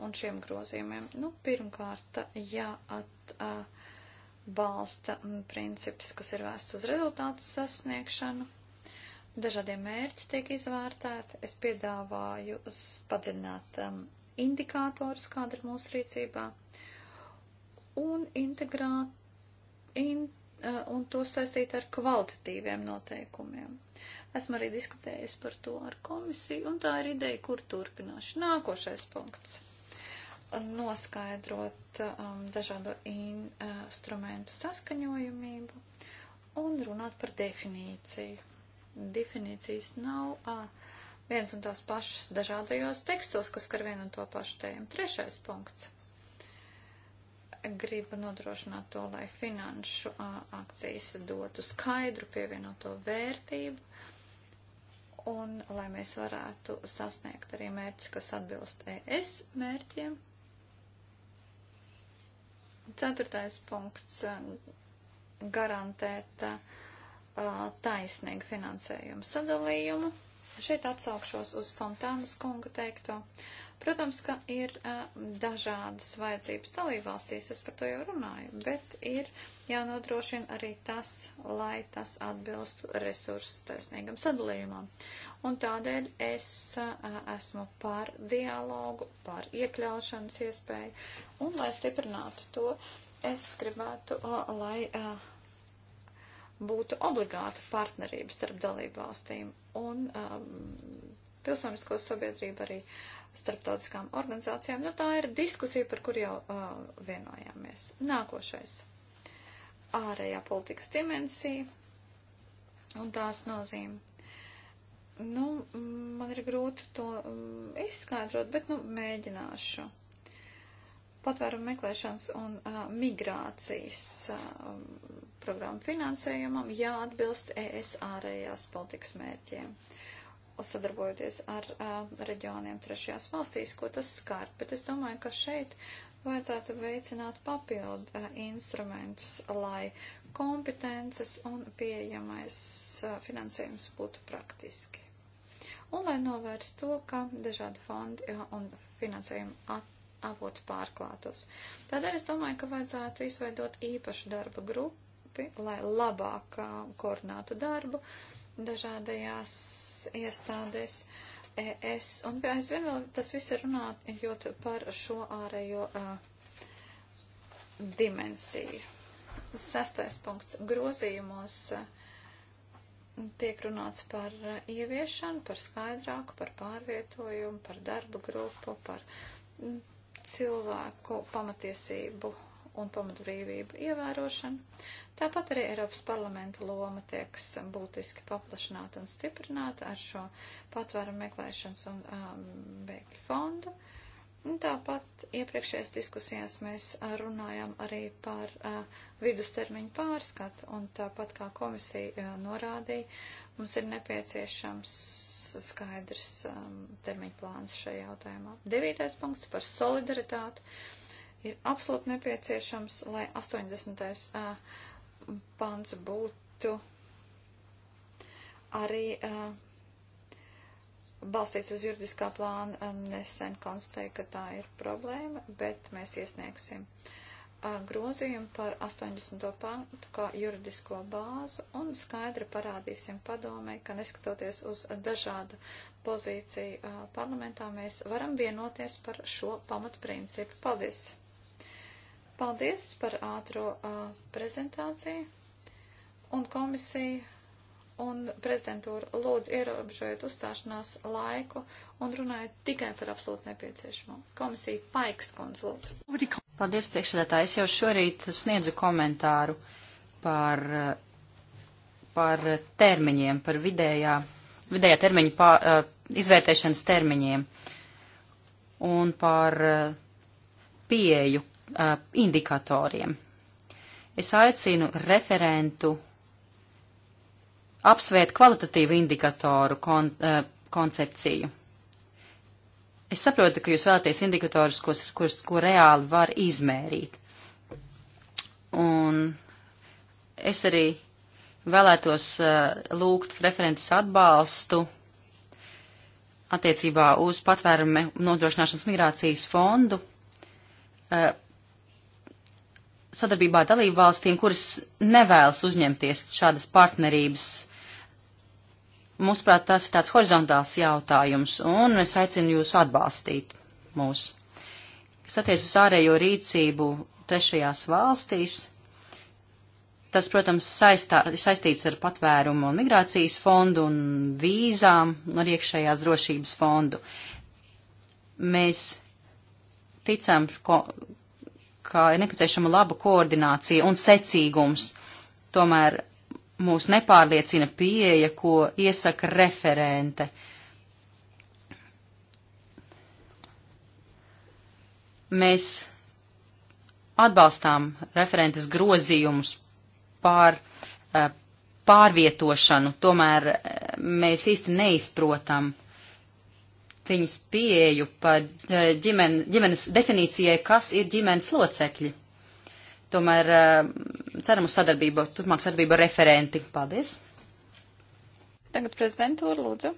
un šiem grozījumiem. Nu, pirmkārt, jāatbalsta princips, kas ir vēsts uz rezultātu sasniegšanu. Dažādie mērķi tiek izvērtēti. Es piedāvāju padziļināt um, indikātors, kāda ir mūsu rīcībā, un integrāt, in, uh, un to saistīt ar kvalitatīviem noteikumiem. Esmu arī diskutējusi par to ar komisiju, un tā ir ideja, kur turpināšu. Nākošais punkts noskaidrot um, dažādu instrumentu saskaņojumību un runāt par definīciju. Definīcijas nav uh, viens un tās pašas dažādajos tekstos, kas skar vienu un to pašu tēmu. Trešais punkts. Gribu nodrošināt to, lai finanšu uh, akcijas dotu skaidru pievienoto vērtību un lai mēs varētu sasniegt arī mērķis, kas atbilst ES mērķiem Ceturtais punkts eh, - garantēt eh, taisnīgu finansējumu sadalījumu. Šeit atsaukšos uz Fontānas kunga teikto. Protams, ka ir uh, dažādas vajadzības dalībvalstīs, es par to jau runāju, bet ir jānodrošina arī tas, lai tas atbilstu resursu taisnīgam sadalījumam. Un tādēļ es uh, esmu par dialogu, par iekļaušanas iespēju, un lai stiprinātu to, es gribētu, uh, lai. Uh, būtu obligāta partnerība starp dalībvalstīm un um, pilsonisko sabiedrību arī starptautiskām organizācijām. Nu, tā ir diskusija, par kur jau uh, vienojāmies. Nākošais - ārējā politikas dimensija un tās nozīme. Nu, man ir grūti to um, izskaidrot, bet, nu, mēģināšu patvērumu meklēšanas un uh, migrācijas uh, programmu finansējumam jāatbilst ES ārējās politikas mērķiem, sadarbojoties ar uh, reģioniem trešajās valstīs, ko tas skar. Bet es domāju, ka šeit vajadzētu veicināt papildu uh, instrumentus, lai kompetences un pieejamais uh, finansējums būtu praktiski. Un lai novērstu to, ka dažādi fondi un finansējuma at avotu pārklātos. Tādēļ es domāju, ka vajadzētu izveidot īpašu darba grupi, lai labāk koordinātu darbu dažādajās iestādēs. Es, un aizvien vēl tas viss ir runājot par šo ārējo uh, dimensiju. Sastais punkts. Grozījumos uh, tiek runāts par uh, ieviešanu, par skaidrāku, par pārvietojumu, par darbu grupu, par cilvēku pamatiesību un pamatbrīvību ievērošana. Tāpat arī Eiropas parlamenta loma tiek būtiski paplašināta un stiprināta ar šo patvērumu meklēšanas un um, bēgļu fondu. Un tāpat iepriekšējās diskusijās mēs runājām arī par uh, vidustermiņu pārskatu, un tāpat kā komisija uh, norādīja, mums ir nepieciešams skaidrs um, termiņu plāns šajā jautājumā. Devītais punkts par solidaritāti ir absolūti nepieciešams, lai 80. Uh, pants būtu arī uh, balstīts uz juridiskā plāna. Nesen konstatēju, ka tā ir problēma, bet mēs iesniegsim. Uh, grozījumu par 80. pantu kā juridisko bāzu un skaidri parādīsim padomē, ka neskatoties uz dažādu pozīciju parlamentā, mēs varam vienoties par šo pamatprincipu. Paldies! Paldies par ātro prezentāciju un komisiju un prezidentūra lūdzu ierobežojiet uzstāšanās laiku un runājiet tikai par absolūti nepieciešamo. Komisija Paiks konsultu. Paldies, priekšsēdētāji. Es jau šorīt sniedzu komentāru par, par termiņiem, par vidējā, vidējā termiņa pā, eh, izvērtēšanas termiņiem un par eh, pieeju eh, indikatoriem. Es aicinu referentu apsvērt kvalitatīvu indikatoru kon, uh, koncepciju. Es saprotu, ka jūs vēlaties indikatorus, kurus, kurus, ko reāli var izmērīt. Un es arī vēlētos uh, lūgt referents atbalstu attiecībā uz patvērumu nodrošināšanas migrācijas fondu uh, sadarbībā dalību valstīm, kuras nevēlas uzņemties šādas partnerības Mūsuprāt, tas ir tāds horizontāls jautājums, un es aicinu jūs atbalstīt mūs. Kas attiecas uz ārējo rīcību trešajās valstīs, tas, protams, saistā, saistīts ar patvērumu un migrācijas fondu un vīzām un iekšējās drošības fondu. Mēs ticam, ko, ka ir nepieciešama laba koordinācija un secīgums. Tomēr mūs nepārliecina pieeja, ko iesaka referente. Mēs atbalstām referentes grozījumus pār eh, pārvietošanu, tomēr eh, mēs īsti neizprotam viņas pieeju par eh, ģimen, ģimenes definīcijai, kas ir ģimenes locekļi. Tomēr eh, ceram uz sadarbību, turpmāk sadarbību ar referenti. Paldies! Tagad prezidentūra lūdzu.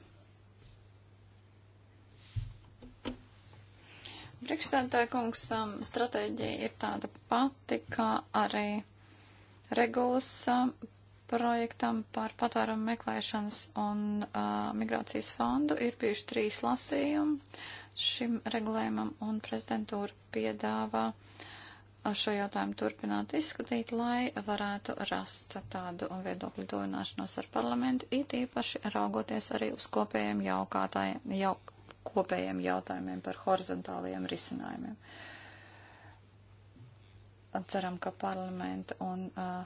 Priekšstādātāja kungs, um, stratēģija ir tāda pati, kā arī regulas um, projektam par patvērumu meklēšanas un uh, migrācijas fondu ir bijuši trīs lasījumi šim regulējumam un prezidentūra piedāvā uh, šo jautājumu turpināt izskatīt, lai varētu rast tādu viedokļu tuvināšanos ar parlamentu, it īpaši raugoties arī uz kopējiem jaukātājiem, jau, kopējiem jautājumiem par horizontāliem risinājumiem. Ceram, ka parlamenta un uh,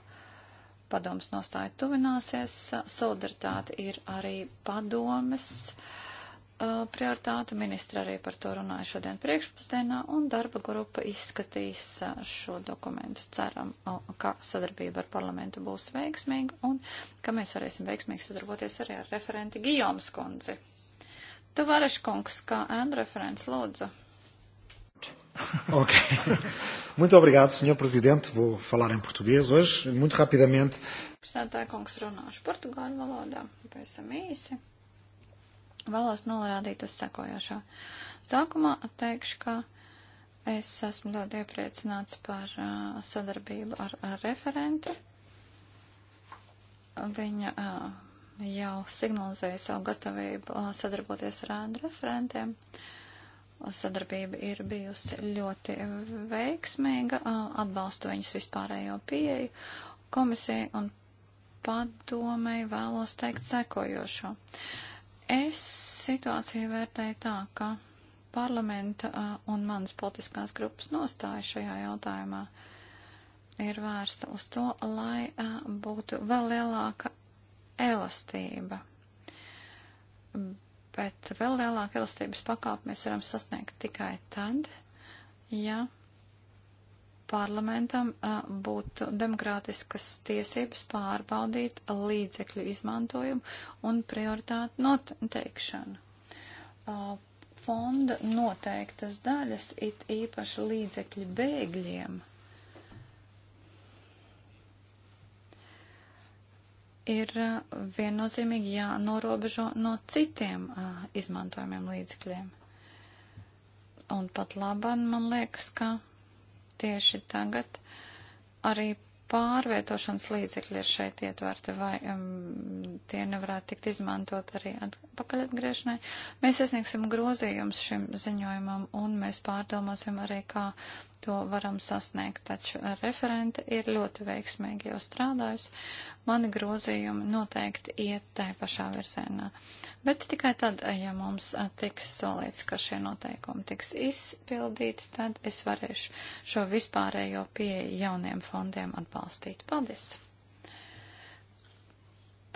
padomas nostāja tuvināsies. Solidaritāte ir arī padomes. Uh, Uh, prioritāte. Ministra arī par to runāja šodien priekšpusdienā, un darba grupa izskatīs uh, šo dokumentu. Ceram, uh, ka sadarbība ar parlamentu būs veiksmīga un ka mēs varēsim veiksmīgi sadarboties arī ar referenti Gijomas kundzi. Tavareškungs, kā ēnu referents, lūdzu. Ok. Muito obrigado, Sr. Presidente. Vou falar em português hoje, muito rapidamente. Presidente, kungs, runāšu portugāļu valodā, pavisam īsi vēlos norādīt uz sekojošo. Sākumā teikšu, ka es esmu ļoti iepriecināts par uh, sadarbību ar, ar referentu. Viņa uh, jau signalizēja savu gatavību uh, sadarboties ar ēnu referentiem. Sadarbība ir bijusi ļoti veiksmīga, uh, atbalstu viņas vispārējo pieeju komisijai un padomēji vēlos teikt sekojošo. Uh, Es situāciju vērtēju tā, ka parlamenta un manas politiskās grupas nostāja šajā jautājumā ir vērsta uz to, lai būtu vēl lielāka elastība. Bet vēl lielāku elastības pakāpi mēs varam sasniegt tikai tad, ja parlamentam būtu demokrātiskas tiesības pārbaudīt līdzekļu izmantojumu un prioritātu noteikšanu. Fonda noteiktas daļas, it īpaši līdzekļi bēgļiem, ir viennozīmīgi jānorobežo no citiem izmantojumiem līdzekļiem. Un pat labam, man liekas, ka tieši tagad arī pārvietošanas līdzekļi ir šeit ietverti, vai um, tie nevarētu tikt izmantot arī atpakaļ atgriešanai. Mēs iesniegsim grozījumus šim ziņojumam, un mēs pārdomāsim arī, kā to varam sasniegt, taču referente ir ļoti veiksmīgi jau strādājusi. Mani grozījumi noteikti iet tai pašā virzienā. Bet tikai tad, ja mums tiks solīts, ka šie noteikumi tiks izpildīti, tad es varēšu šo vispārējo pieeju jauniem fondiem atbalstīt. Paldies!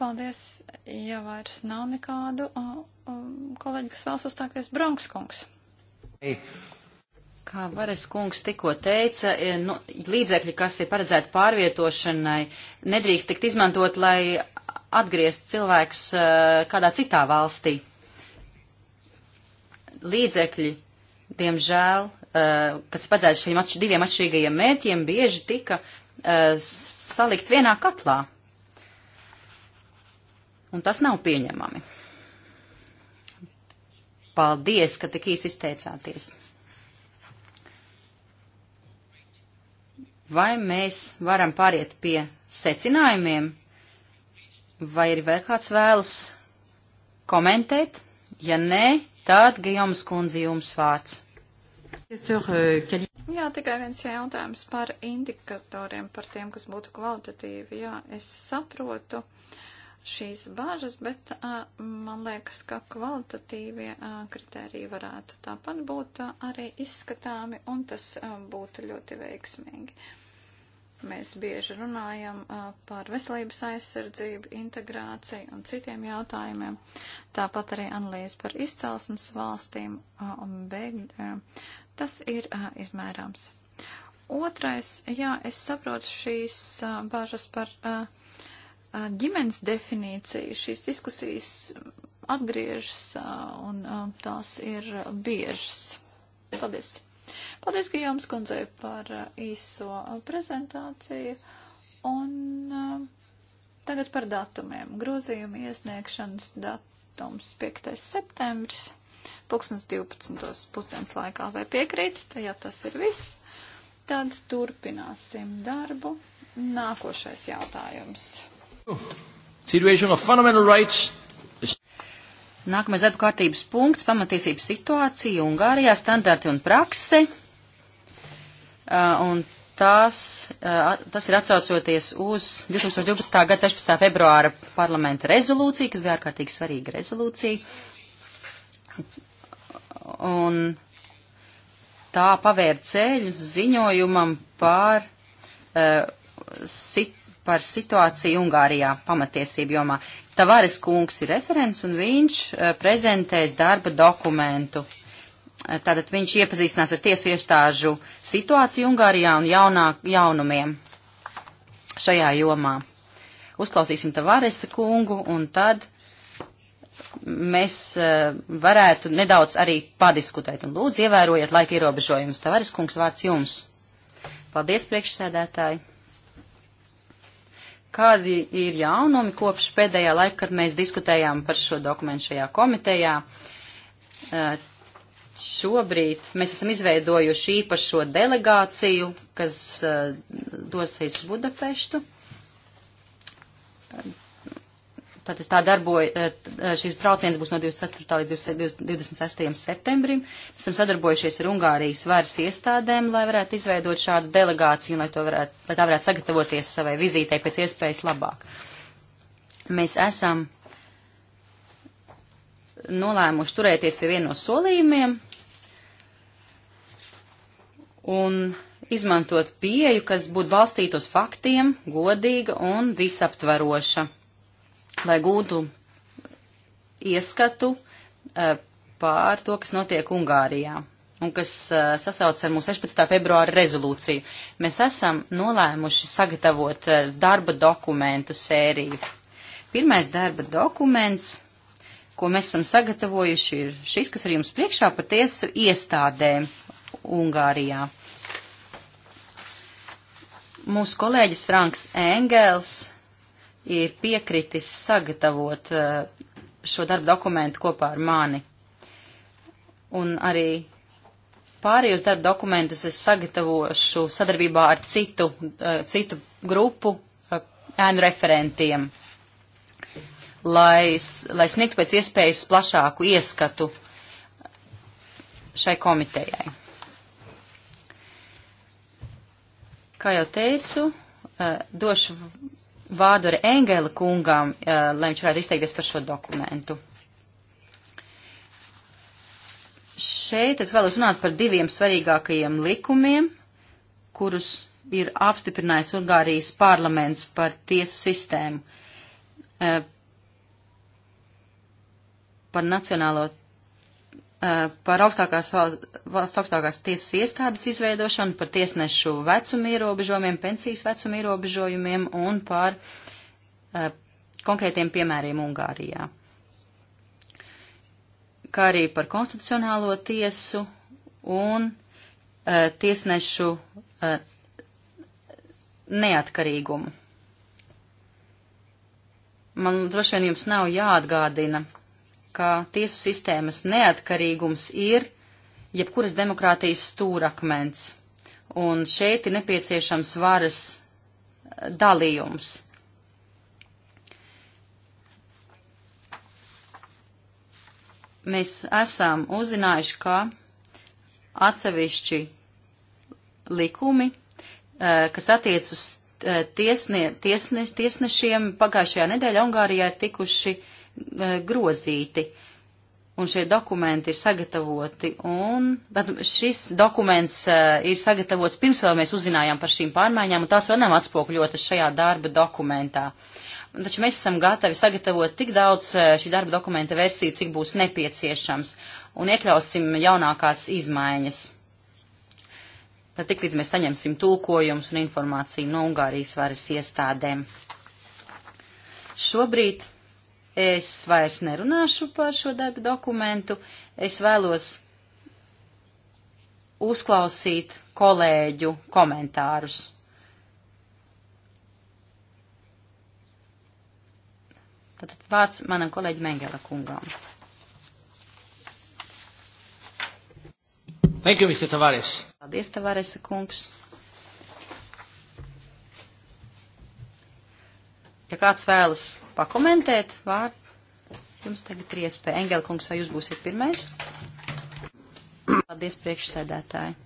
Paldies, ja vairs nav nekādu kolēģi, kas vēlas uzstāties Bronkskungs. Hey. Kā Vares kungs tikko teica, e, nu, līdzekļi, kas ir paredzēti pārvietošanai, nedrīkst tikt izmantot, lai atgriezt cilvēkus e, kādā citā valstī. Līdzekļi, diemžēl, e, kas ir paredzēti šiem atš diviem atšķirīgajiem mērķiem, bieži tika salikt vienā katlā. Un tas nav pieņemami. Paldies, ka tik īsi izteicāties. Vai mēs varam pāriet pie secinājumiem, vai ir vēl kāds vēlas komentēt? Ja nē, tad Gijomas kundze jums vārds. Eh, Jā, tikai viens jautājums par indikatoriem, par tiem, kas būtu kvalitatīvi. Jā, es saprotu. Uh, šīs bāžas, bet a, man liekas, ka kvalitatīvie a, kritēriji varētu tāpat būt a, arī izskatāmi, un tas būtu ļoti veiksmīgi. Mēs bieži runājam par veselības aizsardzību, integrāciju un citiem jautājumiem. Tāpat arī analīze par izcelsmes valstīm un bēgļu. Tas ir izmērāms. Otrais, jā, es saprotu šīs bāžas par uh, ģimenes definīciju. Šīs diskusijas atgriežas un tās ir biežas. Paldies! Paldies, Gijoms kundzei, par īso prezentāciju. Un tagad par datumiem. Grozījuma iesniegšanas datums 5. septembris, 2012. pusdienas laikā. Vai piekrīt? Ja tas ir viss, tad turpināsim darbu. Nākošais jautājums. Nākamais darba kārtības punkts - pamatiesības situācija Ungārijā, standarti un prakse. Uh, un tās, uh, tas ir atsaucoties uz 2012. gada 16. februāra parlamenta rezolūciju, kas bija ārkārtīgi svarīga rezolūcija. Un tā pavēra ceļu ziņojumam par uh, sit par situāciju Ungārijā pamatiesību jomā. Tavares kungs ir referents un viņš uh, prezentēs darba dokumentu. Uh, tātad viņš iepazīstinās ar tiesu iestāžu situāciju Ungārijā un jaunā, jaunumiem šajā jomā. Uzklausīsim Tavaresa kungu un tad mēs uh, varētu nedaudz arī padiskutēt. Un lūdzu, ievērojiet laika ierobežojumus. Tavares kungs, vārds jums. Paldies, priekšsēdētāji kādi ir jaunumi kopš pēdējā laika, kad mēs diskutējām par šo dokumentu šajā komitejā. Eh, šobrīd mēs esam izveidojuši īpašo delegāciju, kas eh, dosies uz Budapeštu tātad tā darboja, eh, šīs brauciens būs no 24. līdz 26. septembrim. Mēs esam sadarbojušies ar Ungārijas varas iestādēm, lai varētu izveidot šādu delegāciju, lai, varētu, lai tā varētu sagatavoties savai vizītei pēc iespējas labāk. Mēs esam nolēmuši turēties pie viena no solījumiem un izmantot pieju, kas būtu balstīta uz faktiem, godīga un visaptvaroša lai gūtu ieskatu eh, pār to, kas notiek Ungārijā un kas eh, sasauc ar mūsu 16. februāra rezolūciju. Mēs esam nolēmuši sagatavot eh, darba dokumentu sēriju. Pirmais darba dokuments, ko mēs esam sagatavojuši, ir šis, kas ir jums priekšā patiesu iestādēm Ungārijā. Mūsu kolēģis Franks Engels ir piekritis sagatavot eh, šo darbu dokumentu kopā ar mani. Un arī pārējos darba dokumentus es sagatavošu sadarbībā ar citu, eh, citu grupu eh, ēnu referentiem, lai, lai sniegtu pēc iespējas plašāku ieskatu šai komitejai. Kā jau teicu, došu vārdu ar Engela kungam, uh, lai viņš varētu izteikties par šo dokumentu. Šeit es vēlos runāt par diviem svarīgākajiem likumiem, kurus ir apstiprinājis Ungārijas parlaments par tiesu sistēmu, uh, par nacionālo Eh, par augstākās valsts augstākās tiesas iestādes izveidošanu, par tiesnešu vecumu ierobežojumiem, pensijas vecumu ierobežojumiem un par eh, konkrētiem piemēriem Ungārijā. Kā arī par konstitucionālo tiesu un eh, tiesnešu neatkarīgumu. Man droši vien jums nav jāatgādina, ka tiesu sistēmas neatkarīgums ir jebkuras demokrātijas stūrakmens, un šeit ir nepieciešams varas eh, dalījums. Mēs esam uzzinājuši, ka atsevišķi likumi, eh, kas attiec uz eh, tiesne, tiesne, tiesnešiem, pagājušajā nedēļā Ungārijā ir tikuši uh, Eh, grozīti. Un šie dokumenti ir sagatavoti, un tad šis dokuments uh, ir sagatavots pirms vēl mēs uzzinājām par šīm pārmaiņām, un tās vēl nav atspokļotas šajā darba dokumentā. Un, taču mēs esam gatavi sagatavot tik daudz uh, šī darba dokumenta versiju, cik būs nepieciešams, un iekļausim jaunākās izmaiņas. Tad tiklīdz mēs saņemsim tulkojumus un informāciju no Ungārijas varas iestādēm. Šobrīd Es vairs nerunāšu par šo darba dokumentu. Es vēlos uzklausīt kolēģu komentārus. Tātad vārds manam kolēģim Engela kungam. Thank you, Mr. Tavares. Paldies, Tavares kungs. Ja kāds vēlas pakomentēt, vārdu, jums tagad ir iespēja. Engelkungs, vai jūs būsiet pirmais? Paldies, priekšsēdētāji.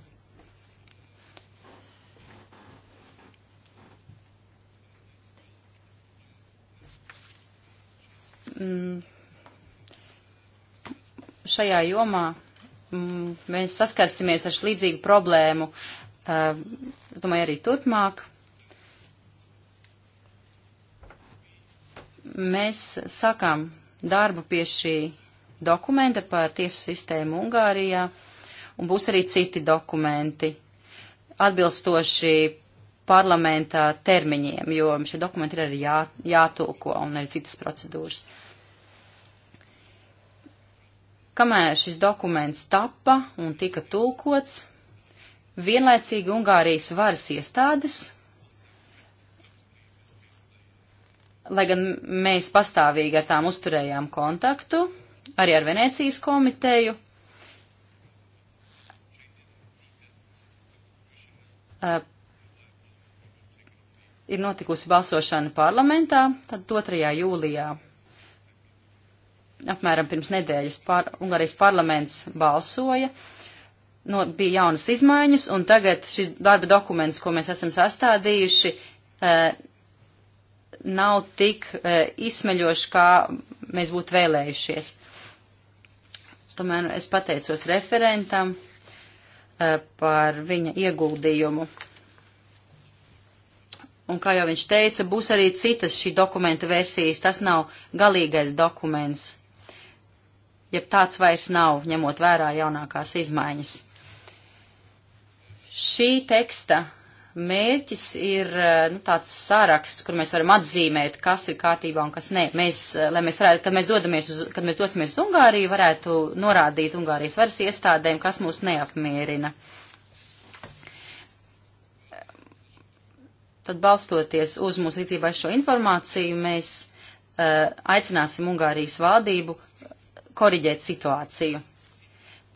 Mm. Šajā jomā mm, mēs saskarsimies ar līdzīgu problēmu, uh, es domāju, arī turpmāk. Mēs sakām darbu pie šī dokumenta par tiesu sistēmu Ungārijā, un būs arī citi dokumenti atbilstoši parlamentā termiņiem, jo šie dokumenti ir arī jā, jātulko un arī citas procedūras. Kamēr šis dokuments tappa un tika tulkots, vienlaicīgi Ungārijas varas iestādes lai gan mēs pastāvīgi ar tām uzturējām kontaktu, arī ar Venēcijas komiteju. Uh, ir notikusi balsošana parlamentā, tad 2. jūlijā, apmēram pirms nedēļas, par, Ungārijas parlaments balsoja, no, bija jaunas izmaiņas, un tagad šis darba dokuments, ko mēs esam sastādījuši, uh, nav tik e, izsmeļoši, kā mēs būtu vēlējušies. Tomēr es pateicos referentam e, par viņa ieguldījumu. Un kā jau viņš teica, būs arī citas šī dokumenta versijas. Tas nav galīgais dokuments. Ja tāds vairs nav, ņemot vērā jaunākās izmaiņas. Šī teksta mērķis ir eh, nu, tāds saraksts, kur mēs varam atzīmēt, kas ir kārtībā un kas nē. Mēs, eh, lai mēs varētu, kad mēs, dodamies uz, kad mēs dosimies uz Ungāriju, varētu norādīt Ungārijas varas iestādēm, kas mūs neapmierina. Tad balstoties uz mūsu līdzībā šo informāciju, mēs uh, aicināsim Ungārijas valdību koriģēt situāciju.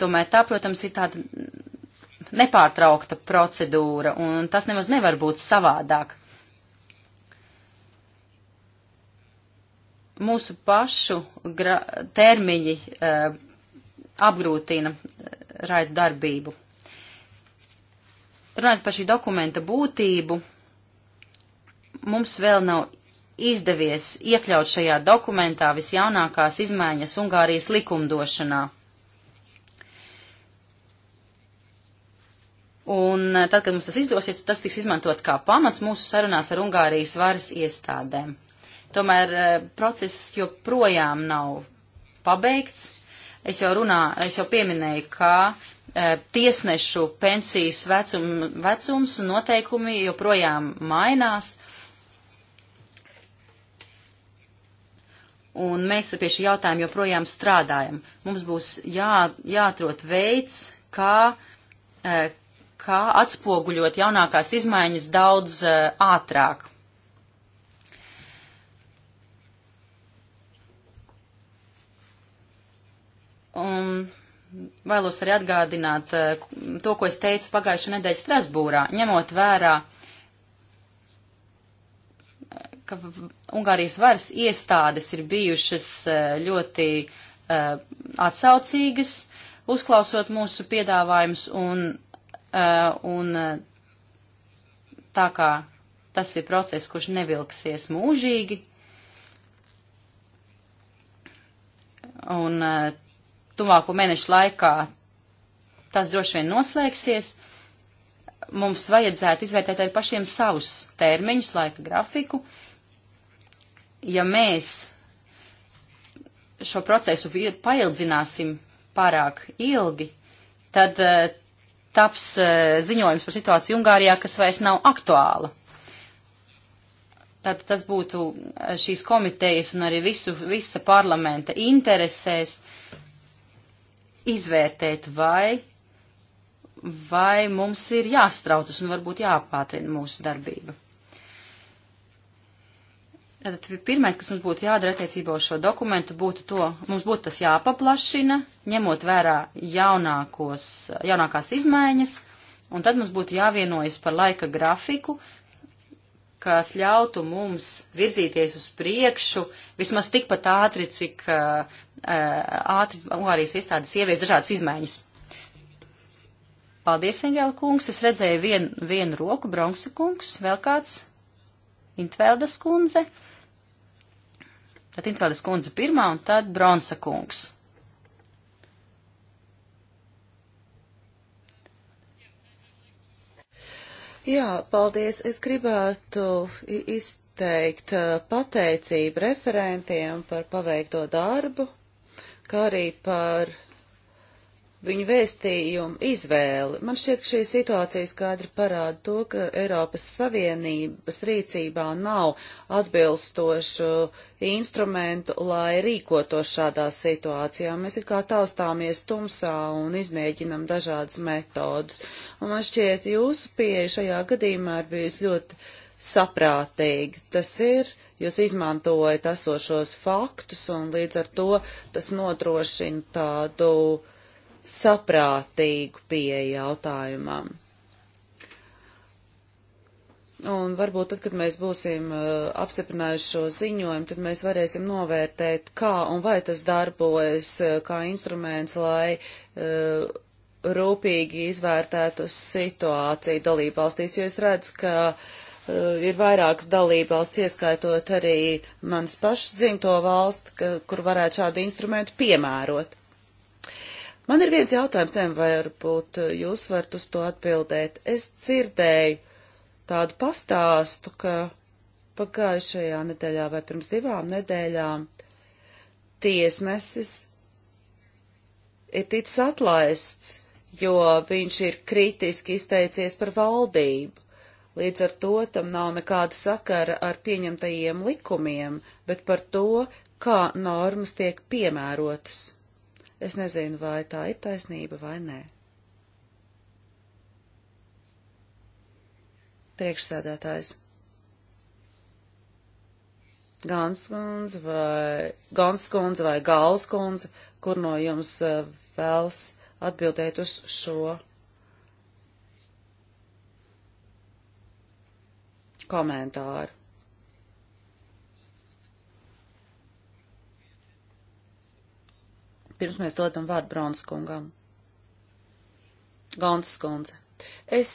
Tomēr tā, protams, ir tāda nepārtraukta procedūra, un tas nemaz nevar būt savādāk. Mūsu pašu termiņi uh, apgrūtina e, raidu darbību. Runājot par šī dokumenta būtību, mums vēl nav izdevies iekļaut šajā dokumentā visjaunākās izmaiņas Ungārijas likumdošanā. Un eh, tad, kad mums tas izdosies, tas tiks izmantots kā pamats mūsu sarunās ar Ungārijas varas iestādēm. Tomēr eh, process joprojām nav pabeigts. Es jau, runā, es jau pieminēju, ka e, tiesnešu pensijas vecum, vecums un noteikumi joprojām mainās. Un mēs pie šī jautājuma joprojām strādājam. Mums būs jā, jāatrot veids, kā, e, kā atspoguļot jaunākās izmaiņas daudz eh, ātrāk. Un vēlos arī atgādināt eh, to, ko es teicu pagājušā nedēļa Strasbūrā, ņemot vērā, eh, ka Ungārijas varas iestādes ir bijušas ļoti atsaucīgas, uzklausot mūsu piedāvājumus un Uh, un uh, tā kā tas ir process, kurš nevilksies mūžīgi, un uh, tuvāko mēnešu laikā tas droši vien noslēgsies, mums vajadzētu izvērtēt arī pašiem savus termiņus, laika grafiku. Ja mēs šo procesu paildzināsim pārāk ilgi, tad taps e, ziņojums par situāciju Ungārijā, kas vairs nav aktuāla. Tātad tas būtu e, šīs komitejas un arī visu, visa parlamenta interesēs izvērtēt, vai, vai mums ir jāstraucas un varbūt jāpātrina mūsu darbība. Tātad pirmais, kas mums būtu jādara attiecībā uz šo dokumentu, būtu to, mums būtu tas jāpaplašina, ņemot vērā jaunākos, jaunākās izmaiņas, un tad mums būtu jāvienojas par laika grafiku, kas ļautu mums virzīties uz priekšu vismaz tikpat ātri, cik uh, ātri Ungārijas iestādes ievies dažādas izmaiņas. Paldies, Engela kungs. Es redzēju vien, vienu roku, Bronksa kungs, vēl kāds, Intveldas kundze. Tad Intveldes kundze pirmā un tad Bronsa kungs. Jā, paldies. Es gribētu izteikt uh, pateicību referentiem par paveikto darbu, kā arī par viņu vēstījumu izvēli. Man šķiet, ka šī situācija skaidri parāda to, ka Eiropas Savienības rīcībā nav atbilstošu instrumentu, lai rīkotos šādā situācijā. Mēs ir kā taustāmies tumsā un izmēģinam dažādas metodas. Un man šķiet, jūsu pieeja šajā gadījumā ir bijusi ļoti saprātīga. Tas ir jūs izmantojat esošos faktus un līdz ar to tas nodrošina tādu saprātīgu pieeju jautājumam. Un varbūt tad, kad mēs būsim uh, apstiprinājuši šo ziņojumu, tad mēs varēsim novērtēt, kā un vai tas darbojas uh, kā instruments, lai uh, rūpīgi izvērtētu situāciju dalībvalstīs, jo es redzu, ka uh, ir vairākas dalībvalsts, ieskaitot arī manas pašas dzimto valstu, ka, kur varētu šādu instrumentu piemērot. Man ir viens jautājums, tēm varbūt eh, jūs varat uz to atbildēt. Es dzirdēju tādu pastāstu, ka pagājušajā nedēļā vai pirms divām nedēļām tiesnesis ir ticis atlaists, jo viņš ir kritiski izteicies par valdību. Līdz ar to tam nav nekāda sakara ar pieņemtajiem likumiem, bet par to, kā normas tiek piemērotas. Es nezinu, vai tā ir taisnība vai nē. Priekšsēdētājs. Ganskundze vai, Ganskundze vai Galskundze, kur no jums eh, vēls atbildēt uz šo komentāru. pirms mēs dodam vārdu Bronskungam. Gonsas kundze. Es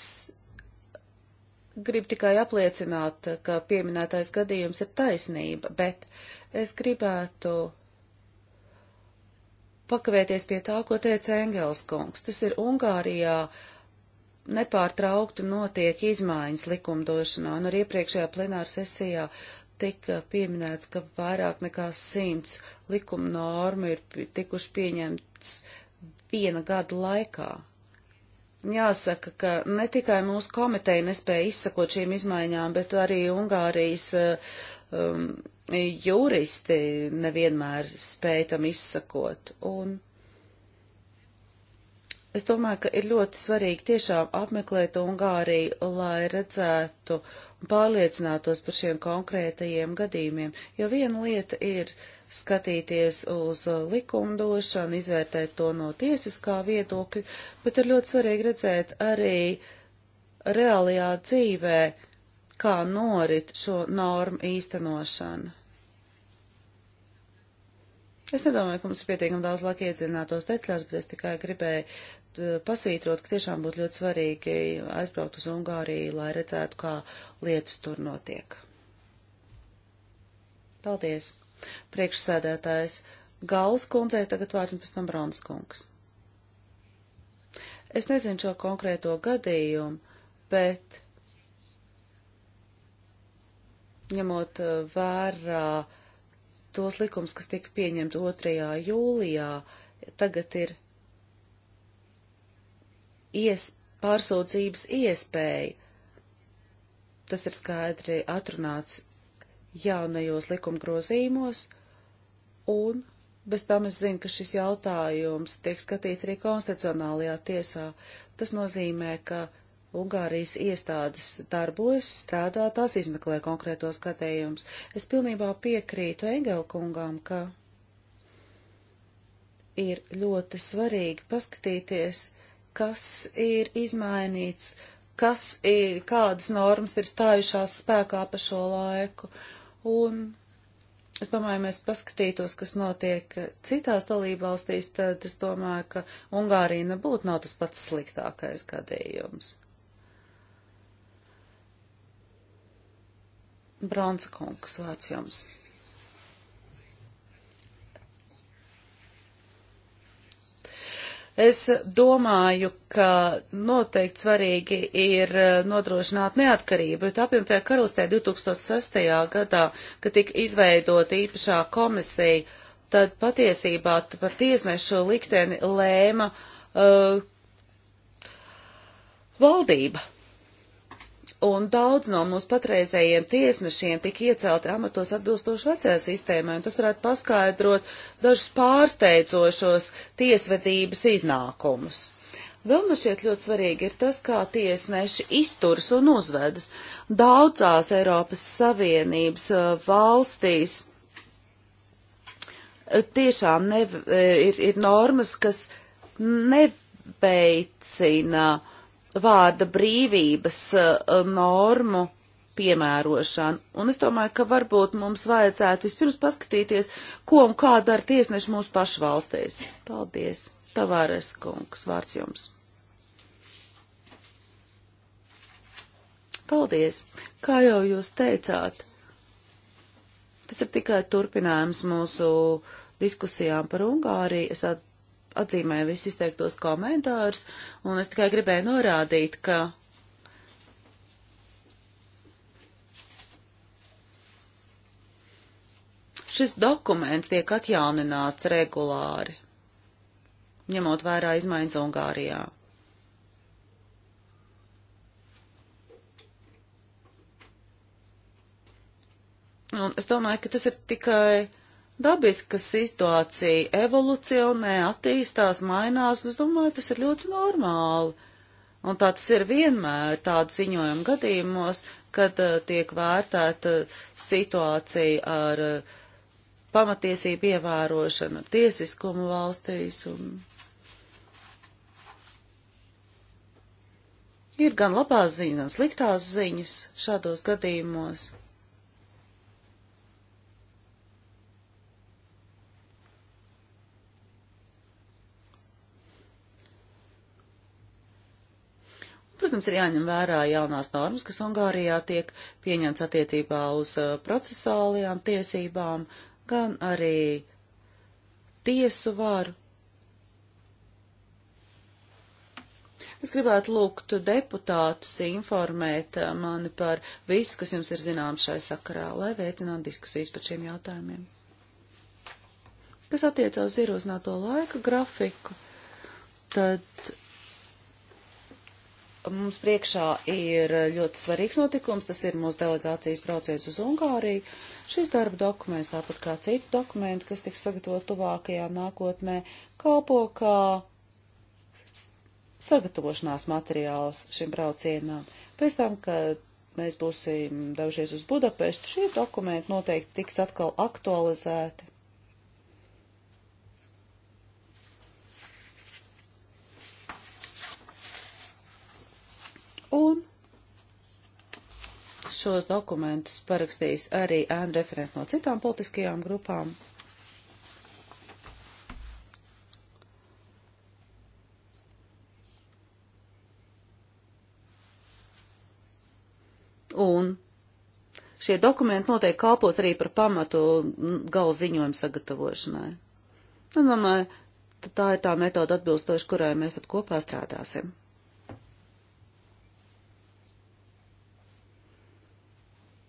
gribu tikai apliecināt, ka pieminētais gadījums ir taisnība, bet es gribētu pakavēties pie tā, ko teica Engels kungs. Tas ir Ungārijā nepārtraukti notiek izmaiņas likumdošanā, un arī iepriekšējā plenāra sesijā tika pieminēts, ka vairāk nekā simts likuma normu ir tikuši pieņemts viena gada laikā. Jāsaka, ka ne tikai mūsu komiteja nespēja izsakot šīm izmaiņām, bet arī Ungārijas um, juristi nevienmēr spēja tam izsakot. Un es domāju, ka ir ļoti svarīgi tiešām apmeklēt Ungāriju, lai redzētu uh, pārliecinātos par šiem konkrētajiem gadījumiem, jo viena lieta ir skatīties uz likumdošanu, izvērtēt to no tiesiskā viedokļa, bet ir ļoti svarīgi redzēt arī reālajā dzīvē, kā norit šo normu īstenošana. Es nedomāju, ka mums ir pietiekami daudz laika iedzinātos detaļās, bet es tikai gribēju Eh, pasvītrot, ka tiešām būtu ļoti svarīgi aizbraukt uz Ungāriju, lai redzētu, kā lietas tur notiek. Paldies! Priekšsēdētājs Gals kundzei tagad vārds un pēc tam Brons kungs. Es nezinu šo konkrēto gadījumu, bet ņemot eh, vērā tos likums, kas tika pieņemti 2. jūlijā, tagad ir ies, pārsūdzības iespēju. Tas ir skaidri atrunāts jaunajos likumgrozījumos, un bez tam es zinu, ka šis jautājums tiek skatīts arī konstitucionālajā tiesā. Tas nozīmē, ka Ungārijas iestādes darbojas, strādā, tās izmeklē konkrētos skatējumus. Es pilnībā piekrītu Engelkungām, ka ir ļoti svarīgi paskatīties, kas ir izmainīts, kas ir, kādas normas ir stājušās spēkā pa šo laiku. Un es domāju, mēs paskatītos, kas notiek citās dalībvalstīs, tad es domāju, ka Ungārija nebūtu nav tas pats sliktākais gadījums. Bronsa kungs, vārds jums. Es domāju, ka noteikti svarīgi ir eh, nodrošināt neatkarību, bet apvienotajā karalistē 2006. gadā, kad tika izveidota īpašā komisija, tad patiesībā par tiesnešu likteni lēma uh, valdība un daudz no mūsu patreizējiem tiesnešiem tika iecelti amatos atbilstoši vecajai sistēmai, un tas varētu paskaidrot dažus pārsteidzošos tiesvedības iznākumus. Vēl man šķiet ļoti svarīgi ir tas, kā tiesneši izturs un uzvedas. Daudzās Eiropas Savienības uh, valstīs tiešām ne, uh, ir, ir normas, kas neveicina uh, vārda brīvības eh, normu piemērošanu. Un es domāju, ka varbūt mums vajadzētu vispirms paskatīties, ko un kā dara tiesneši mūsu pašu valstīs. Paldies, Tavāres kungs, vārds jums. Paldies, kā jau jūs teicāt. Tas ir tikai turpinājums mūsu diskusijām par Ungāriju. Es at, atzīmēju visus izteiktos komentārus, un es tikai gribēju norādīt, ka šis dokuments tiek atjaunināts regulāri, ņemot vērā izmaiņas Ungārijā. Un es domāju, ka tas ir tikai dabiska situācija evolucionē, attīstās, mainās, un es domāju, tas ir ļoti normāli. Un tāds ir vienmēr tādu ziņojumu gadījumos, kad uh, tiek vērtēta eh, situācija ar uh, pamatiesību ievērošanu, tiesiskumu valstīs. Un... Ir gan labās ziņas, gan sliktās ziņas šādos gadījumos. Protams, ir jāņem vērā jaunās normas, kas Ungārijā tiek pieņemts attiecībā uz uh, procesālajām tiesībām, gan arī tiesu varu. Es gribētu lūgt deputātus informēt uh, mani par visu, kas jums ir zināms šai sakarā, lai veicinātu diskusijas par šiem jautājumiem. Kas attiecās uz ierosināto laika grafiku, tad Mums priekšā ir ļoti svarīgs notikums, tas ir mūsu delegācijas brauciens uz Ungāriju. Šis darba dokuments, tāpat kā citi dokumenti, kas tiks sagatavot tuvākajā nākotnē, kalpo kā sagatavošanās materiāls šim braucienam. Pēc tam, kad mēs būsim devušies uz Budapestu, šie dokumenti noteikti tiks atkal aktualizēti. Un šos dokumentus parakstīs arī ēnu referenti no citām politiskajām grupām. Un šie dokumenti noteikti kalpos arī par pamatu gala ziņojumu sagatavošanai. Un, nu, domāju, tā ir tā metoda atbilstoši, kurai mēs tad kopā strādāsim.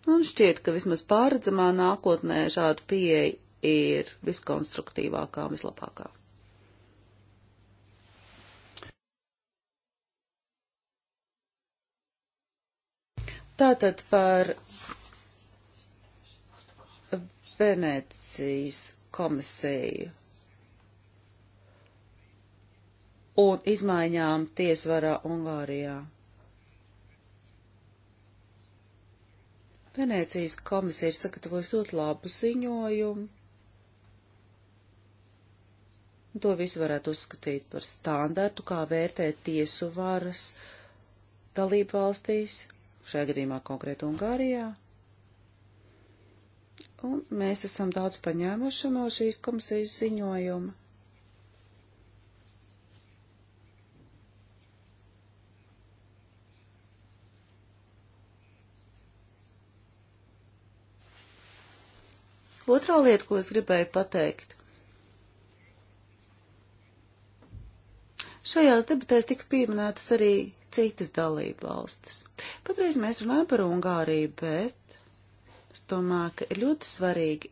Un šķiet, ka vismaz pārredzamā nākotnē šāda pieeja ir viskonstruktīvākā un vislabākā. Tātad par Venecijas komisiju un izmaiņām tiesvarā Ungārijā. Venēcijas komisija ir sagatavojusi ļoti labu ziņojumu. To visu varētu uzskatīt par standartu, kā vērtēt tiesu varas dalību valstīs, šajā gadījumā konkrēti Ungārijā. Un mēs esam daudz paņēmuši no šīs komisijas ziņojuma. Otrā lieta, ko es gribēju pateikt. Šajās debatēs tika pieminētas arī citas dalība valstis. Patreiz mēs runājam par Ungāriju, bet es domāju, ka ir ļoti svarīgi,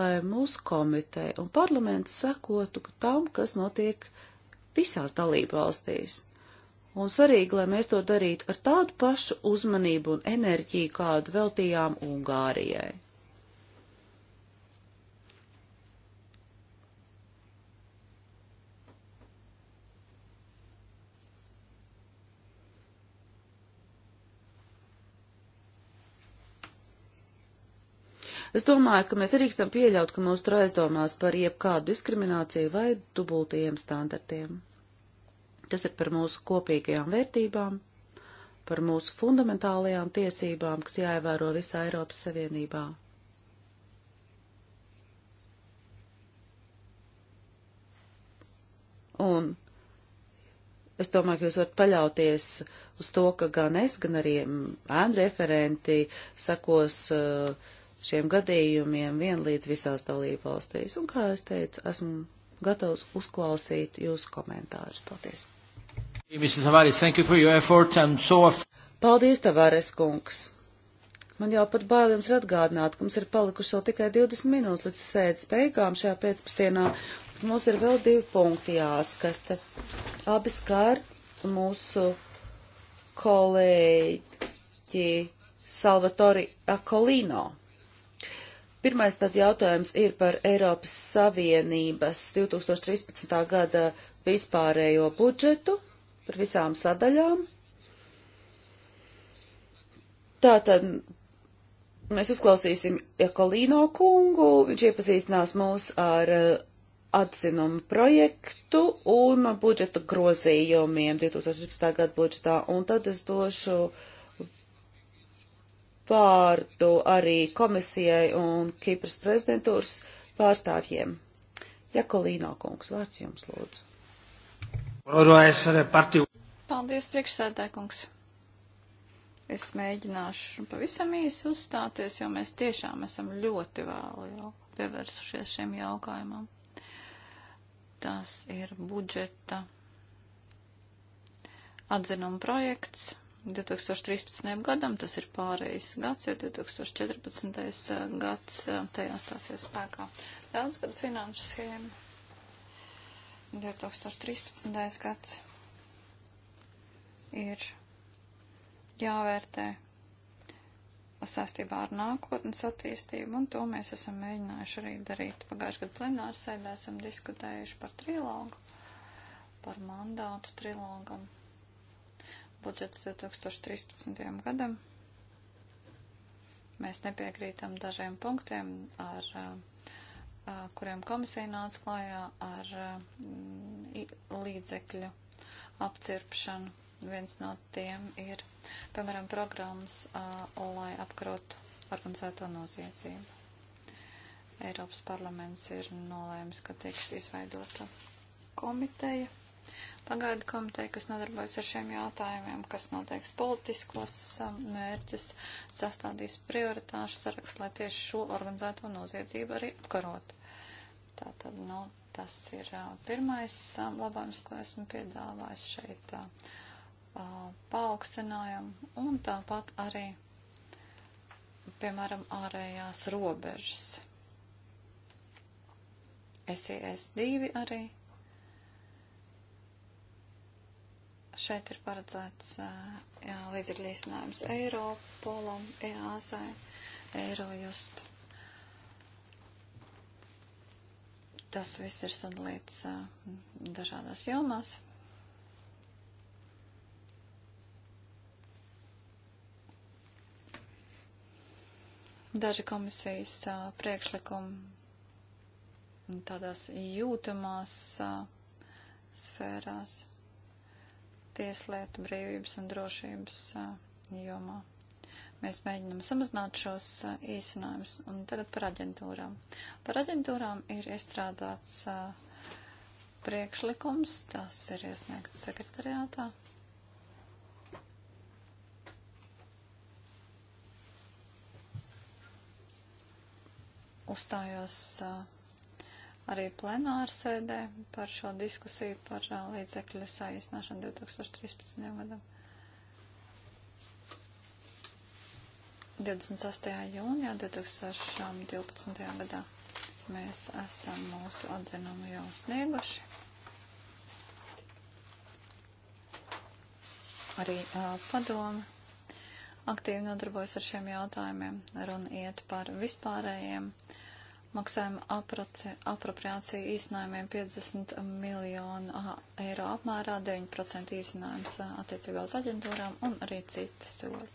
lai mūsu komiteja un parlaments sekotu tam, kas notiek visās dalība valstīs. Un svarīgi, lai mēs to darītu ar tādu pašu uzmanību un enerģiju, kādu veltījām Ungārijai. Es domāju, ka mēs drīkstam pieļaut, ka mūs tur aizdomās par jebkādu diskrimināciju vai dubultajiem standartiem. Tas ir par mūsu kopīgajām vērtībām, par mūsu fundamentālajām tiesībām, kas jāievēro visā Eiropas Savienībā. Un es domāju, ka jūs varat paļauties uz to, ka gan es, gan arī ēnu referenti sakos uh, šiem gadījumiem vienlīdz visās dalību valstīs. Un, kā es teicu, esmu gatavs uzklausīt jūsu komentārus. Paldies! Paldies, Tavares kungs! Man jau pat bail jums atgādināt, ka mums ir palikuši vēl tikai 20 minūtes līdz sēdes beigām šajā pēcpusdienā. Mums ir vēl divi punkti jāskata. Abi skār mūsu kolēģi Salvatori Akolino. Pirmais tad jautājums ir par Eiropas Savienības 2013. gada vispārējo budžetu, par visām sadaļām. Tātad mēs uzklausīsim Jakolīno kungu, viņš iepazīstinās mūs ar uh, atzinumu projektu un budžeta grozījumiem 2013. gada budžetā, un tad es došu uh, vārdu arī komisijai un Kipras prezidentūras pārstāvjiem. Jakolīno kungs, vārds jums lūdzu. Paldies, priekšsēdē kungs. Es mēģināšu pavisam īsi uzstāties, jo mēs tiešām esam ļoti vēlu jau pievērsušies šiem jautājumam. Tas ir budžeta atzinuma projekts 2013. gadam, tas ir pārējais gads, jo 2014. Eh, gads eh, tajā stāsies spēkā daudz gadu finanšu schēma. 2013. gads ir jāvērtē saistībā ar nākotnes attīstību, un to mēs esam mēģinājuši arī darīt. Pagājušajā gadā plenārsēdē esam diskutējuši par trilogu, par mandātu trilogam budžets 2013. gadam. Mēs nepiekrītam dažiem punktiem, ar, ar kuriem komisija nāca klājā ar līdzekļu apcirpšanu. Viens no tiem ir, piemēram, programmas, lai apkarotu organizēto noziedzību. Eiropas parlaments ir nolēmis, ka tiks izveidota komiteja pagaidu komiteja, kas nodarbojas ar šiem jautājumiem, kas noteiks politiskos um, mērķus, sastādīs prioritāšu sarakstu, lai tieši šo organizēto noziedzību arī apkarot. Tātad, nu, tas ir uh, pirmais um, labājums, ko esmu piedāvājis šeit uh, uh, paaugstinājumu un tāpat arī, piemēram, ārējās robežas. SES2 arī Šeit ir paredzēts jā, līdzekļu izcinājums Eiropolam, EASai, Eirojust. Tas viss ir sadalīts dažādās jomās. Daži komisijas priekšlikumi tādās jūtamās sfērās tieslietu brīvības un drošības uh, jomā. Mēs mēģinam samazināt šos uh, īsinājumus. Un tagad par aģentūrām. Par aģentūrām ir iestrādāts uh, priekšlikums, tas ir iesniegts sekretariātā. Uzstājos uh, arī plenārsēdē par šo diskusiju par uh, līdzekļu saīsināšanu 2013. gadam. 28. jūnijā 2012. gadā mēs esam mūsu atzinumu jau snieguši. Arī uh, padome aktīvi nodarbojas ar šiem jautājumiem. Runa iet par vispārējiem uh, maksājuma apropriācija īsinājumiem 50 miljonu eiro apmērā, 9% īsinājums attiecībā uz aģentūrām un arī citas soļi.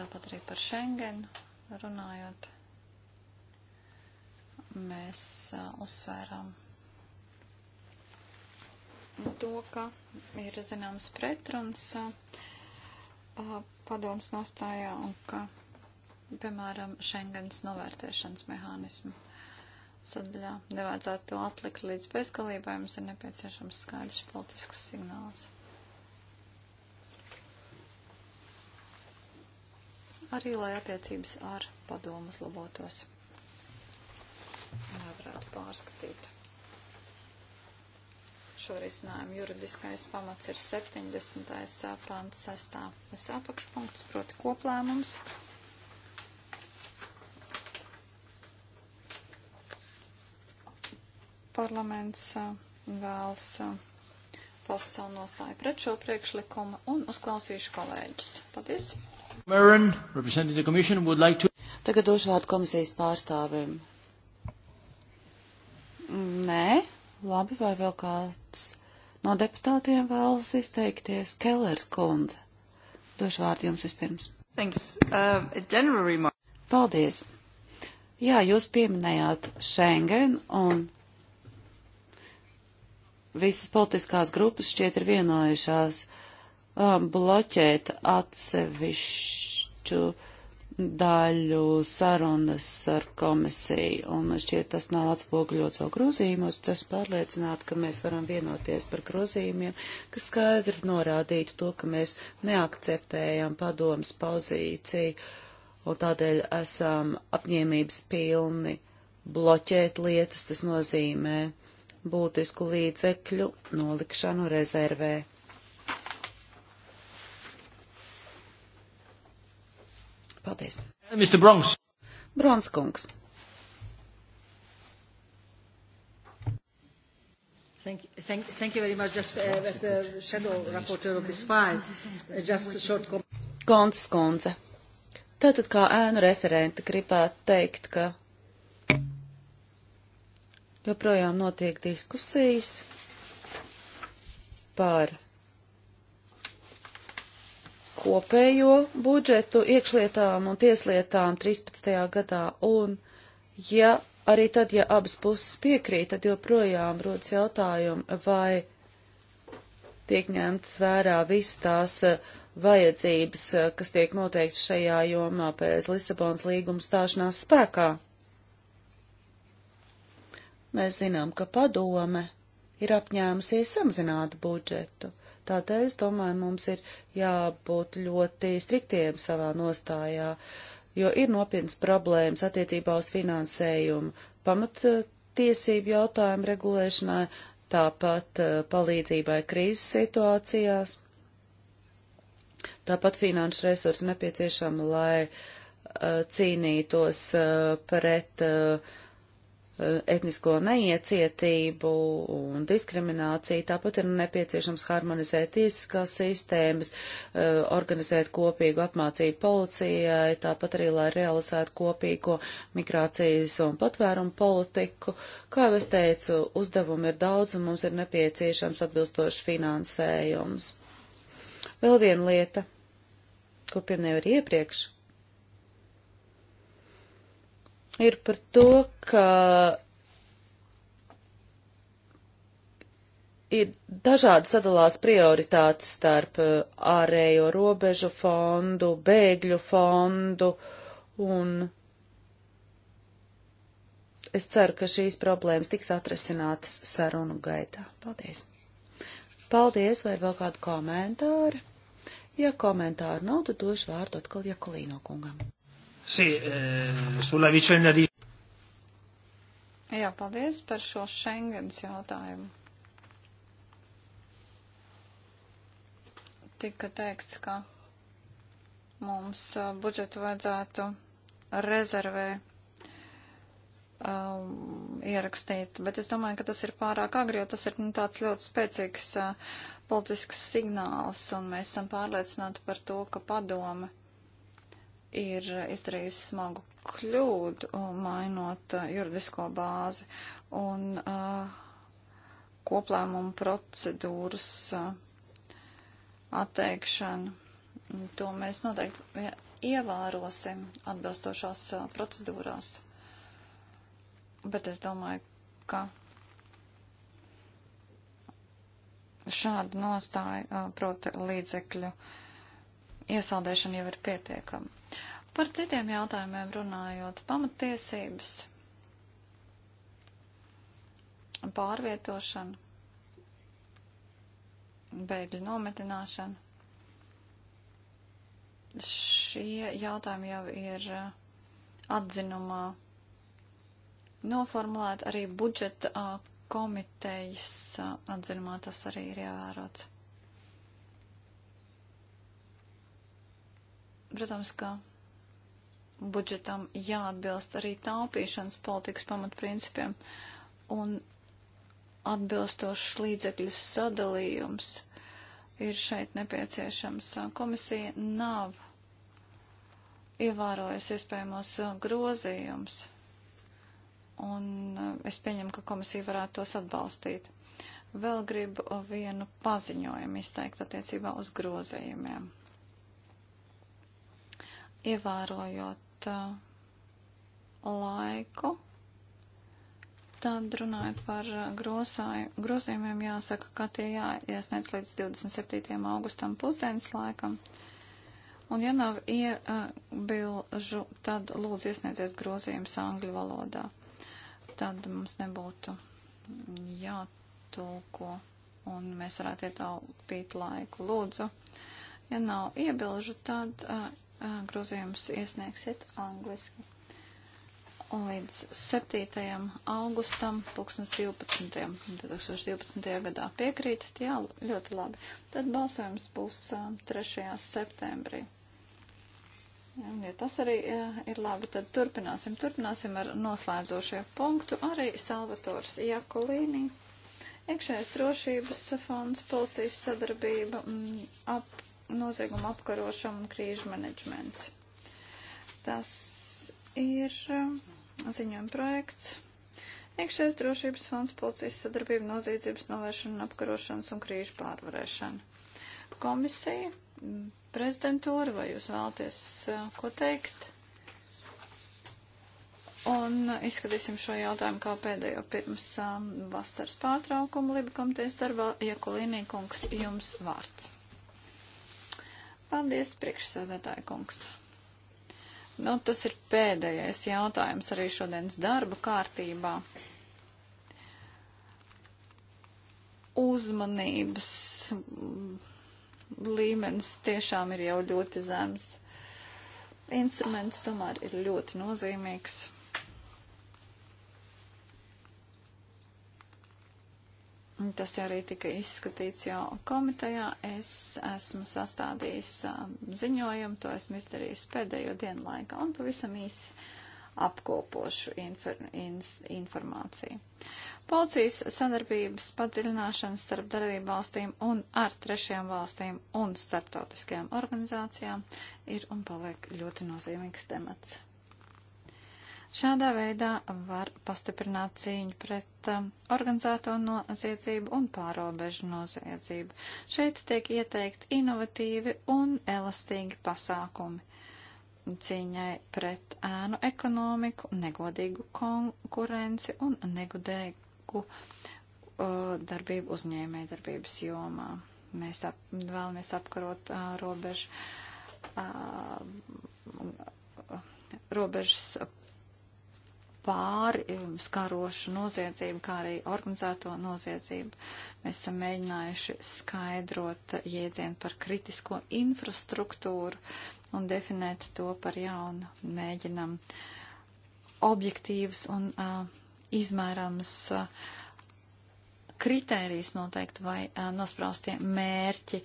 Tāpat arī par Schengenu runājot, mēs uzsvērām to, ka ir zināms pretruns padoms nostājā un ka piemēram, Schengens novērtēšanas mehānismu sadaļā. Nevajadzētu to atlikt līdz bezgalībai, mums ir nepieciešams skaidrs politisks signāls. Arī, lai attiecības ar padomu uzlabotos. Nevarētu pārskatīt šo risinājumu. Juridiskais pamats ir 70. pants 6. apakšpunkts, proti koplēmums. parlaments vēlas paust savu nostāju pret šo priekšlikumu un uzklausīšu kolēģus. Paldies! Marin, like to... Tagad došu vārdu komisijas pārstāvim. Nē, labi, vai vēl kāds no deputātiem vēlas izteikties? Kellers kundze. Došu vārdu jums vispirms. Thanks. Uh, general remark. Paldies. Jā, jūs pieminējāt Schengen un visas politiskās grupas šķiet ir vienojušās um, bloķēt atsevišķu daļu sarunas ar komisiju, un šķiet tas nav atspogļots vēl grozījumos, bet esmu pārliecināta, ka mēs varam vienoties par grozījumiem, kas skaidri norādītu to, ka mēs neakceptējam padomas pozīciju, un tādēļ esam apņēmības pilni bloķēt lietas, tas nozīmē būtisku līdzekļu nolikšanu rezervē. Paldies. Mr. Bronx. Bronskungs. Thank you, thank, thank you very much. Just uh, as the shadow rapporteur of this file, uh, just a short comment. Konts, konce. Tātad kā ēnu referente gribētu teikt, ka joprojām notiek diskusijas par kopējo budžetu iekšlietām un tieslietām 13. gadā, un ja arī tad, ja abas puses piekrīt, tad joprojām rodas jautājumi, vai tiek ņemtas vērā visas tās eh, vajadzības, eh, kas tiek noteikts šajā jomā pēc Lisabonas līguma stāšanās spēkā. Mēs zinām, ka padome ir apņēmusies samazināt budžetu. Tādēļ, es domāju, mums ir jābūt ļoti striktiem savā nostājā, jo ir nopietnas problēmas attiecībā uz finansējumu, pamattiesību jautājumu regulēšanai, tāpat eh, palīdzībai krīzes situācijās, tāpat finanšu resursi nepieciešama, lai uh, cīnītos uh, pret uh, Eh, etnisko neiecietību un diskrimināciju. Tāpat ir nepieciešams harmonizēt tiesiskās sistēmas, eh, organizēt kopīgu apmācību policijai, tāpat arī, lai realizētu kopīgo migrācijas un patvērumu politiku. Kā jau es teicu, uzdevumi ir daudz un mums ir nepieciešams atbilstošs finansējums. Vēl viena lieta, ko pieminēju arī iepriekš ir par to, ka ir dažādi sadalās prioritātes starp uh, ārējo robežu fondu, bēgļu fondu, un es ceru, ka šīs problēmas tiks atrisinātas sarunu gaitā. Paldies! Paldies, vai ir vēl kādi komentāri? Ja komentāru nav, tad došu vārdu atkal Jakolīno kungam. Sì, eh, sulla vicenda di... Jā, paldies par šo Schengens jautājumu. Tika teikts, ka mums budžetu vajadzētu rezervē um, ierakstīt, bet es domāju, ka tas ir pārāk agri, jo tas ir nu, tāds ļoti spēcīgs uh, politisks signāls, un mēs esam pārliecināti par to, ka padome uh, ir izdarījusi smagu kļūdu, uh, mainot uh, juridisko bāzi un uh, koplēmumu procedūras uh, atteikšanu. To mēs noteikti ievērosim atbilstošās uh, procedūrās. Bet es domāju, ka šāda nostāja, uh, proti, līdzekļu uh, iesaldēšana jau ir pietiekama. Par citiem jautājumiem runājot, pamatiesības, pārvietošana, bēgļu nometināšana. Šie jautājumi jau ir uh, atzinumā noformulēti arī budžeta uh, komitejas uh, atzinumā, tas arī ir ievērots. Protams, ka budžetam jāatbilst arī taupīšanas politikas pamatprincipiem un atbilstošs līdzekļu sadalījums ir šeit nepieciešams. Komisija nav ievērojusi iespējamos grozījumus, un es pieņemu, ka komisija varētu tos atbalstīt. Vēl gribu vienu paziņojumu izteikt attiecībā uz grozījumiem ievērojot uh, laiku. Tad runājot par uh, grozījumiem, jāsaka, ka tie jāiesniedz līdz 27. augustam pusdienas laikam. Un, ja nav iebilžu, tad lūdzu iesniedziet grozījumus angļu valodā. Tad mums nebūtu jātulko, un mēs varētu ietaupīt laiku. Lūdzu, ja nav iebilžu, tad uh, grozījumus iesniegsiet angliski. Un līdz 7. augustam 2012. 2012. gadā piekrītat, jā, ļoti labi. Tad balsojums būs 3. septembrī. Un, ja tas arī ir labi, tad turpināsim. Turpināsim ar noslēdzošie punktu arī Salvators Jakolīnī. Iekšējais drošības fonds, policijas sadarbība, mm, ap nozieguma apkarošana un krīžu menedžments. Tas ir um, ziņojuma projekts. Iekšējais drošības fonds policijas sadarbība noziedzības novēršana, apkarošanas un krīžu pārvarēšana. Komisija, mm, prezidentūra, vai jūs vēlaties uh, ko teikt? Un izskatīsim šo jautājumu kā pēdējo pirms um, vasaras pārtraukuma Liba komitejas darbā. Iekulīnī kungs, jums vārds. Paldies, priekšsēdētāja kungs. Nu, tas ir pēdējais jautājums arī šodienas darba kārtībā. Uzmanības līmenis tiešām ir jau ļoti zems. Instruments tomēr ir ļoti nozīmīgs. Tas arī tika izskatīts jau komitejā. Es esmu sastādījis um, ziņojumu, to esmu izdarījis pēdējo dienu laikā un pavisam īsi apkopošu infor, in, informāciju. Policijas sadarbības padziļināšana starp dalību valstīm un ar trešajām valstīm un starptautiskajām organizācijām ir un paliek ļoti nozīmīgs temats. Šādā veidā var pastiprināt cīņu pret um, organizēto noziedzību un pārobežu noziedzību. Šeit tiek ieteikti inovatīvi un elastīgi pasākumi cīņai pret ēnu ekonomiku, negodīgu konkurenci un negodīgu uh, darbību uzņēmē darbības jomā. Mēs ap, vēlamies apkarot uh, robežu. Uh, robežas pāri um, skarošu noziedzību, kā arī organizēto noziedzību. Mēs esam mēģinājuši skaidrot jēdzienu par kritisko infrastruktūru un definēt to par jaunu. Mēģinam objektīvs un uh, izmērams uh, kritērijas noteikti vai uh, nospraustie mērķi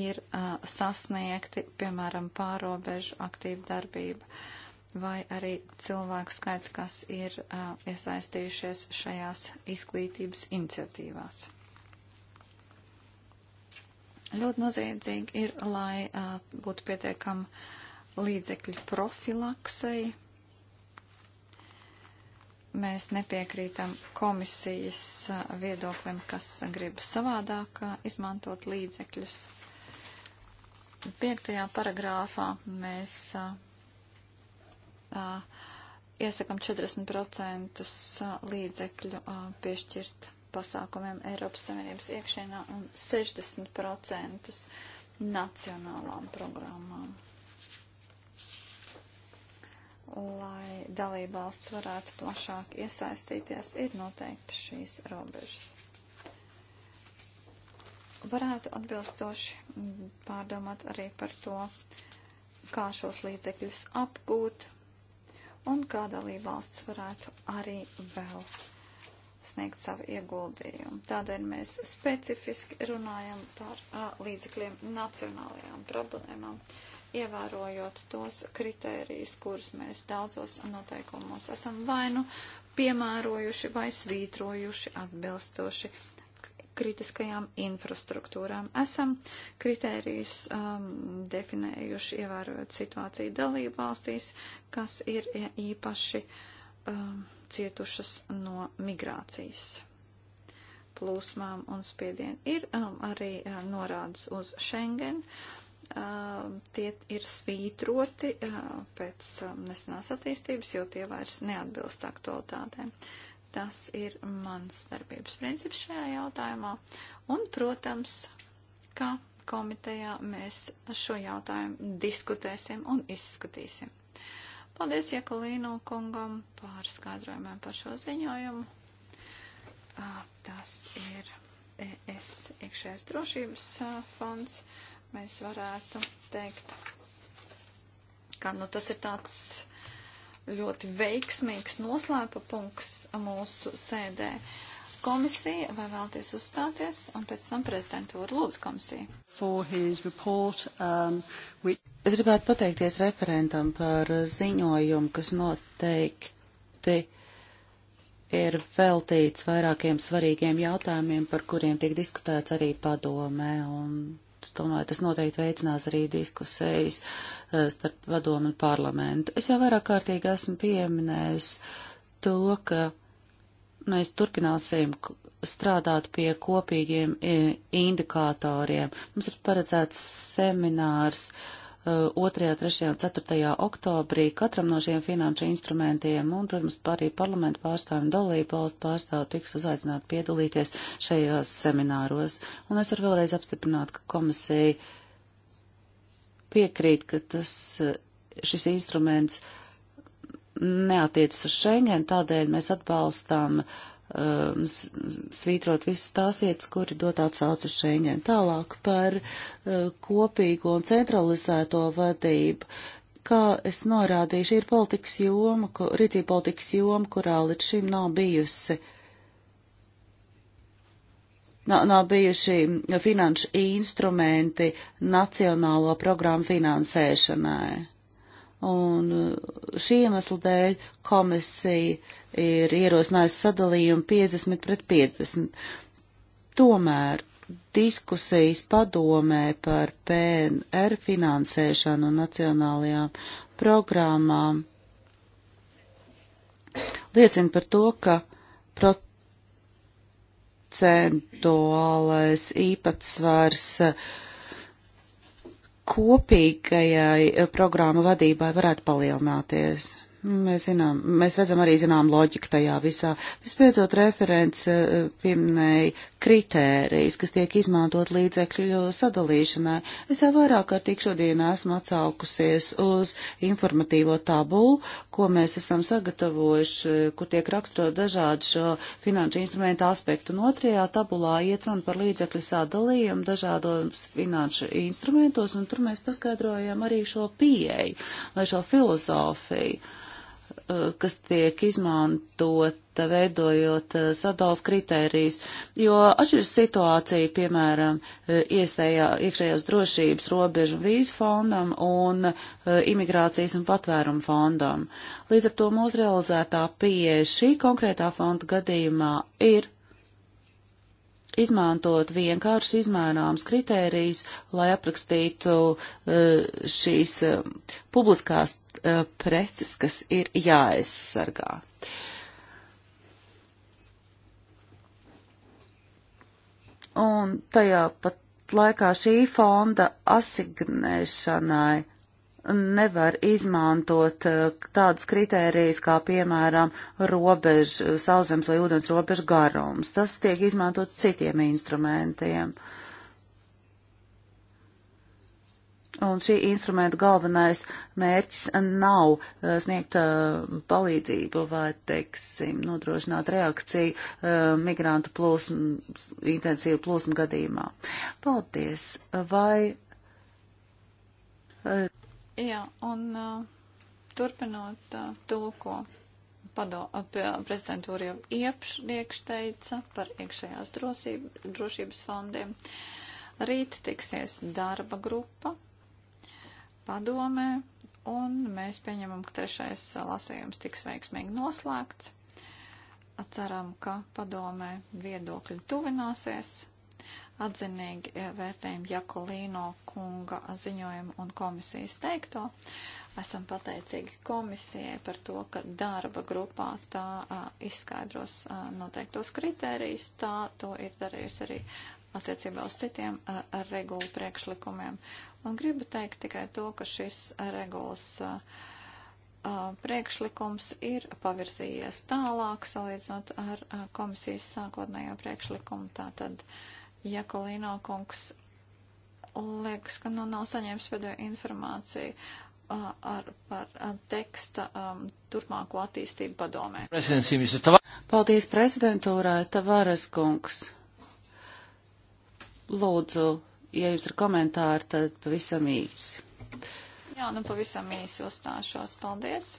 ir uh, sasniegti, piemēram, pārobežu aktīva darbība. Uh, vai arī cilvēku skaits, kas ir uh, iesaistījušies šajās izglītības iniciatīvās. Ļoti noziedzīgi ir, lai uh, būtu pietiekama līdzekļu profilaksei. Mēs nepiekrītam komisijas uh, viedoklim, kas grib savādāk uh, izmantot līdzekļus. Piektajā paragrāfā mēs uh, iesakam 40% līdzekļu piešķirt pasākumiem Eiropas Savienības iekšienā un 60% nacionālām programmām. Lai dalībvalsts varētu plašāk iesaistīties, ir noteikti šīs robežas. Varētu atbilstoši pārdomāt arī par to, kā šos līdzekļus apgūt, un kā dalībvalsts varētu arī vēl sniegt savu ieguldījumu. Tādēļ mēs specifiski runājam par a, līdzekļiem nacionālajām problēmām, ievērojot tos kritērijus, kurus mēs daudzos noteikumos esam vai nu piemērojuši vai svītrojuši atbilstoši kritiskajām infrastruktūrām. Esam kritērijus um, definējuši, ievērojot situāciju dalību valstīs, kas ir īpaši um, cietušas no migrācijas plūsmām un spiedienu. Ir um, arī uh, norādes uz Schengen. Uh, tie ir svītroti uh, pēc um, nesenās attīstības, jo tie vairs neatbilst aktualitātēm. Tas ir mans darbības princips šajā jautājumā. Un, protams, ka komitejā mēs šo jautājumu diskutēsim un izskatīsim. Paldies Jekalīno kungam par skaidrojumiem par šo ziņojumu. Tas ir ES iekšējais drošības fonds. Mēs varētu teikt, ka nu, tas ir tāds ļoti veiksmīgs noslēpa punkts mūsu sēdē. Komisija, vai vēlties uzstāties, un pēc tam prezidentūra lūdzu komisiju. Report, um, which... Es gribētu pateikties referentam par ziņojumu, kas noteikti ir veltīts vairākiem svarīgiem jautājumiem, par kuriem tiek diskutēts arī padomē, un Es domāju, tas noteikti veicinās arī diskusējas eh, starp padomu un parlamentu. Es jau vairāk kārtīgi esmu pieminējis to, ka mēs turpināsim strādāt pie kopīgiem eh, indikatoriem. Mums ir paredzēts seminārs uh, 2., eh, 3. un 4. oktobrī katram no šiem finanšu instrumentiem un, protams, arī parlamentu pārstāvju un dalību valstu pārstāvju tiks uzaicināti piedalīties šajos semināros. Un es varu vēlreiz apstiprināt, ka komisija piekrīt, ka tas, eh, šis instruments neatiecas uz Schengen, tādēļ mēs atbalstām uh, um, svītrot visas tās vietas, kuri dot atsaucu šeņiem. Tālāk par uh, kopīgo un centralizēto vadību. Kā es norādīšu, ir politikas joma, ko, rīcība politikas joma, kurā līdz šim nav bijusi. Nav, nav bijuši finanšu instrumenti nacionālo programmu finansēšanai Un uh, šī iemesla dēļ komisija ir ierosinājusi sadalījumu 50 pret 50. Tomēr diskusijas padomē par PNR finansēšanu un nacionālajām programmām liecina par to, ka procentuālais īpatsvars uh, kopīgajai eh, programmu vadībai varētu palielināties. Mēs, zinām, mēs redzam arī zinām loģiku tajā visā. Vispēcot referents eh, pieminēja kritērijas, kas tiek izmantot līdzekļu sadalīšanai. Es jau vairāk kārtīgi šodien esmu atsaukusies uz informatīvo tabulu, ko mēs esam sagatavojuši, kur tiek raksturot dažādu šo finanšu instrumentu aspektu. Un otrajā tabulā iet runa par līdzekļu sadalījumu dažādos finanšu instrumentos, un tur mēs paskaidrojam arī šo pieeju vai šo filozofiju. Eh, kas tiek izmantota veidojot eh, sadalas kritērijas, jo atšķiras situācija, piemēram, eh, iesējā, iekšējās drošības robežu vīzu fondam un imigrācijas un patvērumu fondam. Līdz ar to mūsu realizētā pieeja šī konkrētā fonda gadījumā ir izmantot vienkārši izmērāms kritērijs, lai aprakstītu eh, šīs eh, publiskās eh, preces, kas ir jāaizsargā. Un tajā pat laikā šī fonda asignēšanai nevar izmantot eh, tādus kritērijus kā, piemēram, robežu, sauzemes vai ūdens robežu garums. Tas tiek izmantots citiem instrumentiem. Un šī instrumenta galvenais mērķis nav eh, sniegt eh, palīdzību vai, teiksim, nodrošināt reakciju migrantu plūsmu, intensīvu plūsmu gadījumā. Paldies! Vai Jā, un uh, turpinot uh, to, ko pado, ap, uh, prezidentūra jau iepriekš teica par iekšējās drosība, drošības fondiem, rīt tiksies darba grupa padomē, un mēs pieņemam, ka trešais lasējums tiks veiksmīgi noslēgts. Ceram, ka padomē viedokļi tuvināsies atzinīgi eh, vērtējam Jakolīno kunga ziņojumu un komisijas teikto. Esam pateicīgi komisijai par to, ka darba grupā tā a, izskaidros a, noteiktos kritērijus. Tā to ir darījusi arī attiecībā uz citiem a, regulu priekšlikumiem. Un gribu teikt tikai to, ka šis regulas a, priekšlikums ir pavirzījies tālāk, salīdzinot ar komisijas sākotnējo priekšlikumu. Tātad, uh, Jakolīno kungs liekas, ka nu nav saņēmis pēdējo informāciju uh, ar, par uh, teksta um, turpmāko attīstību padomē. Paldies prezidentūrai, Tavares kungs. Lūdzu, ja jums ir komentāri, tad pavisam īsi. Jā, nu pavisam īsi uzstāšos. Paldies.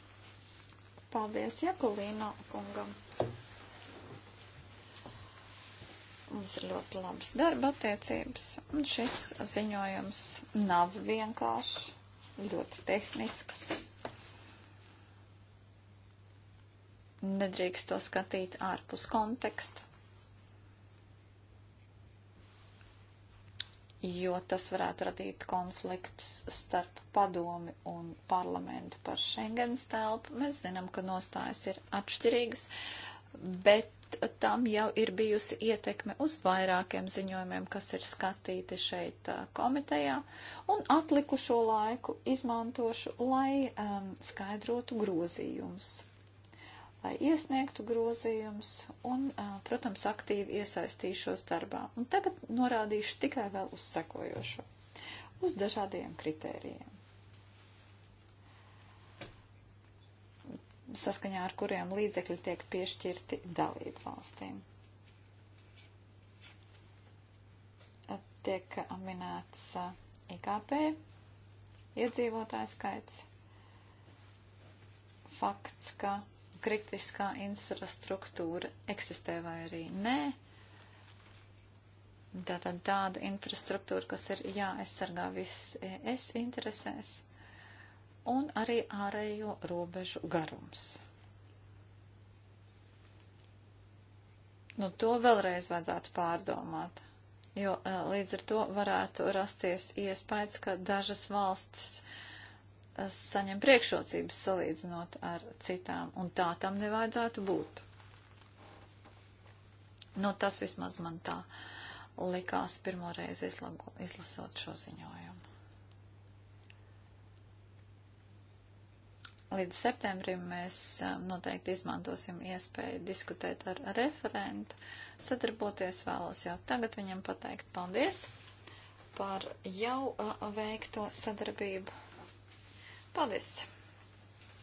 Paldies Jakulīno kungam. Mums ir ļoti labas darba attiecības, un šis ziņojums nav vienkāršs, ļoti tehnisks. Nedrīkst to skatīt ārpus konteksta, jo tas varētu radīt konfliktus starp padomi un parlamentu par Schengens telpu. Mēs zinām, ka nostājas ir atšķirīgas. Uh, bet tam jau ir bijusi ietekme uz vairākiem ziņojumiem, kas ir skatīti šeit uh, komitejā, un atlikušo laiku izmantošu, lai um, skaidrotu grozījumus lai iesniegtu grozījumus un, uh, protams, aktīvi iesaistīšos darbā. Un tagad norādīšu tikai vēl uz sekojošo, uz dažādiem kritērijiem. saskaņā ar kuriem līdzekļi tiek piešķirti dalību valstīm. Tiek minēts IKP, iedzīvotāju skaits, fakts, ka kritiskā infrastruktūra eksistē vai arī nē. Tātad tāda infrastruktūra, kas ir jāaizsargā viss es interesēs un arī ārējo robežu garums. Nu, to vēlreiz vajadzētu pārdomāt, jo e, līdz ar to varētu rasties iespējas, ka dažas valstis e, saņem priekšrocības salīdzinot ar citām, un tā tam nevajadzētu būt. Nu, tas vismaz man tā likās pirmoreiz izlasot šo ziņojumu. līdz septembrim mēs noteikti izmantosim iespēju diskutēt ar referentu, sadarboties vēlos jau tagad viņam pateikt paldies par jau veikto sadarbību. Paldies!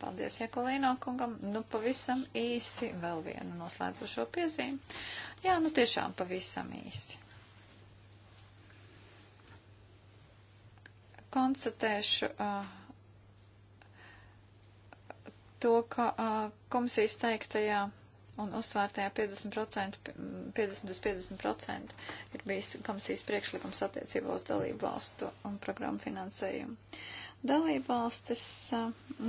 Paldies Jakolīno kungam. Nu, pavisam īsi vēl vienu noslēdzošo piezīmi. Jā, nu tiešām pavisam īsi. Konstatēšu. Uh, to, ka komisijas teiktajā un uzsvērtajā 50%, 50 uz 50% ir bijis komisijas priekšlikums attiecībā uz dalību valstu un programmu finansējumu. Dalību valstis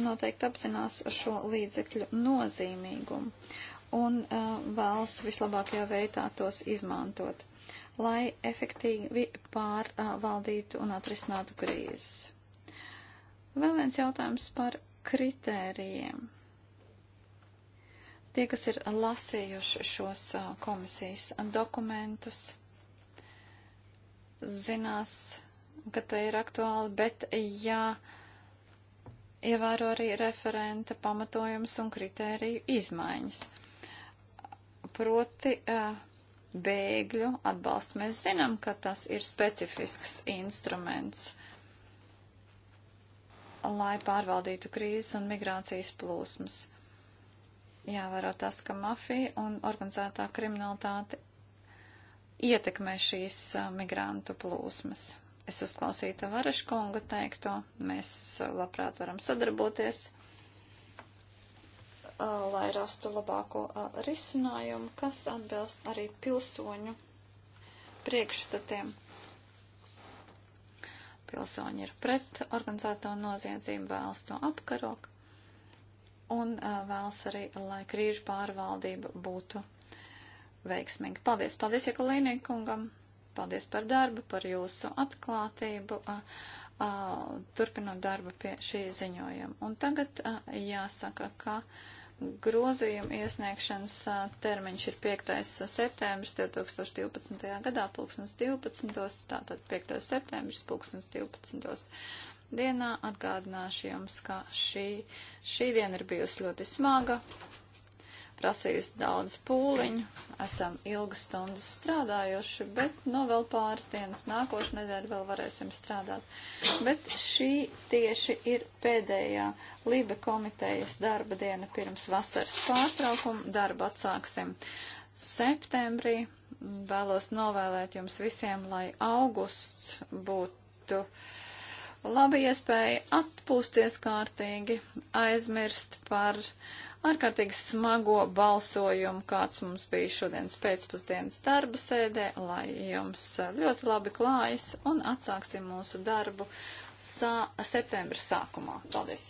noteikti apzinās šo līdzekļu nozīmīgumu un vēlas vislabākajā veidā tos izmantot, lai efektīvi pārvaldītu un atrisinātu krīzes. Vēl viens jautājums par kritērijiem. Tie, kas ir lasījuši šos komisijas dokumentus, zinās, ka te ir aktuāli, bet jā, ievēro arī referenta pamatojums un kritēriju izmaiņas. Proti, bēgļu atbalsts. Mēs zinām, ka tas ir specifisks instruments lai pārvaldītu krīzes un migrācijas plūsmas. Jāvēro tas, ka mafija un organizētā kriminalitāte ietekmē šīs migrantu plūsmas. Es uzklausīju Tavaraškunga teikto, mēs labprāt varam sadarboties lai rastu labāko a, risinājumu, kas atbilst arī pilsoņu priekšstatiem pilsoņi ir pret organizēto noziedzību, vēlas to apkarot un vēlas arī, lai krīžu pārvaldība būtu veiksmīga. Paldies, paldies Jekulīnī kungam, paldies par darbu, par jūsu atklātību, a, a, turpinot darbu pie šī ziņojuma. Un tagad a, jāsaka, ka. Grozījuma iesniegšanas termiņš ir 5. septembris 2012. gadā, pulkstens 12. Tātad 5. septembris, pulkstens 12. dienā atgādināšu jums, ka šī, šī diena ir bijusi ļoti smaga prasījusi daudz pūliņu, esam ilgas stundas strādājuši, bet no nu, vēl pāris dienas nākošu nedēļu vēl varēsim strādāt. Bet šī tieši ir pēdējā Libe komitejas darba diena pirms vasaras pārtraukuma. Darbu atsāksim septembrī. Vēlos novēlēt jums visiem, lai augusts būtu labi iespēja atpūsties kārtīgi, aizmirst par ārkārtīgi smago balsojumu, kāds mums bija šodienas pēcpusdienas darba sēdē, lai jums ļoti labi klājas un atsāksim mūsu darbu sā septembra sākumā. Paldies!